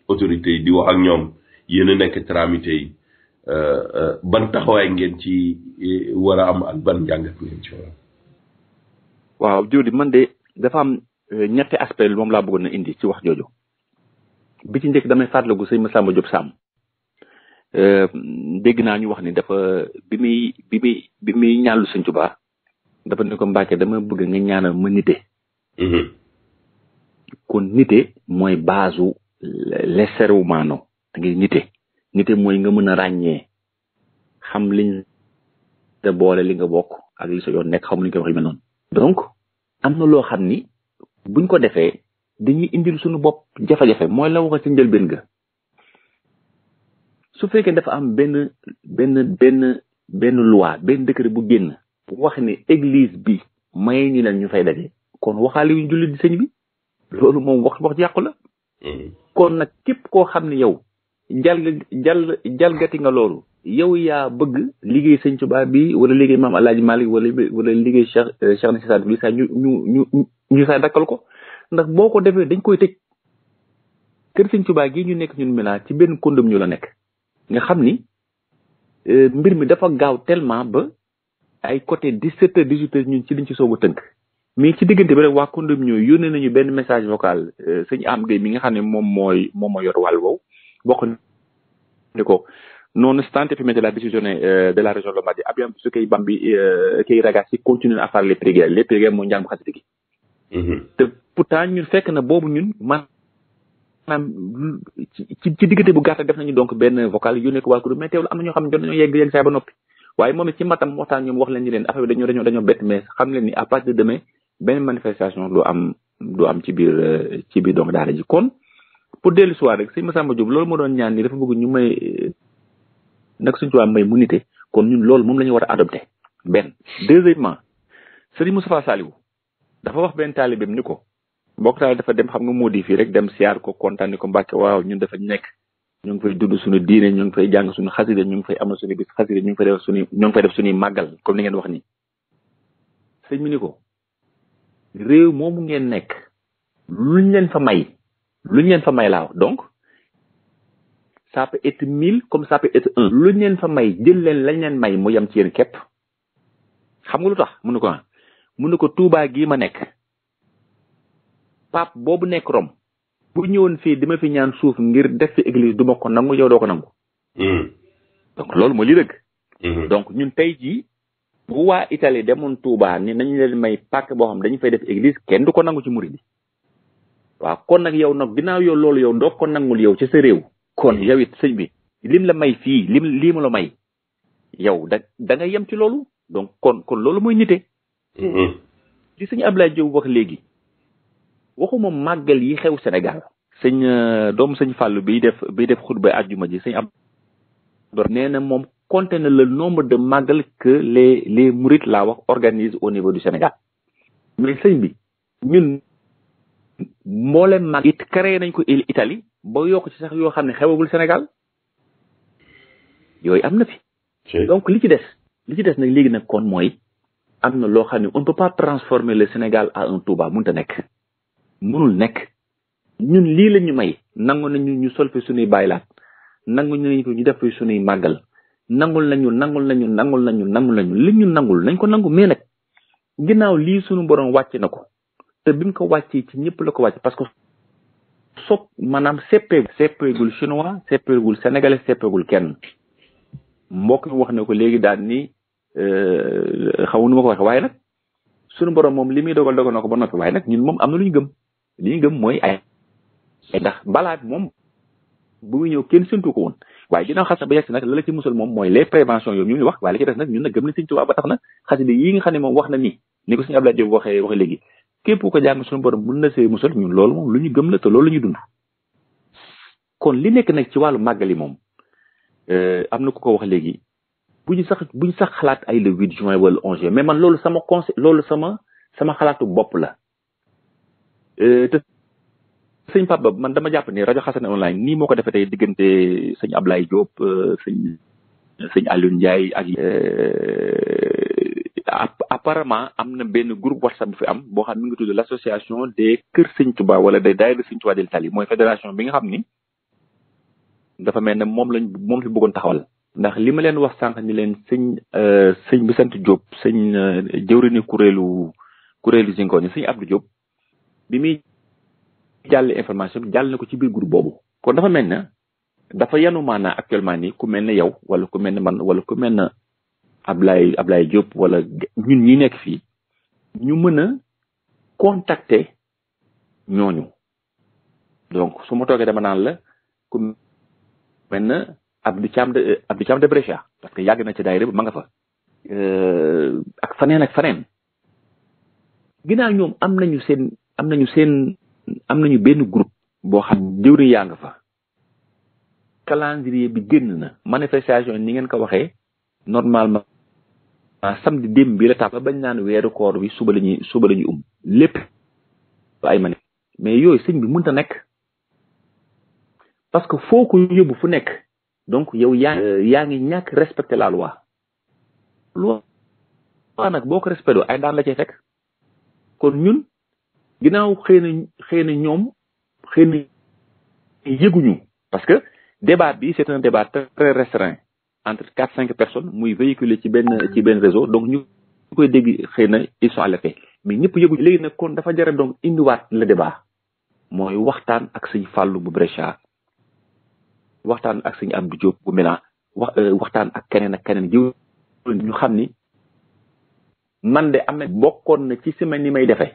autorité yi di wax ak ñoom yéen a nekk tramité yi euh, euh, ban taxawaay eh, ngeen ci war a am ak ban njàngat ngeen ci war waaw Diouli man de dafa am euh, ñetti aspect moom laa bëggoon na indi ci wax jooju bi ci njëkk damay fàttaliku sëñ Massamba Diop Samb Euh, dégg naa ñu wax ni dafa bi muy bi muy bi muy ñaanlu sëñ Tuubaa dafa ne ko Mbàkke dama bëgg nga ñaanal ma nite mm-hmm. kon nite mooy baasu l'essere umano da ngay nite nite mooy nga mën a ràññee xam liñ te boole li nga bokk ak li sa yoon nekk xam luñ koy wax yu mel noonu donc am na loo xam ni buñ ko defee dañuy indil suñu bopp jafe-jafe mooy la wax ci njëlbeen ga su fekkee dafa am benn benn benn benn loi benn décret bu génn wax ni église bi may ñu leen ñu fay daje kon waxaale yu jullit di sëñ bi loolu moom wax wax yàqu la mm-hmm. kon nag képp koo xam ne yow jal jal jalgati nga loolu yow yaa bëgg liggéey sëñ Tuubaa bi wala liggéey maam Alaaji Malik wala wala liggéey Cheikh eh, Cheikh na si saat bi saa ñu ñu ñu ñu saa dakkal ko ndax boo ko defee dañ koy tëj kër sëñ Tuubaa gi ñu nekk ñun mela ci benn kondom ñu la nekk nga xam ni euh, mbir mi dafa gaaw tellement ba ay côté dix sept heures dix huit heures ñun ci liñ ci soog tënk mais ci diggante bi rek waa condom ñoo yónnee nañu benn message vocal euh, sëñ am gay mi nga xam ne moom mooy moom moo yor wàll woowu bokk ni ko nonostante de la décision euh, della regione Lombardia abbiamo visto che i bambini che i ragazzi continuano a fare les preghiere les preghiere mooy njàng xasida gi mm-hmm. te pourtant ñun fekk na boobu ñun man maanaam ci ci diggante bu gàtt def nañu donc benn vocal yónnee ko waa groupe mais teewul am na ñoo xam ne jot nañoo yegg yegg saa ba noppi waaye moom it ci matam waxtaan ñoom wax leen ni leen affaire dañoo bett mais xam leen ni à de demain benn manifestation du am du am ci biir ci biir donc daara ji kon pour dellu soir rek sëñ Massamba Diop loolu moo doon ñaan ni dafa bëgg ñu may nag suñu tubaab may mu nite kon ñun loolu moom la ñu war a adopté benn deuxièmement Serigne Moustapha Saliou dafa wax benn taalibeem ni ko mbokk daal dafa dem xam nga moo di fii rek dem siyaar ko kontaan ni ko mbàkke waaw ñun dafa nekk ñu ngi fay dund suñu diine ñu ngi fay jàng suñu xasida ñu ngi fay amal suñu ñu ngi fay def suñu ñu ngi fay def suñuy màggal comme ni ngeen wax ni sëñ mi ni ko réew moomu ngeen nekk luñ leen fa may luñ leen fa may laaw donc ça peut être mille comme ça peut être un luñ leen fa may jël leen lañ leen may mu yem ci yéen képp xam nga lu tax mu ne ko ah mu ne ko tubaa gii ma nekk pape boobu nekk Rome bu ñëwoon fii di ma fi ñaan suuf ngir def fi église du ma ko nangu yow doo ko nangu. Hmm. donc loolu mooy li dëgg. Hmm. donc ñun tey jii. bu waa Italie demoon Touba ni nañu leen may pàkk boo xam dañu fay def église kenn du ko nangu ci murid bi kon nag yow nag ginnaaw yow loolu yow ndoo ko nangul yow ci sa réew. kon hmm. yow it sëñ bi lim la may fii lim lii ma la may yow da da nga yem ci loolu donc kon kon loolu mooy nite. li sëñ Ablaye Diop wax léegi. waxuma màggal yi xew Sénégal sëñ euh, doomu sëñ Fallou bi def bi def xutba àjjuma ji sëñ am nee na moom compté na le nombre de màggal que les les mourides laa wax organisent au niveau du Sénégal mais sëñ bi ñun mboolem mag it créé nañ ko Italie ba yokk ci sax yoo xam ne xewagul Sénégal yooyu am na fi donc li ci des li ci des nag léegi nag kon mooy am na loo xam ne on ne peut pas transformer le Sénégal à un Touba mënut a nekk mënul nekk ñun lii la ñu may nangu nañu ñu sol fi suñuy baylaat nangu nañu ko ñu def fi suñuy màggal nangul nañu nangul nañu nangul nañu nangul nañu li ñu nangul nañ ko nangu mais nag ginnaaw lii suñu borom wàcc na ko te bi mu ko wàccee ci ñëpp la ko wàcc parce que sopp maanaam seppee seppeegul chinois seppeegul sénégalais seppeegul kenn mbokk mi wax na ko léegi daal nii euh, xaw nu ma ko waxee waaye nag suñu borom moom li muy dogal dogal na ko ba noppi waaye nag ñun moom am na lu ñu gëm li ñu gëm mooy ay ndax balaa bi moom bu muy ñëw kenn séntu ko woon waaye ginnaaw xas na ba yegsi nag la la ci musal moom mooy les préventions yooyu ñu ñu wax waaye la ci des nag ñun nag gëm na Sëñ Tuubaa ba tax na xas yi nga xam ne moom wax na nii ni ko Sëñ Abdoulaye Diop waxee waxee léegi képp ko jàng suñu borom mën na see musal ñun loolu moom lu ñu gëm la te loolu ñu dund kon li nekk nag ci wàllu màggali moom euh, am na ku ko wax léegi bu ñu sax buñu sax xalaat ay le huit juin wala le mais man loolu sama conseil loolu sama sama bopp la Euh, te sëñ Pape man dama jàpp ni rajo Xassida online nii moo ko defee tey diggante sëñ Ablaye Diop euh, sëñ sëñ Alioune Ndiaye ak. Euh, apparemment am na benn groupe whatsapp bu fi am boo xam mi association Kër Sëñ Touba wala des daayira Sëñ Touba del Tali mooy fédération bi nga xam ni dafa mel ne moom lañ moom fi bëggoon taxawal. ndax li ma leen wax sànq ni leen sëñ sëñ bi sant jóob sëñ jëwrini kuréelu kuréelu Zingonia sëñ Abdou jóob bi muy jàll information bi jàll na ko ci biir groupe boobu kon dafa mel ne dafa yanu maanaa actuellement nii ku mel ne yow wala ku mel ne man wala ku mel ne Ablaye Ablaye Diop wala ñun ñi nekk fii ñu mën a contacter ñooñu donc su ma toogee dama naan la ku mel ne Abdou caam de Abdou Thiam de Brescia parce que yàgg na ci daayira bi ma nga fa euh, ak faneen ak faneen ginnaaw ñoom am nañu seen am ñu seen am na ñu benn groupe boo xam jëwriñ yaa nga fa calendrier bi génn na manifestation ni ngeen ko waxee normalement samedi démb bi la tàpp ba bañ weeru koor bi suba la ñuy la ñuy um lépp mais yooyu sëñ bi mënut a nekk parce que foo ko yóbbu fu nekk donc yow yaa yaa ngi ñàkk respecté la loi loi nag boo ko respecté ay daan la cay fekk kon ñun ginnaaw xëy na xëy na ñoom xëy na yëguñu parce que débat bi c'est un débat très restreint entre quatre cinq personnes muy véhiculé ci benn ci benn réseau donc ñu koy dégg xëy na ils sont à mais ñëpp yëguñu léegi nag kon dafa jare donc indiwaat le débat mooy waxtaan ak sëñ Fallou bu Brescia waxtaan ak sëñ du Diop bu Milan wax euh, waxtaan ak keneen ak keneen jiw ñu xam ni man de am na bokkoon na ci semaine yi may defee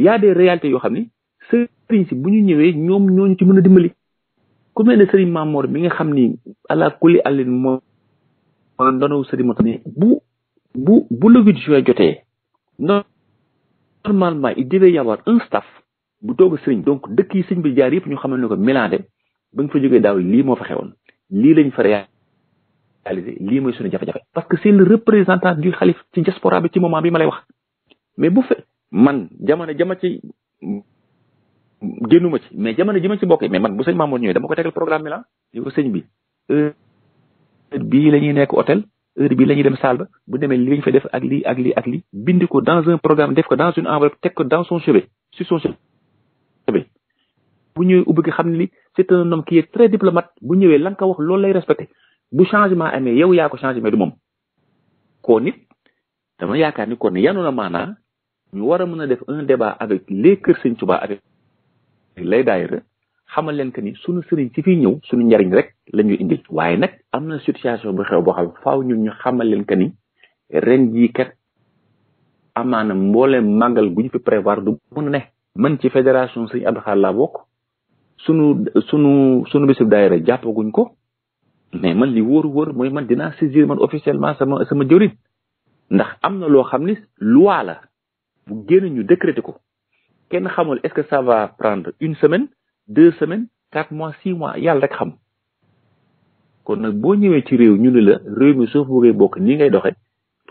y a des réalités yoo xam ne sëriñ si bu ñu ñëwee ñoom ñooñu ci mën a dimbali ku mel ne sëriñ Mamor mi nga xam ni ala kulli àllin moo ndonaw sëriñ Moussa ni bu bu bu le huit juin jotee normalement il devait y avoir un staff bu toog a sëriñ donc dëkk yi sëñ bi jaar yëpp ñu xamal ne ko Milan de ba nga fa jógee daaw lii moo fa xewoon lii lañ fa réalisé lii mooy suñu jafe-jafe parce que c'est le représentant du xalif ci diaspora moment bi ma lay wax mais bu fe man jamono jama ci génnuma ci mais jamono ji ma ci bokkee mais man bu sëñ Mamour ñëwee dama ko tegal programme bi la li ko bi heure bii lañuy nekk hôtel heure bi la ñuy dem salle bu demee li ñu fa def ak lii ak lii ak lii bind ko dans un programme def ko dans une enveloppe teg ko dans son chevet sur son chevet bu ñëwee ubbi ko xam ni li c'est un homme très diplomate bu ñëwee lan ko wax loolu lay respecté bu changement amee yow yaa ko changé mais du moom koo dama yaakaar ni kon yanu na ñu war a mën a def un débat avec les kër sëñ Tuba avec lay daayira xamal leen que ni suñu sëriñ ci fi ñëw suñu njariñ rek la ñuy indil waaye nag am na situation bu xew boo xam faaw ñun ñu xamal leen que ni ren jii kat amaana mboolem màggal gu ñu fi prévoir du mën a ne man ci fédération sëñ Abdou Khadre laa bokk sunu sunu sunu bisib daayira jàppaguñ ko mais man li wóor wóor mooy man dinaa saisir man officiellement sama sama jëwriñ ndax am na loo xam ni loi la bu génn ñu décréter ko kenn xamul est-ce que ça va prendre une semaine deux semaine quatre mois six mois yàlla rek xam kon nag boo ñëwee ci réew ñu ne la réew mi soo bëggee bokk nii ngay doxe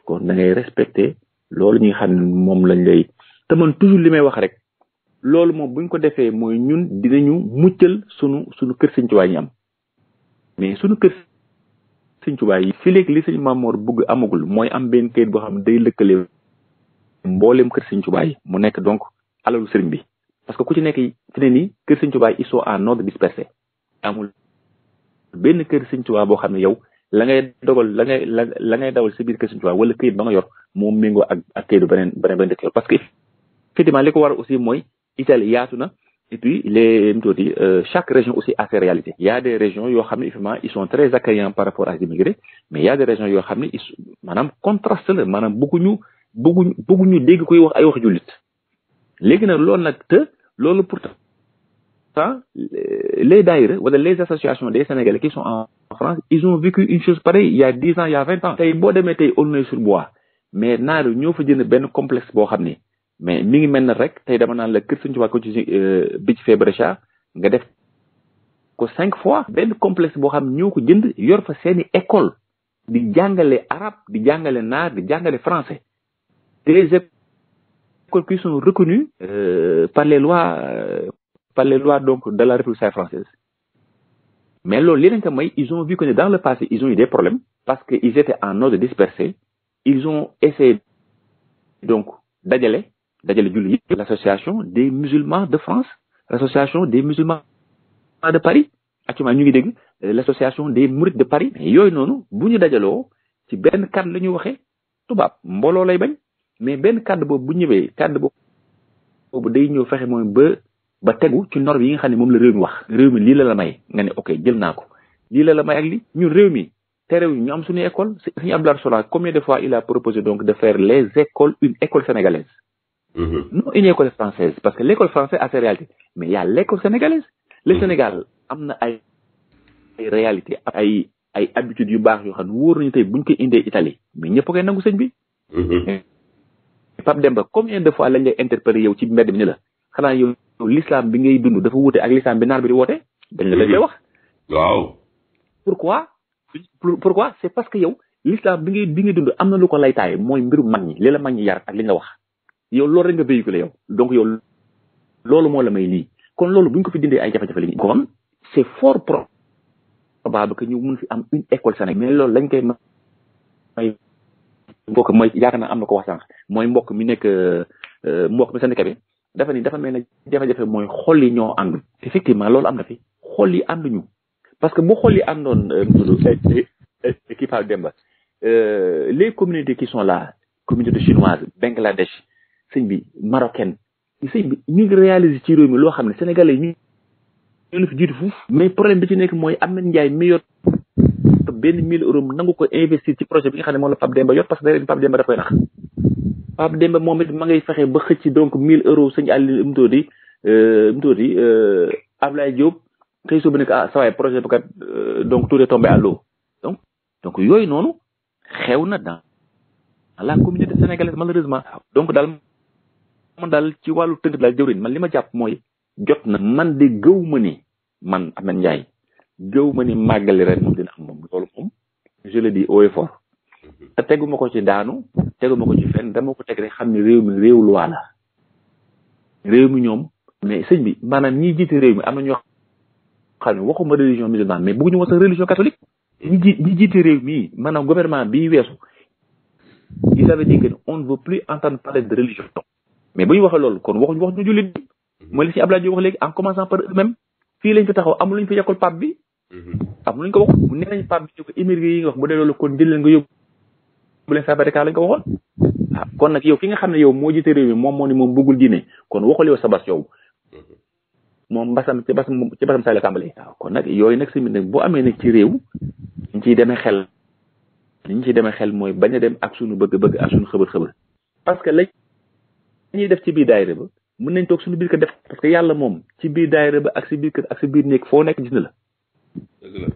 kon da ngay loolu ñi xam ne moom lañ lay te man toujours li may wax rek loolu moom buñ ko defee mooy ñun dina dinañu muccal sunu sunu kër Sëñ Tuubaa yi am mais sunu kër Sëñ Tuubaa yi fii léegi li Sëñ Maamoor bugg amagul mooy am benn kayit boo xam ne day lëkkale mboolem kër sëñ Tuubaa yi mu nekk donc alalu sëriñ bi parce que ku ci nekk fi ne nii kër sëñ Tuubaa yi en ordre dispersé amul benn kër sëñ Tuubaa boo xam ne yow la ngay dogal la ngay la la ngay dawal sa biir kër sëñ wala këyit ba nga yor moo méngoo ak ak këyitu beneen beneen beneen dëkk yor parce que effectivement li ko war aussi mooy Italie yaatu na et puis les mu euh, tuuti chaque région aussi a ses réalités y a des régions yoo xam ne effectivement ils sont très accueillants par rapport à immigrés mais y a des régions yoo xam ne beaucoup bëgguñu dégg koy wax ay wax euh, les les associations des sénégalais qui sont en France ils ont vécu une chose pareille il y a 10 ans il y a 20 ans ont de demee une sur bois mais naar ñoo fa ben complexe boo mais mi ngi mel rek tey dama naan la euh, ko cinq fois ben complexe ont xam ñoo ko jënd école di jàngale arabe di jàngale ont di français des écoles qui sont reconnues euh, par les lois euh, par les lois donc de la République française. Mais alors, les ils ont vu que dans le passé, ils ont eu des problèmes parce qu'ils étaient en ordre dispersé. Ils ont essayé donc l'association des musulmans de France, l'association des musulmans de Paris, actuellement euh, l'association des mourides de Paris. mais mais ben kàddu cas, bu bobu day ñëw ba ba téggu ci yi nga mi la la li réew mi ñu am suñu école combien de fois il a proposé donc de faire les écoles une école sénégalaise mm-hmm. non une école française parce que l'école française a ses réalités mais il y a l'école sénégalaise le mm-hmm. Sénégal am ay réalité habitudes yu baax de une buñ ko Italie mais Pape Demba combien de fois lañ lay interpellé yow ci mbedd mi ni la xanaa yow l'islam bi ngay dund dafa wuute ak l'islam bi naar bi di woote dañ la dañ lay wax mm-hmm. waaw pourquoi c'est parce que yow l'islam bi ngay bi ngay dund am na lu ko lay mooy mbiru mag ñi li la mag yar ak li nga wax yow loolu rek nga véhiculé yow donc yow loolu moo la may lii kon loolu buñ ko fi dindee ay jafe-jafe lañu ko am c'est fort probable que ñu mun fi am une école mais loolu lañ koy may mbokk moy yaakaar na am na ko wax sànq mooy mbokk mi euh mbokk mi syndicat dafa ni dafa mel ne jafe moy mooy xol yi ñoo ànd effectivement loolu am na fi xol yi ànduñu parce que bu xol yi àndoon euh, eh, eh, eh, kii Pape Demba euh, les communautés qui sont là communauté chinoise Bangladesh sëñ bi marocaine sëñ bi ñu réaliser ci réew mi loo xam sénégalais yi ñu ñu fi jitu fuuf mais problème bi ci nek moy Ameth Ndiaye meilleur jox benn mille euro nangu ko investir ci projet bi nga xam mo la pap Demba yor parce que day Pape Demba da koy nax pap Demba momit ma ngay fexé ba xëc ci donc 1000 euros sëñ ali mu euh mu euh ablay Diop xëy so nekk ah sa way projet bu kat euh, donc tout est tombé à l'eau donc donc yoy nonu xewna da dans la communauté sénégalaise malheureusement donc dal man dal ci walu teunk daal jëwriñ man lima japp moy jot na man de gëw ma ni man Ahmed Ndiaye gëw ma ni màggali ren moom dina am moom loolu moom je le dis haut et mm-hmm. teguma ko ci daanu teguma ko ci fenn dama ko teg rek xam ni réew mi réew luwaa la réew mi ñoom mais sëñ bi maanaam ñi jiite réew mi am na ñoo xam ne waxuma religion musulmane mais bëgguñu wax sax religion catholique ñi ji ñi jiite réew mi maanaam gouvernement bii weesu il savait dire que on ne veut de religion mais bu ñu waxee loolu kon waxuñu wax ñu jullit mm-hmm. mooy li si Abdoulaye Diop wax léegi en commençant par eux fii lañ fi taxaw amul luñ fi yokkul bi Mm-hmm. xam luñ ko waxoon nee nañ Pape Diop émigré yi nga wax bu dee loolu kon jël nga yóbbu bu leen Sabatikaa lañ ko waxoon ah, kon nag yow ki nga xam ne yow moo jiite réew mi moom moo ni moom bëggul diine kon waxul yow sabas mm-hmm. yow moom mbasam ci basam ci basam say la tàmbali ah, kon nag yooyu nag simit nag boo amee nag ci réew ñu ciy demee xel ñu ciy demee xel mooy bañ a dem ak suñu bëgg-bëgg ak suñu xëbër xëbër parce que lañ ñuy def ci biir daayira ba mën nañ toog suñu biir kër def parce que yàlla mo ci biir daayira ba ak si biir kër ak si na la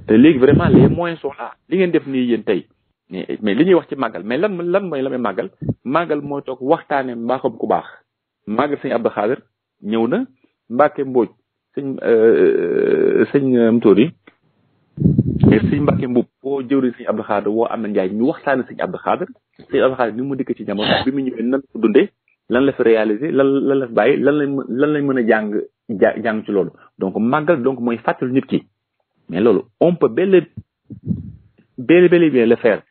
te léegi vraiment les moyens sont li ngeen def nii yéen tey mais li ñuy wax ci màggal mais lan lan mooy la may màggal màggal mooy toog waxtaane mbaaxam ku baax màggal sëñ Abdou ñëw na Mbàkke mbooj sëñ euh, euh, sëñ euh, mtóor yi sëñ Mbàkke Mbuub boo jëwri sëñ Abdou Xaadir woo am na njaay ñu waxtaane sëñ Abdou Xaadir sëñ Abdou Xaadir ni mu dikk ci jamono bi mu ñëwee nan ko dundee lan la fi réaliser lan lan la fi bàyyi lan la lan lañ mën a jàng jàng ci loolu donc màggal donc mooy fàttali nit mais loolu on peut bel bel bel bien le faire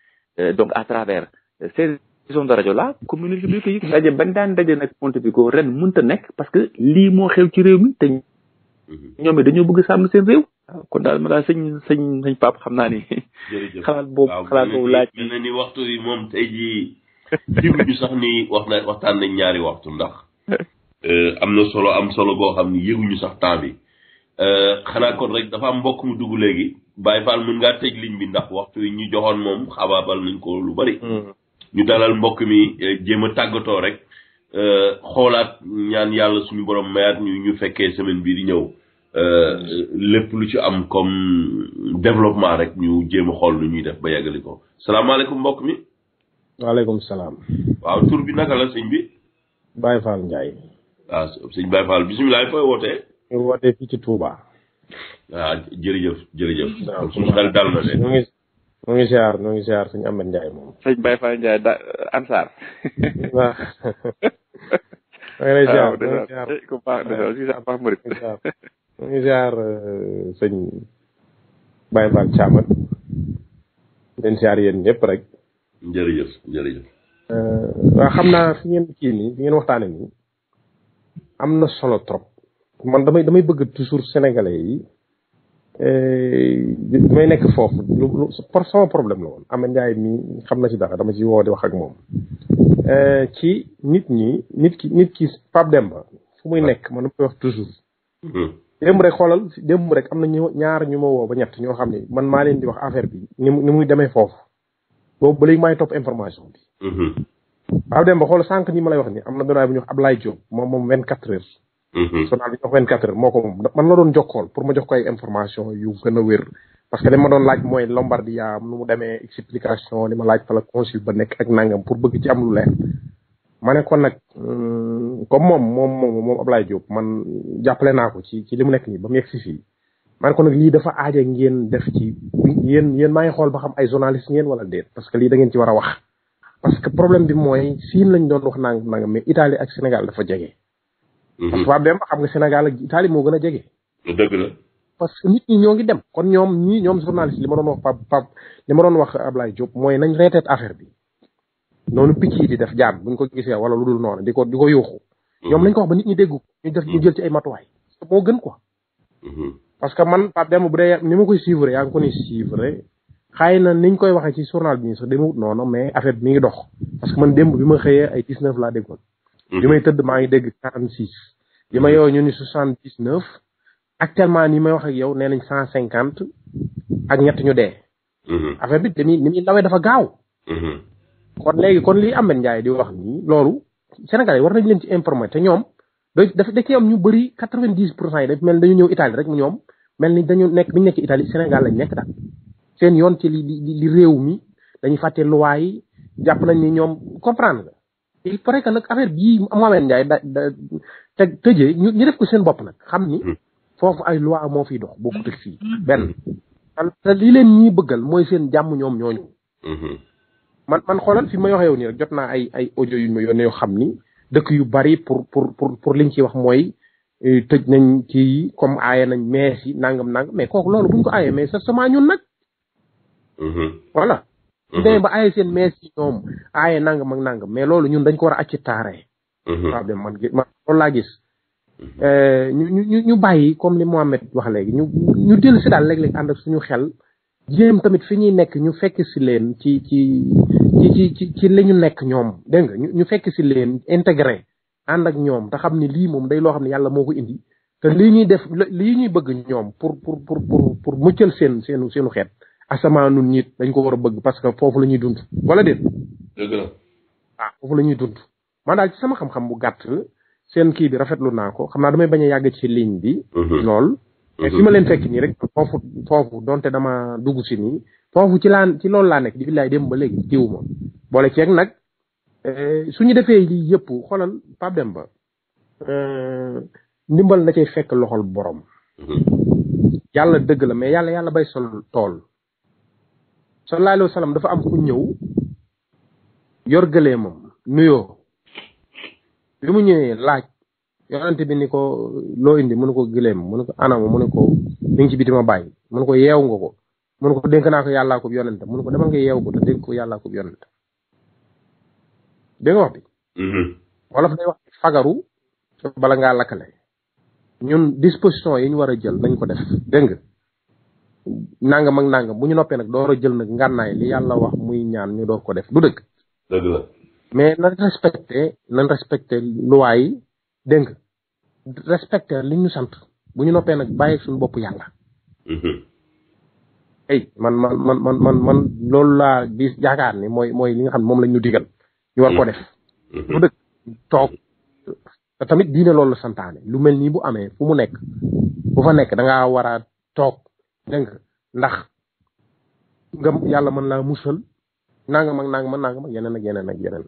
euh, donc à travers euh, ces émissions de rajo là communauté bi ko yëg daje bañ daan daje nag Pontevico ren mënta nekk parce que lii moo xew ci réew mi te mm-hmm. ñoom it dañoo bëgg sàmm seen réew kon daal ma daal sëñ sëñ sëñ Pape xam naa ni <laughs> xalaat boobu xalaat boobu laaj mel na waxtu yi moom tey jii ñu sax ni wax na waxtaan nañ ñaari waxtu ndax <laughs> euh, am na solo am solo boo xam ni yëguñu sax temps bi Euh, xanaa kon rek dafa am mbokk mu dugg léegi Baye Fall mën ngaa tëj bi ndax waxtu yi ñu joxoon moom xabaabal nañ ko lu bari. Mm-hmm. ñu dalal mbokk mi euh, jéem a tàggatoo rek euh, xoolaat ñaan yàlla suñu borom mayaat ñu ñu fekkee semaine bii di ñëw lépp lu ci am comme développement rek ñu jéem a xool lu ñuy def ba yàggali ko salaamaaleykum mbokk mi. waaleykum salaam. waaw tur bi naka la sëñ bi. Baye Fall waaw ah, sëñ Baye Fall bisimilah fooy wootee. ñu wootee fii ci Touba. waaw ah, jërëjëf jërëjëf. waaw suñu xel dal na de. ñu ngi ñu ngi siyaar ñu ngi siyaar moom. sëñ Baye Fall Ndiaye da Ansar. waaw. da ngay siyaar da ah, ngay siyaar ku baax ñu ngi siyaar euh, sëñ Baye yéen ñëpp rek. jërëjëf jërëjëf. Euh, waaw xam naa fi ngeen kii nii fi ngeen waxtaanee nii am na solo trop. man damay damay bëgg toujours sénégalais yi eh, damay nekk foofu lu lu sama problème la woon Ameth Ndiaye mi xam na ci dara dama ci woo di wax ak moom eh, ci nit ñi nit ki nit ki Pape Demba fu muy nekk man koy wax toujours hmm. démb rek xoolal rek am na ñu ñaar ñu ma woo ba ñett xam ne man maa leen di wax affaire bi ni ni muy demee foofu boobu ba léegi maay topp information bi hmm. Pape Demba xoolal sànq ñi lay wax am na benn waay bu ñu moom moom vingt quatre heures journal mm-hmm. bi jox 24 heures moo ko man la doon jokkool pour ma jox ko information yu gën a parce que li ma doon laaj mooy lombardia nu mu demee explication li ma laaj fa la consul ba nek ak nangam pour bëgg ci am lu leer mané ne ko nag comme mom mom mom mom Ablaye Diop man jappalé nako ci ci limu nek ni bam yex mu yegg si fii ma ne ko nag lii dafa aaje ngeen def ci yeen yeen may xol ba xam ay journaliste ngeen wala déet parce que li da ngeen ci wara wax parce que problème bi moy siin lañ doon wax nangam nangam mais Italie ak Sénégal dafa jégué parce que mhm. Pape Demba xam nga Sénégal ak Italie moo gën a jege. dëgg parce que nit ñi ñoo ngi dem kon ñoom ñii ñoom journaliste li ma doon wax Pape Pape li ma doon wax Ablaye Diop mooy nañ reeteet affaire bi noonu picc yi di def jaan buñ ko gisee wala lu dul noonu di ko di ko yuuxu. Mhm. ñoom nañ ko wax ba nit ñi dégg ñu def ñu jël ci ay matuwaay. moo gën ko mhm. parce que man Pape Demba bu dee ni ma koy suivre yaa ngi ko ni suivre xëy na niñ koy waxee ci journal bi nii sax demewut noonu mais affaire bi mi ngi dox parce que bi ma xëyee ay 19 laa déggoon. bi may tëdd maa ngi dégg quarante six bi ma yow ñu ni soixante dix neuf actuellement ni may wax yow nee nañ cent cinquante ak ñett ñu dee mhm. affaire bi te ni muy lawee dafa gaaw mhm. kon léegi kon lii Ameth njaay di wax nii loolu Sénégalais war nañ leen ci informer te ñoom da dafa da ci am ñu bëri quatre vingt dix pour cent yi daf mel ni dañu ñëw Italie rek mu ñoom mel ni dañu nekk bi ñu nekk itali Sénégal lañ nekk daal seen yoon ci li li réew mi dañuy fàtte loi jàpp nañ ni ñoom comprendre il paraît que nag affaire bii Mohamed Ndiaye da da te tëjee ñu def ko seen bopp nag xam ni hmm. foofu ay loi moo fiy dox bokkut ak fii hmm. benn hmm. te leen ñuy bëggal mooy seen jàmm ñoom ñooñu man man xoolal fi may waxee yow nii rek jot naa ay ay audio yu ñu ma yoo xam ni dëkk yu bari pour pour pour pour liñ ci wax mooy e, tëj nañ kii comme aaye nañ mees yi nangam nangam mais kook loolu buñ ko aayee mais sa sement ñun nag voilà bu demee mhm. ba ay seen mees yi ñoom aaye nangam ak nangam mais loolu ñun dañ ko war a acci taare problème man man loolu laa gis mhm. euh, ñu ñu ñu bàyyi comme li Mohamed wax léegi ñu ñu dellu si daal léeg-léeg ànd ak suñu xel jéem tamit fi ñuy nekk ñu fekk si leen ci ci ci ci ci li ñu nekk ñoom dégg nga ñu fekk si leen intégré ànd ak ñoom te xam ni lii moom day loo xam ne yàlla moo ko indi te lii ñuy def lii ñuy bëgg ñoom pour pour pour pour pour muccal seen seenu seenu xeet asamaanu nit dañ ko wara bëgg parce que foofu lañuy dund wala dit deug la ah foofu lañuy dund man dal ci sama xam-xam bu gatt seen kii bi rafetlu naa ko xam naa damay bañ a yàgg ci ligne bi mhm. lool mhm. mais fi ma leen fekk nii rek foofu foofu donte dama dugg si nii foofu ci laan ci loolu laa nekk di billaay dem ba léegi tiwuma boole ceeg nag eh, suñu defee li yépp xoolal Pape dem ba eh, ndimbal na cay fekk loxol borom mhm. yàlla dëgg la mais yàlla yàlla bay sol tool sallallahu alayhi wa dafa am ku ñëw yor gëlee moom nuyoo bi mu ñëwee laaj yonante bi ni ko loo indi mu ne ko gëlee mu ne ko anam mu ne ko bàyyi mu ne yeew nga ko mu ne ko naa ko yàllaa ko yonante mu ne ko demal nga yeew ko te dénk ko yàllaa ko yonante dégg nga wax bi mm-hmm. wolof day wax fagaru bala ngaa lakkale ñun disposition yi ñu war a jël nañ ko def dégg nga nangam mag nangam bu ñu noppee nag door a jël nag ngànnaay li yàlla wax muy ñaan ñu door ko def du dëgg. dëgg la. mais nan respecté dégg nga respecté li ñu sant bu ñu noppee nag bàyyi suñu bopp yàlla. ay mhm. man man man man man man loolu laa di yaakaar ni mooy mooy li nga xam ne moom lañ ñu digal. ko mhm. Mhm. toog te tamit diine loolu la santaane lu mel nii bu amee fu mu nekk bu fa nekk da ngaa war toog. dégg ndax nga yàlla mën laa musal nangam ak nangam ak nangam ak yeneen ak yeneen ak yeneen.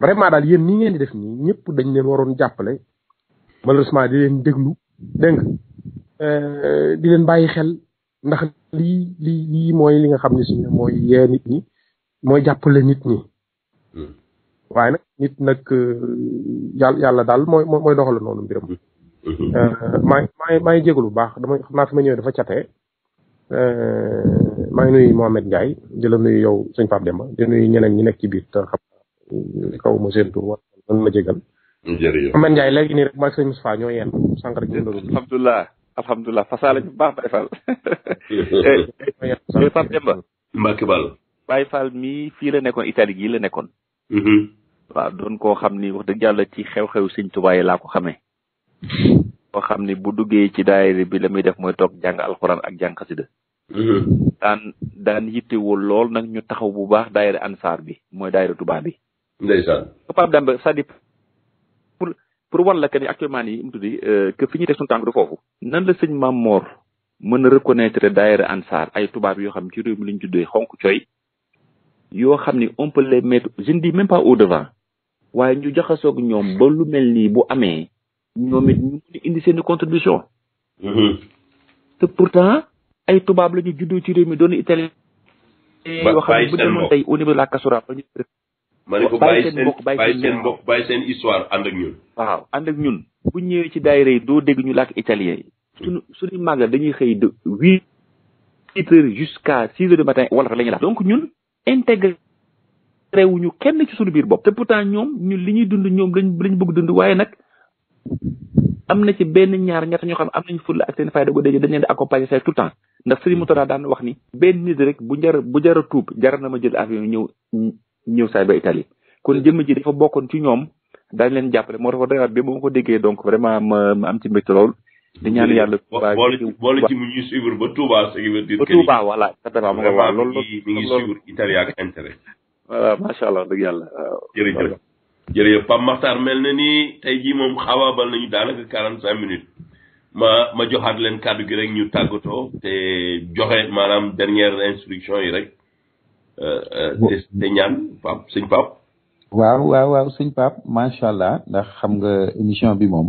vraiment daal yéen nii ngeen di def nii ñëpp dañ leen waroon jàppale ma di leen déglu dégg nga euh, di leen bàyyi xel ndax lii lii lii mooy li nga xam ne si mooy yee nit ñi mooy jàppale nit ñi. Hmm. waaye nag nit nag euh, yàlla yàlla daal mooy mooy doxal noonu mbiram. maa maa maa ngi jégalu baax dama xam naa dafa catee. Euh, maa ngi nuyu Mohamed Ndiaye di la nuyu yow sëñ Pape Demba di nuyu nekk ci biir ta xam kaw ma seen tur wax nan la jégal. jërëjëf Mohamed Ndiaye léegi nii rek maa ngi sëñ Moustapha ñoo yenn sànq rek. alhamdulilah alhamdulilah fasaale bu baax Baye Fall. <laughs> Eh, yow fii la nekkoon Italie gii la nekkoon. Mhm. waaw doon koo xam ni wax dëgg jàll ci xew-xew sëñ Tuubaa laa ko xamee. koo xam ni bu duggee ci daayira bi la muy def mooy toog jàng alxuraan ak jàng xasida mm-hmm. daan daan yittewul lool nag ñu taxaw bu baax an saar bi mooy daayira tubaab bi ndeysaan Pape Demba cest pour pour wan la que ni actuellement nii mu tuddi euh, que fi ñuy teg suñu tànk du foofu nan la sëñ Maam Moor mën a reconnaître an saar ay tubaab yoo xam ci réew mi lañu tuddee xonk cooy yoo xam ni on peut les mettre je ne dis même pas au devant waaye ñu jaxasoog ñoom ba mel nii bu amee ñoom indi seen contribution. Mm-hmm. te pourtant ay tubaab la ñu ci réew mi doon italien. yoo xam ne bu demoon tey au niveau de la Kasura ba ñu. ko bàyyi seen mbokk bàyyi seen histoire ànd ak ñun. waaw ànd ak ñun bu ñëwee ci daayira yi doo dégg ñu làkk italien yi. suñu suñu dañuy xëy de huit heures jusqu'à six heures du matin wala fa la làkk. donc ñun intégré wu ñu kenn ci suñu biir bopp. te pourtant ñoom ñun li ñuy dund ñoom lañ lañ bëgg dund waaye nag. am na ci benn ñaar ñett ñoo xam am nañu fulla ak seen fayda gu daje dañ leen di accompagner say tout le temps ndax Serigne Moutara daan wax ni benn nit rek bu jar bu jar a tuub jaral na ma jël avion ñëw ñëw saay ba Italie kon jëmm ji dafa bokkoon ci ñoom daañ leen jàppale moo dafa doyaat bi ba ko déggee donc vraiment ma ma am ci mbégte lool di ñaan yàlla Touba boole ci mu ñuy suivre ba Touba allah dëgg yàlla jërëjëf jërëjëf Pape mel na ni tey jii moom xawaabal nañu daanaka quarante cinq minutes ma ma joxaat leen kàddu gi rek ñu tàggatoo te joxe maanaam dernière instruction yi rek euh, euh, te te ñaan Pape sëñ Pape waaw waaw waaw sëñ macha allah ndax xam nga émission bi moom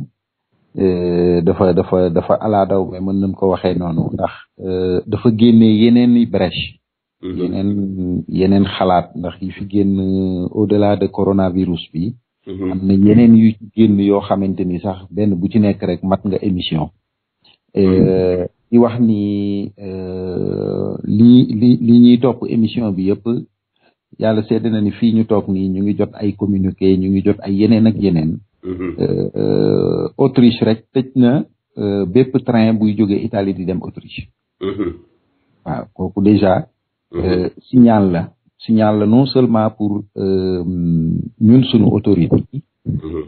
euh, dafa dafa dafa alaadaw mais mën nañ ko waxee noonu ndax dafa génnee yeneen i Mhm. yeneen xalaat ndax yi fi génn euh, au dela de coronavirus bi mhm. am na yeneen yu ci génn yoo xamante ni sax benn bu ci nekk rek mat nga émission mhm. euh, di wax ni euh, li li li ñuy émission bi yëpp yàlla seede na ni fii ñu toog nii ñu ngi jot ay communiqué ñu ngi jot ay yeneen ak yeneen Autriche rek tëj na bépp train buy jógee Italie di dem Autriche waaw kooku déjà Euh, signal la signal la non seulement pour euh, ñun suñu autorité yi mhm.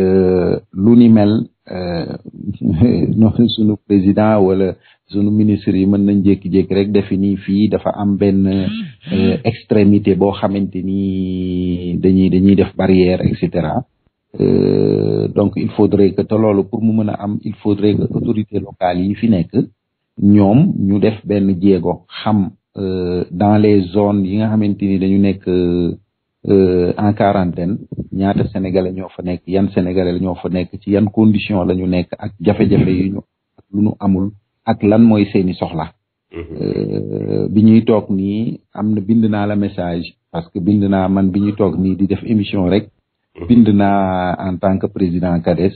euh, lu ni mel <laughs> noonu suñu président wala suñu ministre yi mën nañ jékki rek defi ni fii dafa am benn mhm. extrémité boo xamante ni dañuy dañuy def barrière et cetera donc il faudrait que te loolu pour mu mën a am il faudrait que autorités locales yi fi nekk ñoom ñu def benn jéego xam Euh, dans les zones yi nga xamanteni dañu nek nekk euh, en quarantaine ñaata sénégalais ño fa nek yan sénégalais ño fa nek ci yan condition lañu nek ak jafé jafé yu ñu lu ñu amul ak lan moy seeni soxla mm-hmm. euh biñuy tok ni amna bind na la message parce que bind na man biñuy tok ni di def émission rek mm-hmm. bind na en tant que président CADES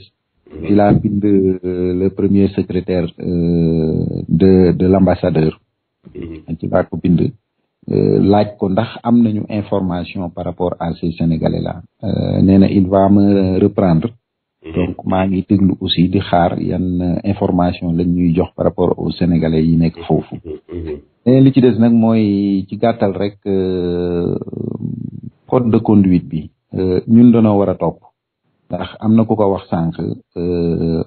il a bind euh, le premier secrétaire de de l'ambassadeur dañ ci baa laaj ko ndax am nañu information par rapport à ces sénégalais là euh, nee na il va me reprendre mm-hmm. donc maa ngi déglu aussi di xaar yan euh, information lañ ñuy jox par rapport au sénégalais yi nekk foofu mais mm-hmm. li ci des nag mooy ci gàttal rek euh, code de conduite bi ñun danoo war a topp ndax am na ku ko wax sànq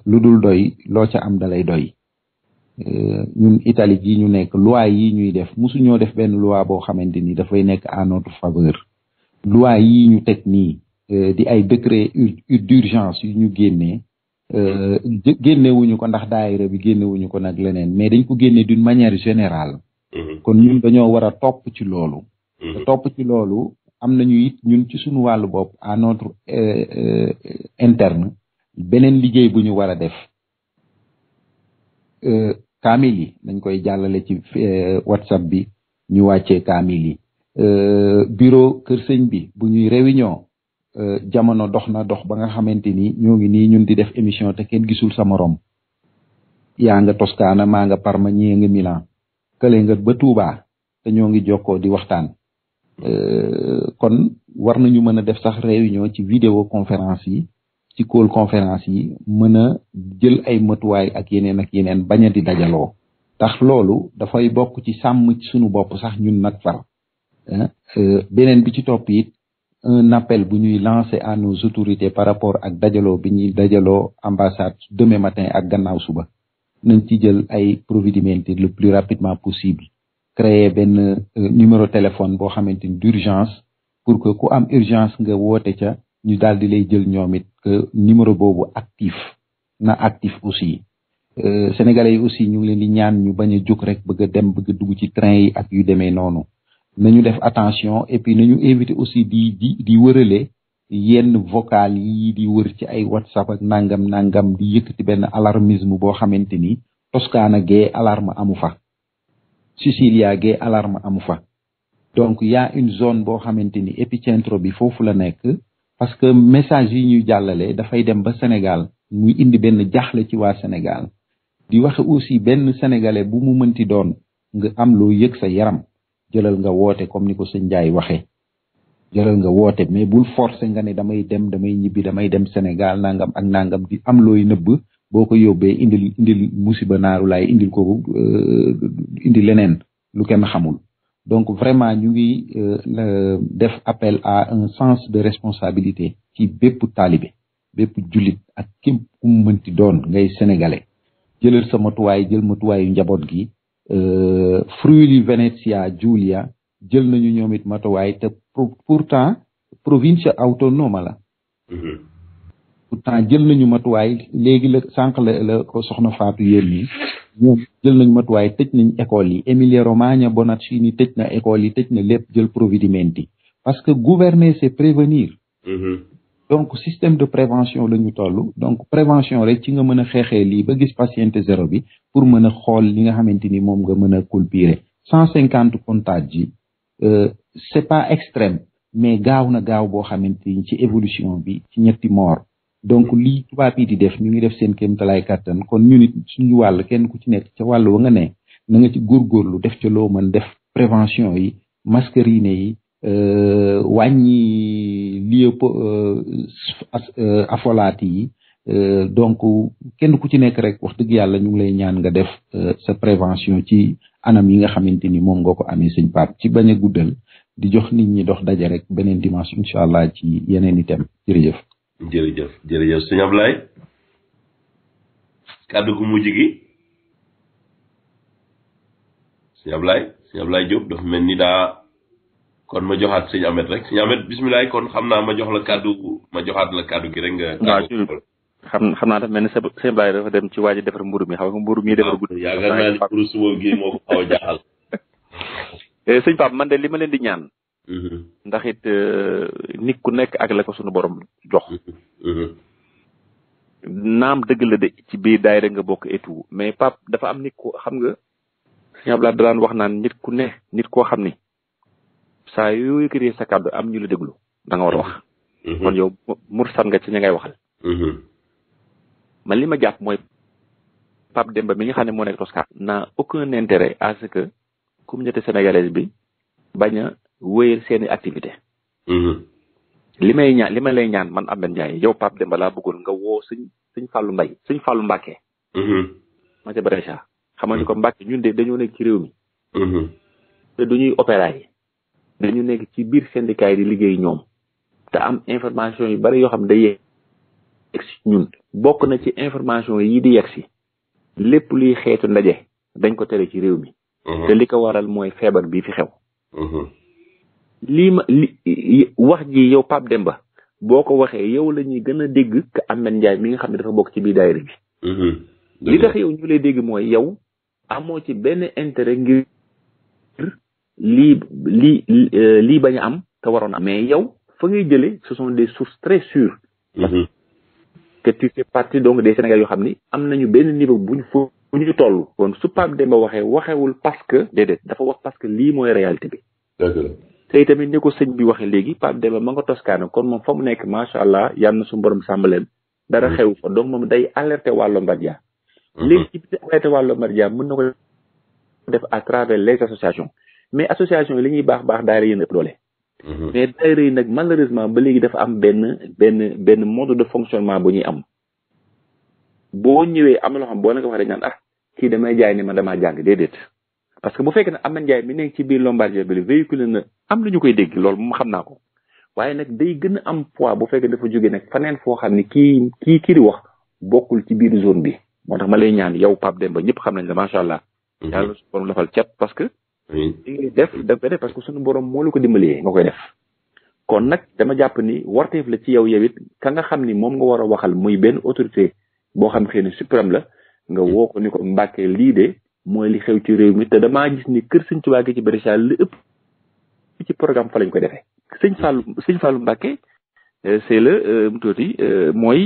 lu dul doy loo ca am dalay doy Euh, ñun Italie gi ñu nekk loi yi ñuy def mosuñoo def benn loi boo xamante ni dafay nekk à notre faveur loi yi ñu teg nii euh, di ay décret d'urgence yu ñu génnee euh, génnewuñu ko ndax daayira bi génnewuñu ko nag leneen mais dañ ko génnee d'une manière générale mm-hmm. kon ñun dañoo war a topp ci loolu mm-hmm. topp ci loolu am nañu it ñun ci suñu wàllu bopp à notre interne beneen liggéey bu ñu war a def Kamili, yi dañ koy jallale ci eh, whatsapp bi ñu wacce kaamil yi eh, bureau keur señ bi bu ñuy réunion eh, jamono doxna na dox ba nga xamanteni ñu ngi ni ñun di def émission te kenn gisul sama rom ya nga toscana ma nga parma ñi nga milan kele nga ba touba te ñoo ngi joko di waxtaan kon war nañu mëna def sax réunion ci vidéo conférence yi ci call conférence yi mën jël ay matuwaay ak yeneen ak yeneen baña di dajalo tax loolu dafay bokk ci sàmm sunu bopp sax ñun nag far hein? euh, beneen bi ci topp it un appel bu ñuy lancer à nos autorités par rapport ak dajaloo bi ñuy dajaloo ambassade demain matin ak gannaaw suba nañ ci jël ay provvedimenti le plus rapidement possible créer benn euh, numéro téléphone boo xamante ni d'urgence pour que ku am urgence nga woote ca ñu dal di lay jël ñoom que numéro boobu actif na actif aussi euh, sénégalais yi aussi ñu ngi leen di ñaan ñu bañ a jóg rek bëgg a dem bëgg a dugg ci train yi ak yu demee noonu nañu def attention et puis nañu éviter aussi di di di wërale yenn vocal yi di wër ci ay whatsapp ak nangam nangam di yëkkati benn alarmisme boo xamante ni toscana gee alarme amu fa sicilia gee alarme amu fa donc y a une zone boo xamante ni épicentre bi foofu la nekk parce que message yi ñuy jàllale dafay dem ba Sénégal muy indi benn jaaxle ci waa Sénégal di waxe aussi benn sénégalais bu mu mënti doon nga am loo yëg sa yaram jëlal nga woote comme ni ko sëñ waxee jëlal nga woote mais bul forcer nga ne damay dem damay ñibbi damay dem Sénégal nangam ak nangam di am looy nëbb boo ko yóbbee indil indil musiba naaru laay indil ko euh, indi leneen lu kenn xamul donc vraiment ñu ngi euh, euh, def appel à un sens de responsabilité ci bépp taalibe bépp jullit ak képp ku doon ngay sénégalais jëlal sa matuwaay jël matuwaayu njaboot gi euh, Friuli Venezia Giulia jël nañu ñoom it matuwaay te pourtant province autonome la mm-hmm. pourtant jël nañu matuwaay léegi la sànq la la ko soxna Fatou yéen nii ñoom jël nañ matuwaay tëj nañ école yi Emilia Romagna Bonaccini tëj na école yi tëj na lépp jël provvedimenti parce que gouverner c'est prévenir mm-hmm. donc système de prévention la ñu toll donc prévention rek ci nga mën a xeexee lii ba gis patient zéro bi pour mën a xool li nga xamante ni moom nga mën a culpirer cent cinquante contact ji euh, c'est pas extrême mais gaaw na gaaw boo xamante ni ci évolution bi ci ñetti mort donc li tubaab yi di def ñu ngi def seen kéemtalaay kàttan kon ñu nit suñu wàll kenn ku ci nekk ca wàll nga ne na nga ci góorgóorlu def ca loo mën def prévention yi masquerine yi euh, wàññi lieu euh, afolaat yi euh, donc kenn ku ci nekk rek wax dëgg yàlla ñu ngi lay ñaan nga def sa prévention ci anam yi nga xamante ni moom nga ko amee sëñ paap ci bañ a guddal di jox nit ñi dox daje rek beneen dimanche incha ci yeneen item jërëjëf jërëjëf jërëjëf sëñ Ablaye kàddu gu mujj gi sëñ Ablaye sëñ Ablaye Diop dafa mel ni daa kon ma joxaat sëñ Amet rek sëñ Amet bismillah kon xam naa ma jox la kàddu ma joxaat la kàddu gi rek nga. xam xam naa dafa mel ni sëñ Ablaye dafa dem ci waa defar mburu mi xam nga mburu mi defar gudd yaakaar naa ne pour suba gi moo ko xaw a jaaxal. <laughs> Eh, sëñ pap man de li ma leen di ñaan. Mm-hmm. ndax it euh, nit ku nekk ak la ko sunu borom jox. Mm-hmm. Mm-hmm. naam dëgg la de ci biir rek nga bokk et mais pap dafa am nit ko xam nga. sëñ Abdoulaye dalaan wax naan nit ku ne nit koo xam ni saa yoo yëkkatee sa am ñu la déglu danga war a wax. kon yow mursan nga ci ña ngay waxal. man li ma jàpp mooy Pape Demba mi nga xam ne moo nekk Toscane. n'a aucun que à ce que communauté sénégalaise bi bañ wéyal seeni activité mm-hmm. li may ñaan li ma lay ñaan man Ahmed Ndiaye yow Pape Demba laa bëggoon nga woo suñ suñ Fallou Mbaye suñ Fallou Mbacké ma mm-hmm. ca xamal mm-hmm. ko Mbacké ñun de dañoo nekk ci réew mi te du ñuy opéra dañu nekk ci biir syndicat di liggéey ñoom te am information yu bari yoo xam day yegg ñun bokk na ci information yi di yegg si lépp luy xeetu ndaje dañ ko tere ci réew mi te li ko waral mooy feebar bii fi xew lii ma li wax ji yow Pape Demba boo ko waxee yow la ñuy gën a dégg ka Ahmed njaay mi nga xam ne dafa bokk ci biir daayira bi. Mm-hmm. li dégg mooy yow amoo ci benn intérêt ngir lii lii euh, lii bañ a am te waroon am. mais yow fa ngay jëlee ce sont des sources très sûres. Mm-hmm. que tu fais partie donc des Sénégalais yoo xam ni am nañu benn niveau bu ñu fo bu ñu toll. kon su Pape Demba waxee waxewul parce que. déedéet dafa wax parce que lii mooy réalité bi. te itami ni ko señ bi waxe legi pap Demba ma nga toskaana kon mom famu nek ma sha allah yalla sun borom sambalen dara xew fa donc mom day alerter walu Lombardia ya. mhm. li ci alerter walu waa ya, mën nako def à travers les associations mais association li ñuy bax bax daara yeen ep dole mhm. mais daara yi nak malheureusement ba legi dafa am ben ben ben mode de fonctionnement bu ñuy am bo ñewé am lo xam bo nga wax dañ naan ah ki damay jaay ni ma dama jang dedet parce que bu fekkee ne Ameth Ndiaye mi nekk ci biir Lombardier bi véhiculé na am na ñu koy dégg loolu moom xam naa ko waaye nag day gën a am poids bu fekkee dafa jóge nag faneen foo xam ne kii kii kii di wax bokkul ci biir zone bi moo tax ma lay ñaan yow dem ba ñëpp xam nañ la macha allah. Mm-hmm. yàlla su borom parce que. def daf koy def suñu borom moo la ko dimbalee nga koy def. kon nag dama jàpp ni warteef la ci yow yow it ka nga xam ni moom nga war a waxal muy benn autorité boo xam xëy na suprême la nga woo ko ni ko mbàkkee lii de mooy li xew ci réew mi te damaa gis ni kër sëñ Tuubaa gi ci Brescia li ëpp ci programme fa lañ koy defee sëñ Fallou sëñ Fallou Mbacké euh, c'est le euh, mu tuuti euh, mooy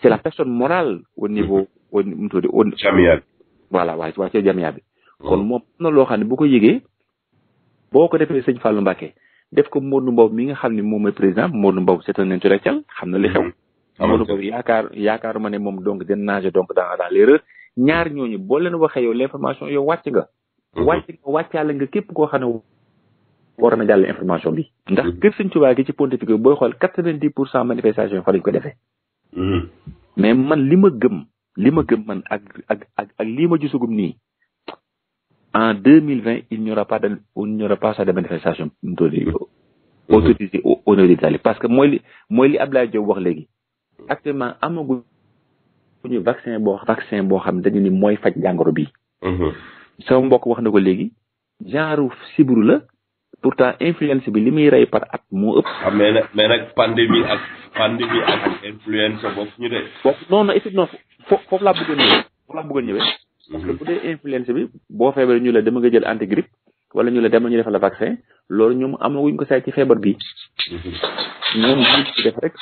c'est la personne morale au niveau mu tuuti au jamia bi voilà waaye waa ci jamia bi kon moom am na loo xam ne bu ko yëgee boo ko defee sëñ Fallou Mbacké def ko Modou Mbow mi nga xam ne moom mooy président Modou Mbow c'est un intellectuel xam na li xew mm-hmm. Modou Mbow yaakaar yaakaaruma ne moom donc den nager donc dans dans ñaar ñooñu boo leen waxee yow l'information yow wàcc nga mhm. wàcc nga wàccaale nga képp koo xam ne war na jàll information bi ndax mhm. kër sëñ Tuubaa gi ci pontifique booy xool 90 pour cent manifestation yi fa lañ ko defee mhm. mais man li ma gëm li ma gëm man ak ak ak ak lii ma gisugum nii en 2020 mille vingt il n'y aura pas de il n'y aura pas ça de manifestation autorisée au niveau de parce que mooy li mooy li Abdoulaye Diop wax léegi actuellement amagul ñu vaccin boo vaccin boo xam dañu ni mooy faj jàngoro bi mm-hmm. sama mbokk wax na ko léegi genre sibiru la pourtant influence bi li muy rey par at moo ëpp. ah mais nag a nag pandémie ak pandémie ak influence bokk ñu de. bokk non non non laa bëggoon ñëwee ñëwee. parce que mm-hmm. bu dee influence bi boo feebaree ñu la dama nga jël antigrippe wala ñu la dama ñu defal la vaccin loolu ñoom amaguñ ko say ci feebar bi. Mm-hmm. ñoom ñu def rek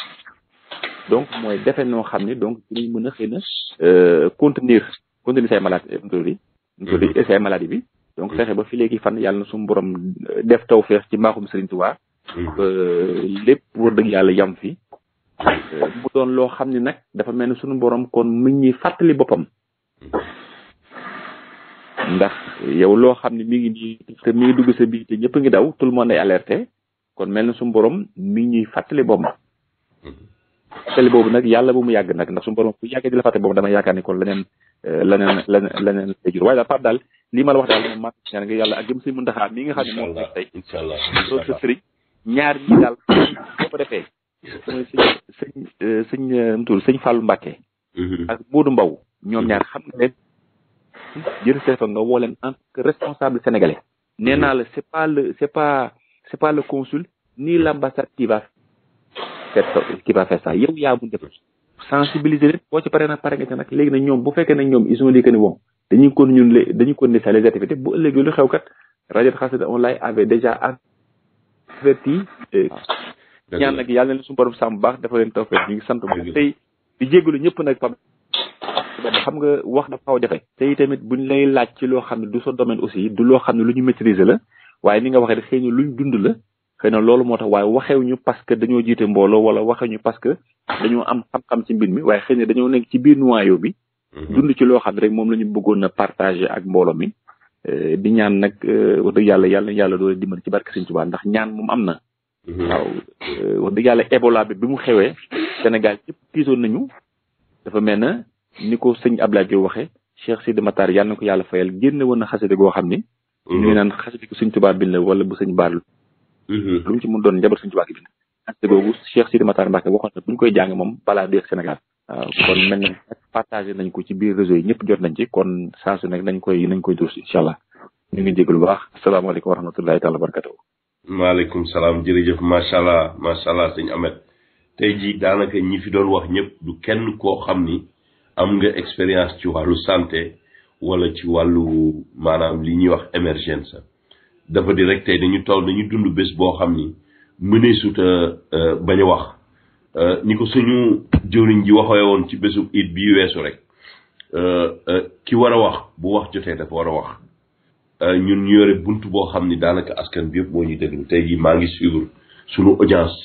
donc mooy defe noo xam ne donc dinañ mën a xëy na euh, contenir contenir say maladies yi yi mm-hmm. say maladie bi donc fexe ba fi léegi fan yàlla na suñu borom def taw feex ci mbaaxum Sëriñ Tuubaa mm-hmm. lépp wër dëgg yàlla yam fi euh, mu doon loo xam ni nag dafa mel ne suñu borom kon mi ñuy fàttali boppam ndax yow loo xam ne mi ngi nii te mu ngi dugg sa biir te ñëpp ngi daw tout le monde est kon mel na suñu borom mi ñuy fàttali boppam mm-hmm. xel bobu nak yalla bu mu yag nak ndax sun borom fu yagge di la fàtte boobu dama yaakaar ni kon lenen eh, lenen lenen leneen lay jur waaye daal Pape daal lii ma la wax dal moom maa ñaan nga yalla ak jëm mu ndaxa mi nga xamni mo tay inshallah so ci sëriñ ñaar yi dal bo ko defee mooy señ sëñ señ eh, eh, mtul sëñ Fallou Mbacke mm-hmm. ak Modou Mbaw ñom ñaar mm-hmm. xam nga leen jeur sefa nga woo leen en que responsable sénégalais mm-hmm. néna la c'est pas le c'est pas c'est pas le consul ni l'ambassade qui va seet sa qui va faire ça yow yaa mun leen boo ci paree na pare nga ci nag léegi na ñoom bu fekkee nag ñoom ils ont dit que ni bon dañuy kon ñun l dañuy continuer ça les activités bu ëllëgee lu xew kat rajo Xassida online avait déjà averti euh, ah. ñaan nag yàlla na suñu borom sam bu baax dafa leen taw ñu ngi sant bu tey di jégalu ñëpp nag pam xam nga wax dafa xaw jafe tey tamit buñ lay laaj ci loo xam ne du sa domaine aussi du loo xam ne lu ñu maîtriser la waaye ni nga waxee rek xëy na luñ dund la xëy na loolu moo tax waaye waxew ñu parce que dañoo jiite mbooloo wala waxew ñu parce que dañoo am xam-xam ci mbir mi waaye xëy na dañoo nekk ci biir noyau bi. Mhm. dund ci loo xam rek moom la ñu bëggoon a partager ak mbooloo mi. Euh, di ñaan nag euh, wax dëgg yàlla yàlla yàlla doole dimbali ci barke Sëñ Tuubaa ndax ñaan moom am na. Mhm. waaw euh, wax dëgg yàlla Ebola bi mu xewee Sénégal yëpp tiitoon nañu. dafa mel na ni ko sëñ Abdoulaye Diop waxee Cheikh Sidi Matar na ko yàlla fayal génne woon na xasida goo xam ni. Mhm. ñu ngi naan xasida ko Sëñ Tuubaa bi la wala bu sëñ Baalu. Mm-hmm. lu mu ci mun doon njabar suñu Tuubaa gi bind te googu Cheikh Sidi Matar Mbacke waxoon bu ñu koy jàng moom balaa déer Sénégal waaw ah, kon mel na partagé nañ ko ci biir réseau yi ñëpp jot nañ ci kon saa su nekk nañ koy nañ koy duus incha allah ñu ngi jégalu bu baax asalaamaaleykum wa rahmatullahi taala barakatuhu maaleykum salaam jërëjëf macha allah macha allah sëñ Ahmed tey jii daanaka ñi fi doon wax ñëpp du kenn koo xam ni am nga expérience ci wàllu santé wala ci wàllu maanaam li ñuy wax émergence dafa di rek tey dañu toll dañu dund bés boo xam ni mënee suta bañ a wax ni ko suñu jëwriñ ji waxee woon ci bésu it bi weesu rek ki war a wax bu wax jotee dafa war a wax ñun ñu yore bunt boo xam ni daanaka askan bi yëpp moo ñu déglu tey jii maa ngi suivre suñu audience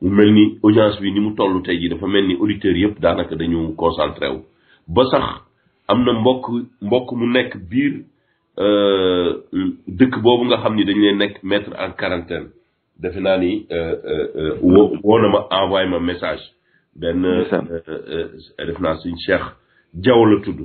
mu mel ni audience bi ni mu toll tey jii dafa mel ni auditeurs yëpp daanaka dañu concentré wu ba sax am na mbokk mbokk mu nekk biir Euh, dëkk boobu nga xam ni dañu leen nekk mettre en quarantaine defe naa ni euh, euh, woo woo na ma envoyé ma message benn def naa suñ Cheikh Diaw la tudd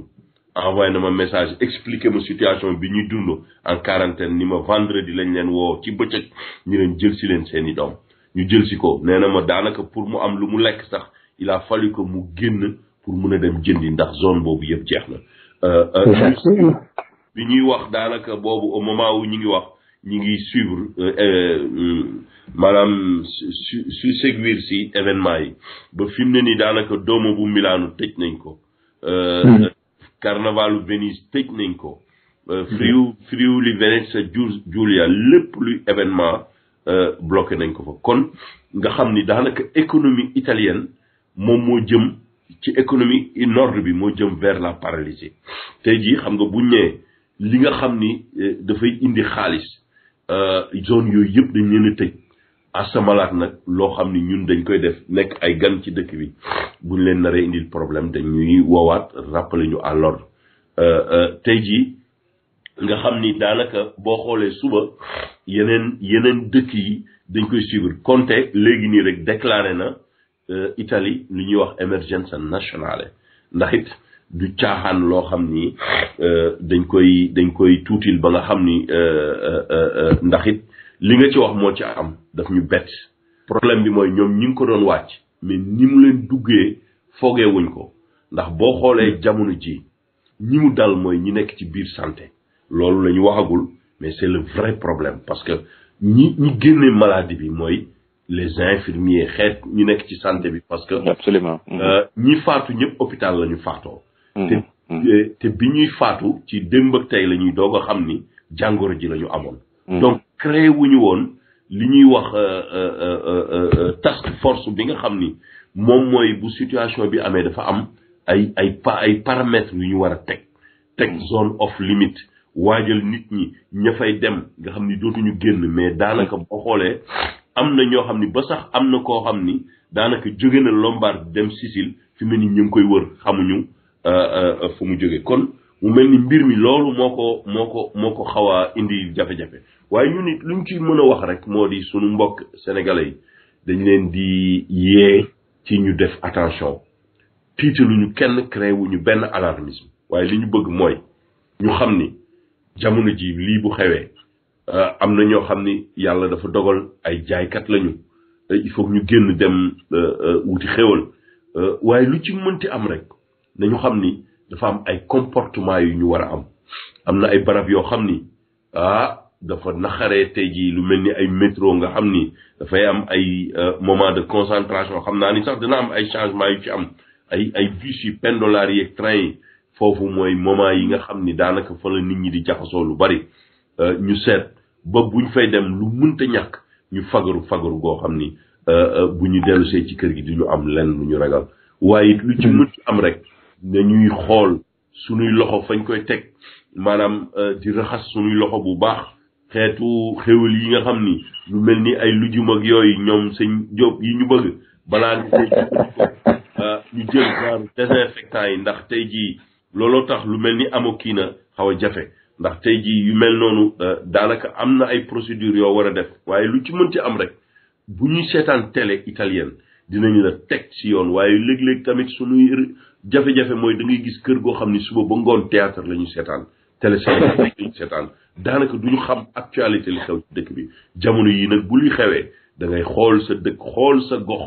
envoyé na ma message expliqué ma situation bi ñuy dund en quarantaine ni ma vendredi lañ leen woo ci bëccëg ñu leen jël si leen seeni doom ñu jël si ko nee na ma daanaka pour mu am lu mu lekk sax il a fallu mu génn pour mun a dem jëndi ndax zone boobu yëpp jeex na bi ñuy wax daanaka boobu au moment ñu ngi wax ñu ngi suivre euh, euh, maanaam su su si événement yi ba fi mu ne nii daanaka doomu bu Milano tëj nañ ko. Euh, hmm. carnavalu Venise tëj nañ ko. Hmm. Friou Friuli Venezia Giulia lépp luy événement bloqué nañ ko fa kon nga xam ni daanaka économie italienne moom moo jëm ci économie nord bi moo jëm vers la paralysie tey jii xam nga bu ñëwee. li nga xam ni eh, dafay indi xaalis euh, zone yooyu yëpp dañ leen a tëj asamalaat nag loo xam ni ñun dañ koy def nekk ay gan ci dëkk bi buñ leen naree indil problème dañuy woowaat rappeler ñu à l'ordre euh, euh, tey jii nga xam ni daanaka boo xoolee suba yeneen yeneen dëkk yi dañ koy suivre Conte léegi nii rek déclaré na Italie lu ñuy wax émergence nationale ndax du caaxaan lo xamni euh dañ koy dañ koy toutil ba nga xamni euh euh, euh euh ndax it li nga ci wax mo ci am daf ñu bett problème bi moy ñom ñi ko doon wacc mais ni mu leen duggé foogee wuñ ko ndax bo xolé jamono ji ñi mu dal moy ñi nekk ci biir santé loolu lañu waxagul mais c'est le vrai problème parce que ñi ñi génne maladie bi moy les infirmiers xeet ñu nekk ci santé bi parce que absolument euh, ñi faatu ñëpp hôpital lañu ñu Mm-hmm. Mm-hmm. te bi ñuy faatu ci démb ak tey la ñuy doog a xam ni jàngoro ji la amoon. Mm-hmm. donc créé wu ñu woon li ñuy wax euh, euh, euh, task force bi nga xam ni moom mooy bu situation bi amee dafa am ay ay pa ay paramètres yu ñu war a teg. teg zone off waa jël nit ñi ña fay dem nga xam ni dootuñu génn mais daanaka boo xoolee am na ñoo xam ni ba sax am na koo xam ni daanaka jóge na Lombard dem Sicile fi mu ne ñu ngi koy wër xamuñu. Euh, euh, fu mu jóge kon mu mel ni mbir mi loolu moo ko moo ko moo ko xaw a indi jafe-jafe waaye ñun it luñ ci mën a wax rek moo di suñu mbokk sénégalais yi dañ leen di yee ci ñu def attention tiitaluñu kenn créé wuñu benn alarmisme waaye li ñu bëgg mooy ñu xam ni jamono ji lii bu xewee euh, am na ñoo xam ni yàlla dafa dogal ay jaaykat lañu il faut ñu génn dem wuti xewal waaye lu ci mënti am rek nañu xam ni dafa am ay comportement yu ñu war a am am na ay barab yoo xam ni ah dafa naxaree tey jii lu mel ni ay métro nga xam ni dafay am ay euh, moment de concentration xam naa ni sax dina am ay changement yu ci am ay ay bus yi pendolaar yi ak yi foofu mooy moment yi nga xam ni daanaka fa la nit ñi di jaxasoo lu bari euh, ñu seet ba buñ fay dem lu mënta ñàkk ñu fagaru fagaru goo xam ni euh, bu ñu dellusee ci kër gi du am lenn lu ñu ragal waaye lu ci hmm. am rek dañuy xool sunuy loxo fañ koy teg maanaam euh, di raxas sunuy loxo bu baax xeetu xéwal yi nga xam ni lu mel ni ay lujum ak yooyu ñoom sëñ Jóob yi ñu bëgg balaa ñu koy euh, ñu jël genre désinfectant yi ndax tey jii looloo tax lu mel ni amokina xaw a jafe ndax tey jii yu mel noonu euh, daanaka am na ay procédures yoo war a def waaye lu ci mën ci am rek bu ñuy seetaan télé italienne dinañu la teg ci yoon waaye léeg-léeg tamit sunuy jafe-jafe moy da ngay gis kër go xamni suba ba ngon théâtre lañu sétane télé sétane ñu seetaan daanaka du ñu xam actualité li xew ci dëkk bi jamono yi nak bu luy xewé da ngay xol sa dëkk xol sa gox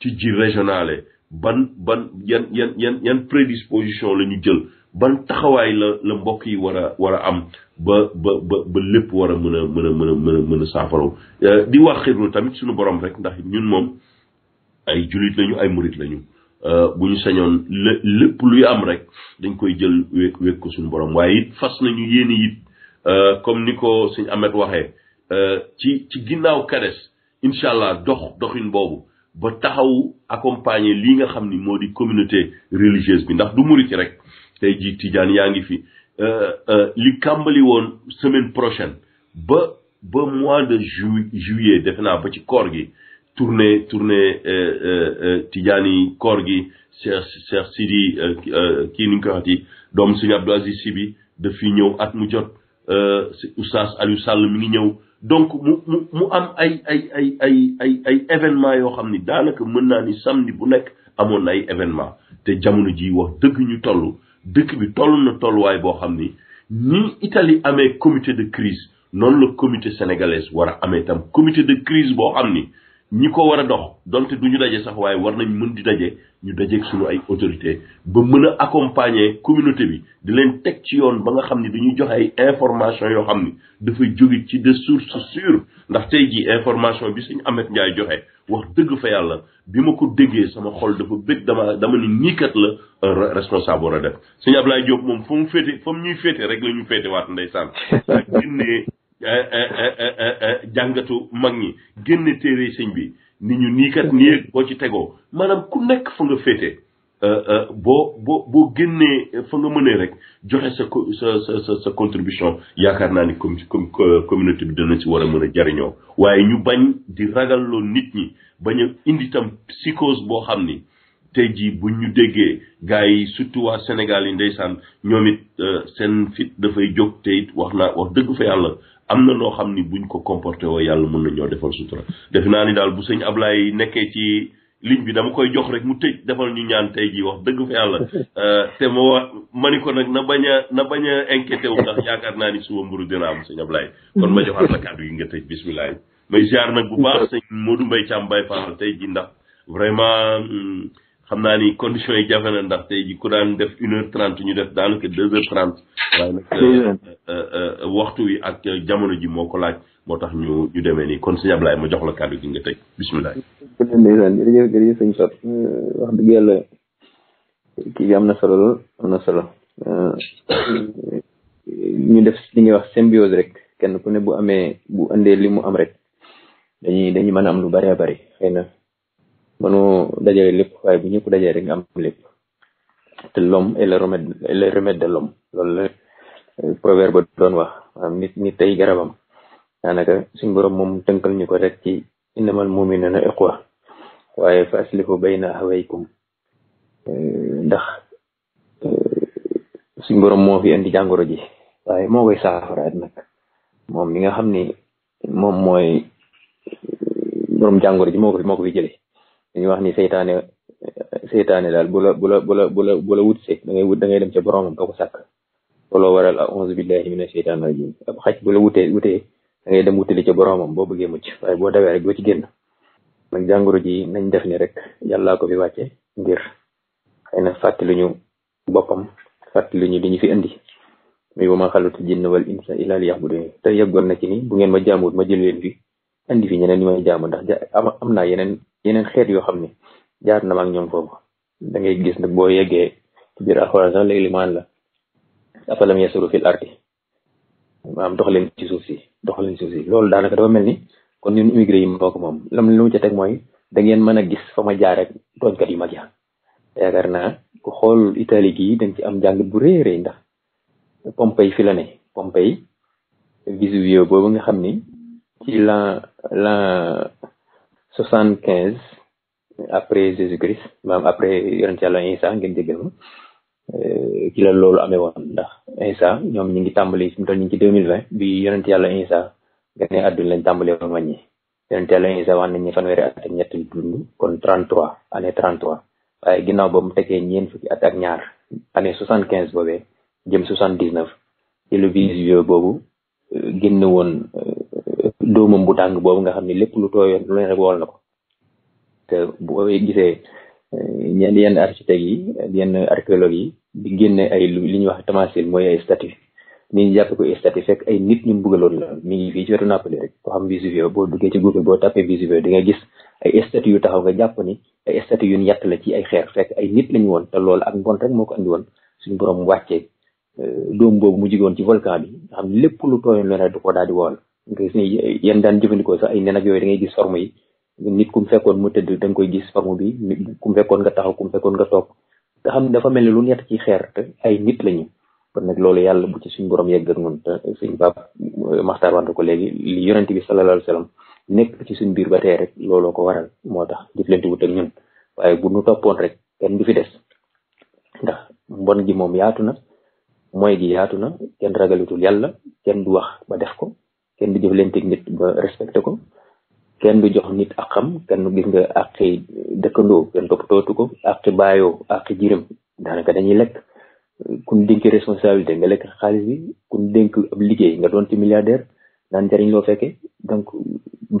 ci ji régionale ban ban yan yan yan yan prédisposition lañu jël ban taxaway la la mbokk yi wara wara am ba ba ba ba lépp wara mëna mëna mëna mëna mëna safaro di wax tamit suñu borom rek ndax ñun mom ay julit lañu ay murit lañu Euh, bu ñu sañoon lépp luy am rek dañ koy jël wékk wékk ko suñu borom waaye it fas nañu yéen it euh, comme ni ko suñ amet waxee euh, ci ci ginnaaw kades incha allah dox doxin boobu ba taxaw accompagner lii nga xam ni moo di communauté religieuse bi ndax du murit rek tey jii tijaan yaa ngi fi li kàmbali woon semaine prochaine ba ba mois de ju juillet defe naa ba ci koor gi tourné euh, euh, koor euh, gi Cheikh Cheikh Sidi euh, euh, kii nu ñu koy waxati doomu Sëñ Abdou Aziz Si de fi ñew at mu jot Oustaz Aliou Sall mi ngi ñëw donc mu mu am ay ay ay ay ay ay événements yoo xam ni daanaka mën ni samedi bu nek amoon ay événement te jamono ji wax deug ñu tollu dëkk bi tollu na tolluwaay way bo ni ni Italie amé comité de crise non le comité sénégalais wara amé tam comité de crise bo xamni ñi ko war a dox donte du ñu daje sax waaye war nañ mën di daje ñu dajeeg suñu ay autorité ba mën a accompagner communauté bi di leen teg ci yoon ba nga xam ni dañuy joxe ay information yoo xam ni dafa jóge ci de sources sûres ndax tey jii information bi suñu Amet Njaay joxe wax dëgg fa yàlla bi ma ko déggee sama xol dafa bëgg dama dama ni nii la un euh, responsable war a def suñu laay Diop moom fa mu féete fa mu ñuy féete rek la ñu féete waat ndeysaan. génnee <laughs> Eh, eh, eh, jàngatu mag ñi génne téere sëñ bi ni ñu nii kat nii boo ci tegoo maanaam ku nekk fa nga féete boo boo boo génnee fa nga mënee rek joxe sa sa sa sa contribution yaakaar naa ni comme comme communauté bi dana si war a mën a jariñoo waaye ñu bañ di ragalloo nit ñi bañ indi tam psychose boo xam ni tey jii buñ ñu déggee gars yi surtout waa Sénégal yi ndeysaan ñoom it seen fit dafay jóg te it wax naa wax dëgg fa yàlla am na noo xam ni buñ ko comporté woo yàlla mën na ñoo defal sutura def naa ni daal bu sëñ Ablaye nekkee ci ligne bi dama koy jox rek mu tëj defal ñu ñaan tey jii wax dëgg fa yàlla <laughs> euh, te ma wa ma ko nag na bañ na bañ a inquiété wu ndax yaakaar naa ni suba mburu dina am ab Ablaye kon ma joxaat la kàddu yi nga tëj bisimilah may ziar nag bu baax sëñ Modou Mbaye Thiam Baye Fall tey jii ndax vraiment hmm, xam naa ni condition yi jafe na ndax tey ku daan def une heure trente ñu def daanaka deux heures trente waaye nag euh, euh, euh, waxtu wi ak jamono ji moo ko laaj moo tax ñu ñu demee nii kon sëñ Ablaye ma jox la kàddu gi nga tëj bisimilah. jërëjëf jërëjëf sëñ Sot wax dëgg yàlla kii bi am na solo lool am na solo ñu def li ñuy wax symbiose rek kenn ku ne bu amee bu indee li mu am rek dañuy dañuy mën a am lu bëree bëri xëy na. mënu dajale lépp waaye bu ñëpp dajale rek nga am lépp te l'homme est le remède le remède de la euh, proverbe ba doon wax maanaam nit nit tey garabam daanaka suñ borom moom tënkal ñu ko rek ci innamal mu'minuna ikhwa waaye fa aslihu bayna hawaykum euh, ndax euh, suñ borom moo fi indi jàngoro ji waaye moo koy saafaraat nag moom nga xam ni moom mooy borom jàngoro ji moo ko fi jëlee dañuy wax ni seytaane seytaane daal bu la bu la bu la bu la bu wut da ngay dem ca boromam doo ko sàkk looloo waral auzu billahi mina seytaan rajim ab xaj bu la wutee wutee da ngay dem wutali ca boromam boo bëggee mucc waaye boo dawee rek doo ci génn nag jàngoro ji nañ def ni rek yàllaa ko fi wàcce ngir xëy na fàttali ñu boppam fàttali ñu li ñu fi indi muy wa ma xalatu te yeggoon na ci ngeen ma jaamut ma jël leen fi andi fi ñeneen ñu may jaamu ndax am naa yeneen yeneen xeet yoo xam ne jaar na maag ñoom foofu da ngay gis nag boo yeggee ci biir alxuraan sax léegi limaan la afalam yasiru fil ardi maam dox leen ci suuf si dox leen ci suuf si loolu daanaka dafa mel ni kon ñun immigré yi mboog moom lam lu mu ca teg mooy da ngeen mën a gis fa ma jaar rek tooñkat yu mag ya yaakaar naa ku xool Italie gi dañ ci am jàng bu rëy rëy ndax Pompey fi la ne Pompey Vesuvio boobu nga xam ni ci la l'an soixante quinze après Jésus-Christ maam après yonent yàlla Isa ngeen jéggal ma euh, ci la loolu amee woon ndax Isa ñoom ñu ngi tàmbali fi mu toll ñu ci deux mille vingt bi yonent yàlla Isa gane àdduna lañ tambali woon wàññi yonent yàlla Isa wax nañ ñu fanweeri at ak ñett yu kon trente trois année trente trois waaye ginnaaw ba mu tegee ñeent fukki at ak ñaar année soixante quinze boobee jëm soixante dix neuf télévision boobu euh, génn woon euh, doomam bu tàng boobu nga xam ne lépp lu tooyoon lu ne wool na ko te boo gisee eh, ñenn yenn architectes yi yenn archéologues yi di génne ay li ñuy wax tamasil mooy ay ni ñu jàppe ko statue fekk ay nit ñu bëggaloon la mi ngi fii ci wetu Napoli rek ko boo duggee ci Google boo tapé di nga gis ay yu taxaw nga jàpp ni ay statue yu ñu la ci ay xeer fekk ay nit lañu woon te loolu ak mbon rek moo ko andi woon suñu borom wàccee eh, doom boobu mu jigoon ci volcan bi nga xam lépp lu tooyoon lu ne du ko daal di wool gis ni yéen daan jëfandikoo sax ay nen ak yooyu da ngay gis forme yi nit ku mu fekkoon mu tëdd da nga koy gis forme bi ku mu fekkoon nga taxaw ku mu fekkoon nga toog nga xam dafa mel ni lu ñett ci xeer te ay nit lañu kon nag loolu yàlla bu ci suñ borom yegg ak ñun suñ baab maxtaar wante ko léegi li yonent bi sallallahu alayhi wa sallam nekk ci suñ biir ba tey rek looloo ko waral moo tax jëflante wut ak ñun waaye bu nu toppoon rek kenn du fi des ndax mbon gi moom yaatu na mooy gi yaatu na kenn ragalutul yàlla kenn du wax ba def ko kenn du jëflanteeg nit ba respecté ko kenn du jox nit ak xam kenn gis nga àqi dëkkandoo kenn toppatootu ko àqi bayo àqi jirim daanaka dañuy lekk kun dénki responsabilité nga lekk xaalis bi kun dénk ab liggéey nga doon ci milliardaire daan jariñ loo fekke donc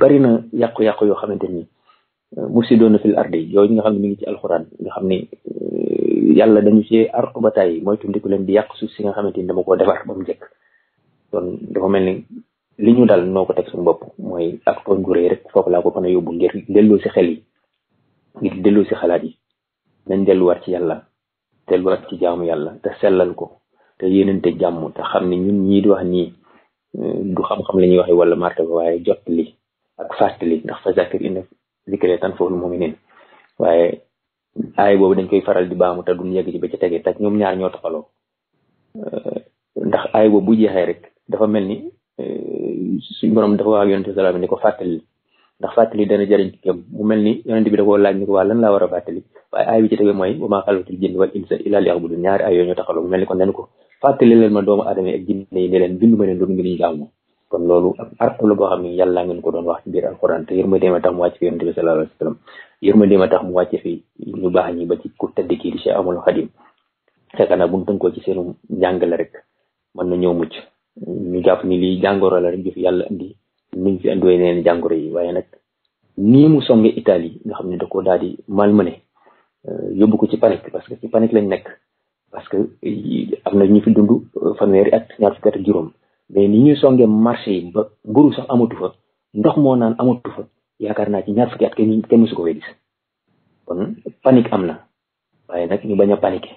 bari na yàqu-yàqu yoo xamante ni euh, musidoon na fil ardi yooyu nga xam ne mi ngi ci alxuraan nga xam ne euh, yàlla dañu ci artu ba tàyyi mooy tundiku leen di yàq suuf si nga xamante ni dama koo defar ba mu njëkk dafa mel li ñu dal noo ko teg suñu bopp mooy ak tooñ gu rek foofu laa ko mën a yóbbu ngir delloo si xel yi ngir delloo si xalaat yi nañ delluwaat ci yàlla delluwaat ci jaamu yàlla te sellal ko te yéenante jàmm te xam ne ñun ñii di wax nii eh, du xam-xam la ñuy waxee wala martaba waaye jot li ak fàttali ndax fa zakir tan zikra tanfa'ul mu'minin waaye aay boobu dañ koy faral di baamu te duñ yegg ci ba ci tege tak ñoom ñaar ñoo taxaloo eh, ndax aay boobu bu jeexee rek dafa mel ni suñu borom dafa wax ak yonente salaam ni ko fàttali ndax fàttali dana jëriñ ci gëm ni yonente bi da koo laaj ni ko waa lan laa war a fàttali waaye aay bi ci tege mooy wa maa xalaqtul jinna wal insa illaa liya'buduun ñaari ay yooyu ñoo taxaloo mu mel kon loolu ngir loolu ak la boo xam ne yàlla ngeen ko doon wax mu wàcc fi wa sallam yërmande ma tax mu wàcc fi ñu baax ñi ba ci tedd kii di Cheikh Amadou Khadim fekk na bu ci seenu njàngale rek mën na ñoo mucc ñu japp ni li jangoro la rek jëf yàlla indi ni fi andoy yeneen jangoro yi waye nak ni mu songé italie nga xamni da ko daldi di malmené euh, yobbu ko ci panique parce que ci panique lañ nek parce que euh, amna na ñu fi dund euh, fanweeri at ñaar fukki at ak mais ni ñuy songé marché yi ba mburu sax amatu fa ndox mo naan amatu fa yaakar na ci ñaar fukki at kenn kenn musu ko wé gis kon panique amna waye nak ñu baña paniquer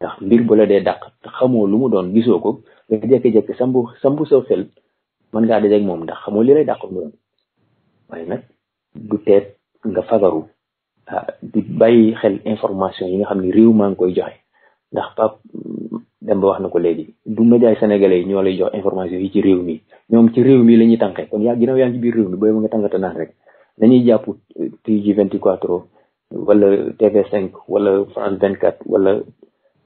ndax mbir bu la dee dàq xamoo lu mu doon gisoo ko nga jékki-jékki sambu sambu soo xel mën ngaa dajeeg moom ndax xamoo li lay dàqu moom waaye nag du teet nga fagaru ah di bàyyi xel information yi nga xam ne réew maa ngi koy joxe ndax Pape Demba wax na ko léegi du médias sénégalais yi ñoo lay jox information yi ci réew mi ñoom ci réew mi la ñuy tànkee kon yaa ginnaaw yaa ngi biir réew mu nga tànkata naan rek nañuy jàpp TG 24 wala TV cinq wala France 24 wala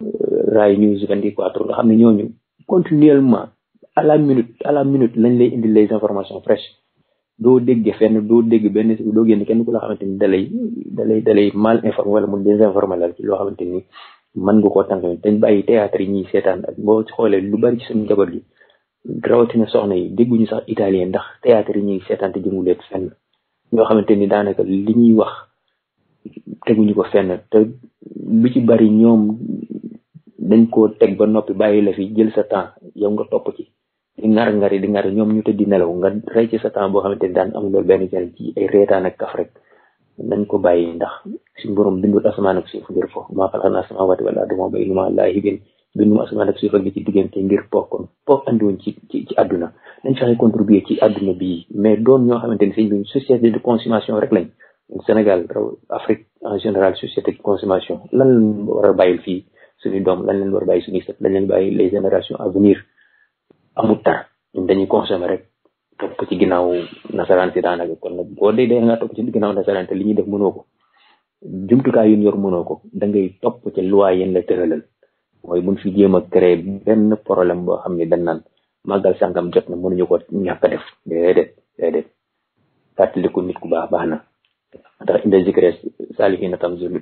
euh, Rai News 24 nga xam ne ñooñu. continuellement à la minute à la minute lañ lay indi les informations fraîches doo dégg fenn doo dégg benn doo génn kenn ku la xamante ni dalay dalay dalay mal informé wala mu désinformé la ci loo xamante ni mën nga ko tànk dañ bàyyi théâtre yi ñuy seetaan ak ci xoolee lu bari ci suñu njaboot gi rawatina soxna yi dégguñu sax italien ndax théâtre yi ñuy seetaan te jëmuleet fenn ñoo xamante ni daanaka li ñuy wax teguñu ko fenn te lu ci bari ñoom dañ ko teg ba noppi bàyyi la fi jël sa temps yow nga topp ci di ngar ngari di ngar ñoom ñu tëddi nelaw nga rey ci sa temps boo xamante ni daan am loolu benn jëriñ ci ay reetaan ak kaf rek nañ ko bàyyi ndax suñ borom bindul asamaan ak suuf ngir fo maa xalaat naa asamaan waati wala aduma bay luma laahi bin ma asamaan ak suuf ak li ci diggante ngir po kon andi woon ci ci ci àdduna nañ fexe contribuer ci àdduna bi mais doon ñoo xamante ni sëñ bi société de consommation rek lañ Sénégal Afrique en général société de consommation lan lañ war a bàyyil fii suñu doom lan leen war bàyyi suñuy sët lan leen bàyyi les générations à venir amul temps ñun dañuy consommer rek topp ci ginnaaw nasaraan si daanaka kon nag boo dee dee nga topp ci li ñuy def mënoo ko jumtukaay yu ñu yor mënoo ko da ngay topp ci loi yéen la tëralal mooy buñ fi jéem a créer benn problème boo xam ne dañ naan màggal sàngam jot na mënuñu ko ñàkk a def déedéet déedéet fàttaliku nit ku baax baax na ndax a zikre salihina tanzulu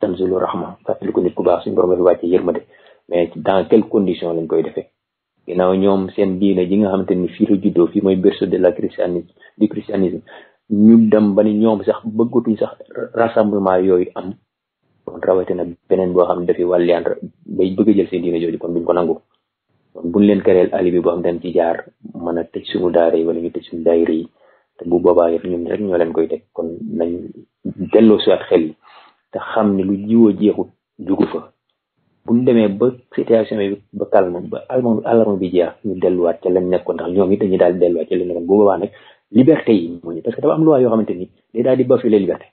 tanzulu rahma fàttaliku nit ku baax suñ borom la fi wàccee yërmande mais dans quelles condition lañ koy defee ginnaaw ñoom seen diine ji nga xamante ni fii la juddoo fii mooy berceau de la christianisme du christianisme ñu dem ba ni ñoom sax bëggatuñ sax rassemblement yooyu am kon rawatina beneen boo xam ne dafi wàlliyaan bay bëgg a jël seen diine jooju kon buñ ko nangu kon buñ leen kereel ali bi boo xam dañ ci jaar mën a teg suñu daara yi wala ñu tëj suñu daayira yi te bu boobaa yëpp ñun rek ñoo leen koy teg kon nañ delloo siwaat xel yi te xam ne lu jiwoo jeexut jugu bu buñ demee ba situation bi ba calme ba alarme alarme bi jeex ñu delluwaat ca lañ nekkoon ndax ñoom it dañuy daal di delluwaat ca lañ nekkoon bu boobaa nag liberté yi mooy parce que dafa am loi yoo xamante ni day daal di bafoué les libertés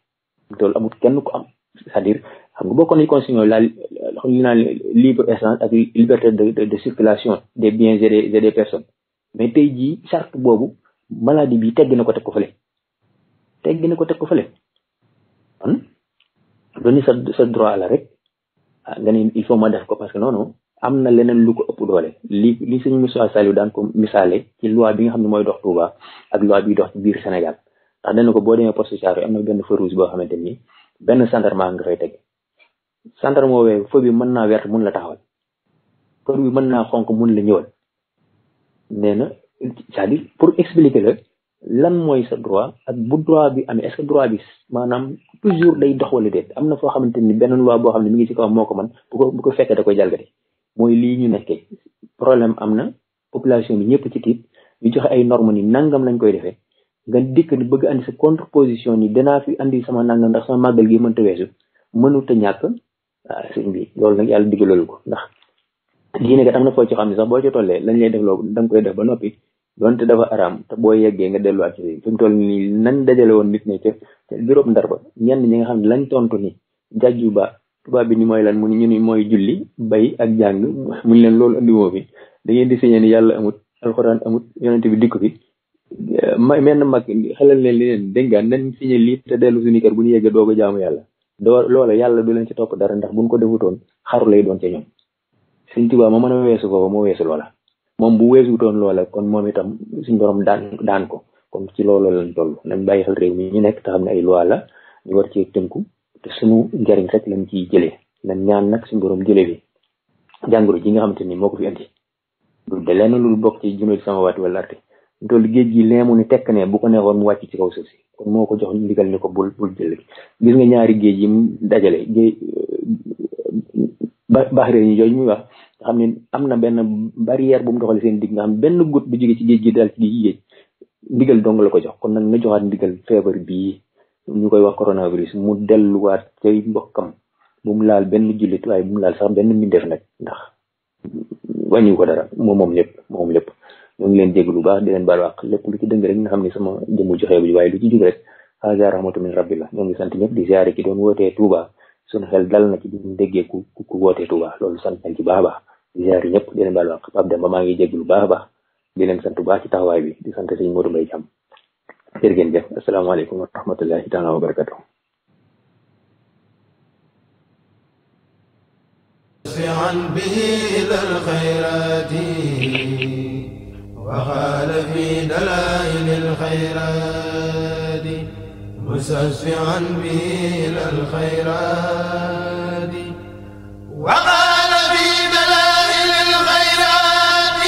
loolu amul kenn ko am c'est-à-dire xam nga bokkoon nañ constitution la li naan ak liberté de de circulation des biens et des personnes mais tey jii charte boobu maladie bi tegg na ko teg ko fële tegg na ko teg ko fële kon lu ni sa sa droit la rek ah, nga ne il faut ma def ko parce que noonu am na leneen lu ko ëpp doole li li suñu Moussa Saliou daan ko misaale ci loi bi nga xam ne mooy dox Touba ak loi bi dox ci biir Sénégal ndax dana ko boo demee poste Thiaroye am na benn feu rouge boo xamante ni benn maa nga fay teg gendarme woowee fo bi mën naa wert mun la taxawal ko bi mën naa xonk mun la ñëwal nee na jadi pour expliquer le lan moy sa droit ak bu droit bi amé est ce droit bi manam toujours day dox wala déet amna fo foo benen ni loi bo xam mi ngi ci kaw moko man bu ko bu ko fekkee da koy jalgati moy li ñu nekké problème amna population bi ñepp ci tit ñu joxe ay norme ni nangam lañ koy défé nga dikk ni bëgg andi sa position ni danaa fi andi sama nangam ndax sama magal gi mënta weesu mënut a ñàkk ah, sëñ bi lool nak yalla diggalul ko ndax diine ga am na foo ci xamni sax bo ci tollé lañ lay def loolu koy def ba nopi donte dafa aram te boy yegge nga delluwaat ci fi tol ni nan dajale won nit ñi ca ca juróom ndar ba ñen ñi nga xam ne lañ tontu ni jàjju ba tuba bi ni moy lan mu ni ñu ni moy julli bay ak jang mu leen lool andi wo bi da ngeen di signé ni yalla amut alquran amut yonent bi dikku fi ma menn mag xelal leen li leen déngaan nan signé li te delu suñu kër bu ñu yegge dogo a jaamu yalla do loola yalla du leen ci top dara ndax buñ ko defutoon xaru lay doon ci ñom sëñ tuba ma mëna a ko foofa moo loola moom bu weesuutoon loola kon moom itam suñ borom daan daan ko comme ci loolu lañ tool nañ bàyyi xel réew mi ñu nekk te xam ne ay loi la ñu war cee tënku te suñu njariñ rek lañ ci jëlee nañ ñaan nag suñ borom jëlee bi jàngoro ji nga xamante ni moo ko fi indi du de lenn lu bokk ci junneel sama waat wala arte ndol geej gi leemu ni tekk ne bu ko neexoon mu wàcc ci kaw suuf si kon moo ko jox ndigal ni ko bul bul jël gi gis nga ñaari géej yi dajale géej baxree ñu jooju muy wax nga xam ne am na benn barrière bu mu doxale seen dig nga xam benn gut bu jóge ci géej gi dal ci géej ndigal dong la ko jox kon nag na joxaat ndigal feebar bii ñu koy wax coronavirus mu delluwaat cay mbokkam bu mu laal benn jullit waaye bu mu laal sax benn mbindeef nag ndax wàññiw ko dara moom moom lépp moom lépp ñu ngi leen dégg lu baax di leen baal wax lépp lu ci dëng rek nga xam ne sama jëmu joxe bu waaye lu ci jug rek haga rahmatu min Rabbi la ñoo ngi sant ñëpp di ziare ki doon wootee tuuba suñu xel dal na ci di déggee ku ku wootee tuuba loolu sant nañ ci baax baax di ziare ñëpp di leen baal wax ab dem ba maa ngi dégg lu baax baax di leen sant bu baax ci taxawaay bi di sant sëñ Modou Mbaye Thiam jërë ngeen jëf asalaamaaleykum wa rahmatullahi taala wa barakatuh عن به إلى الخيرات وقال في دلائل الخيرات مسرعا به إلى الخيرات وقال في دلائل الخيرات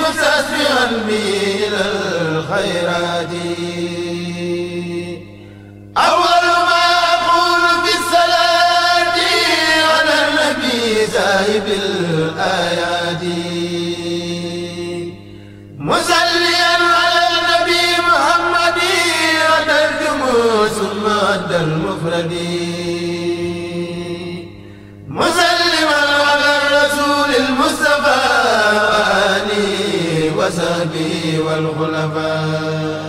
مسرعا به إلى الخيرات أول ما أقول في الصلاة على النبي سايب الآيات المد المفرد مسلما على الرسول المصطفى وآله وصحبه والخلفاء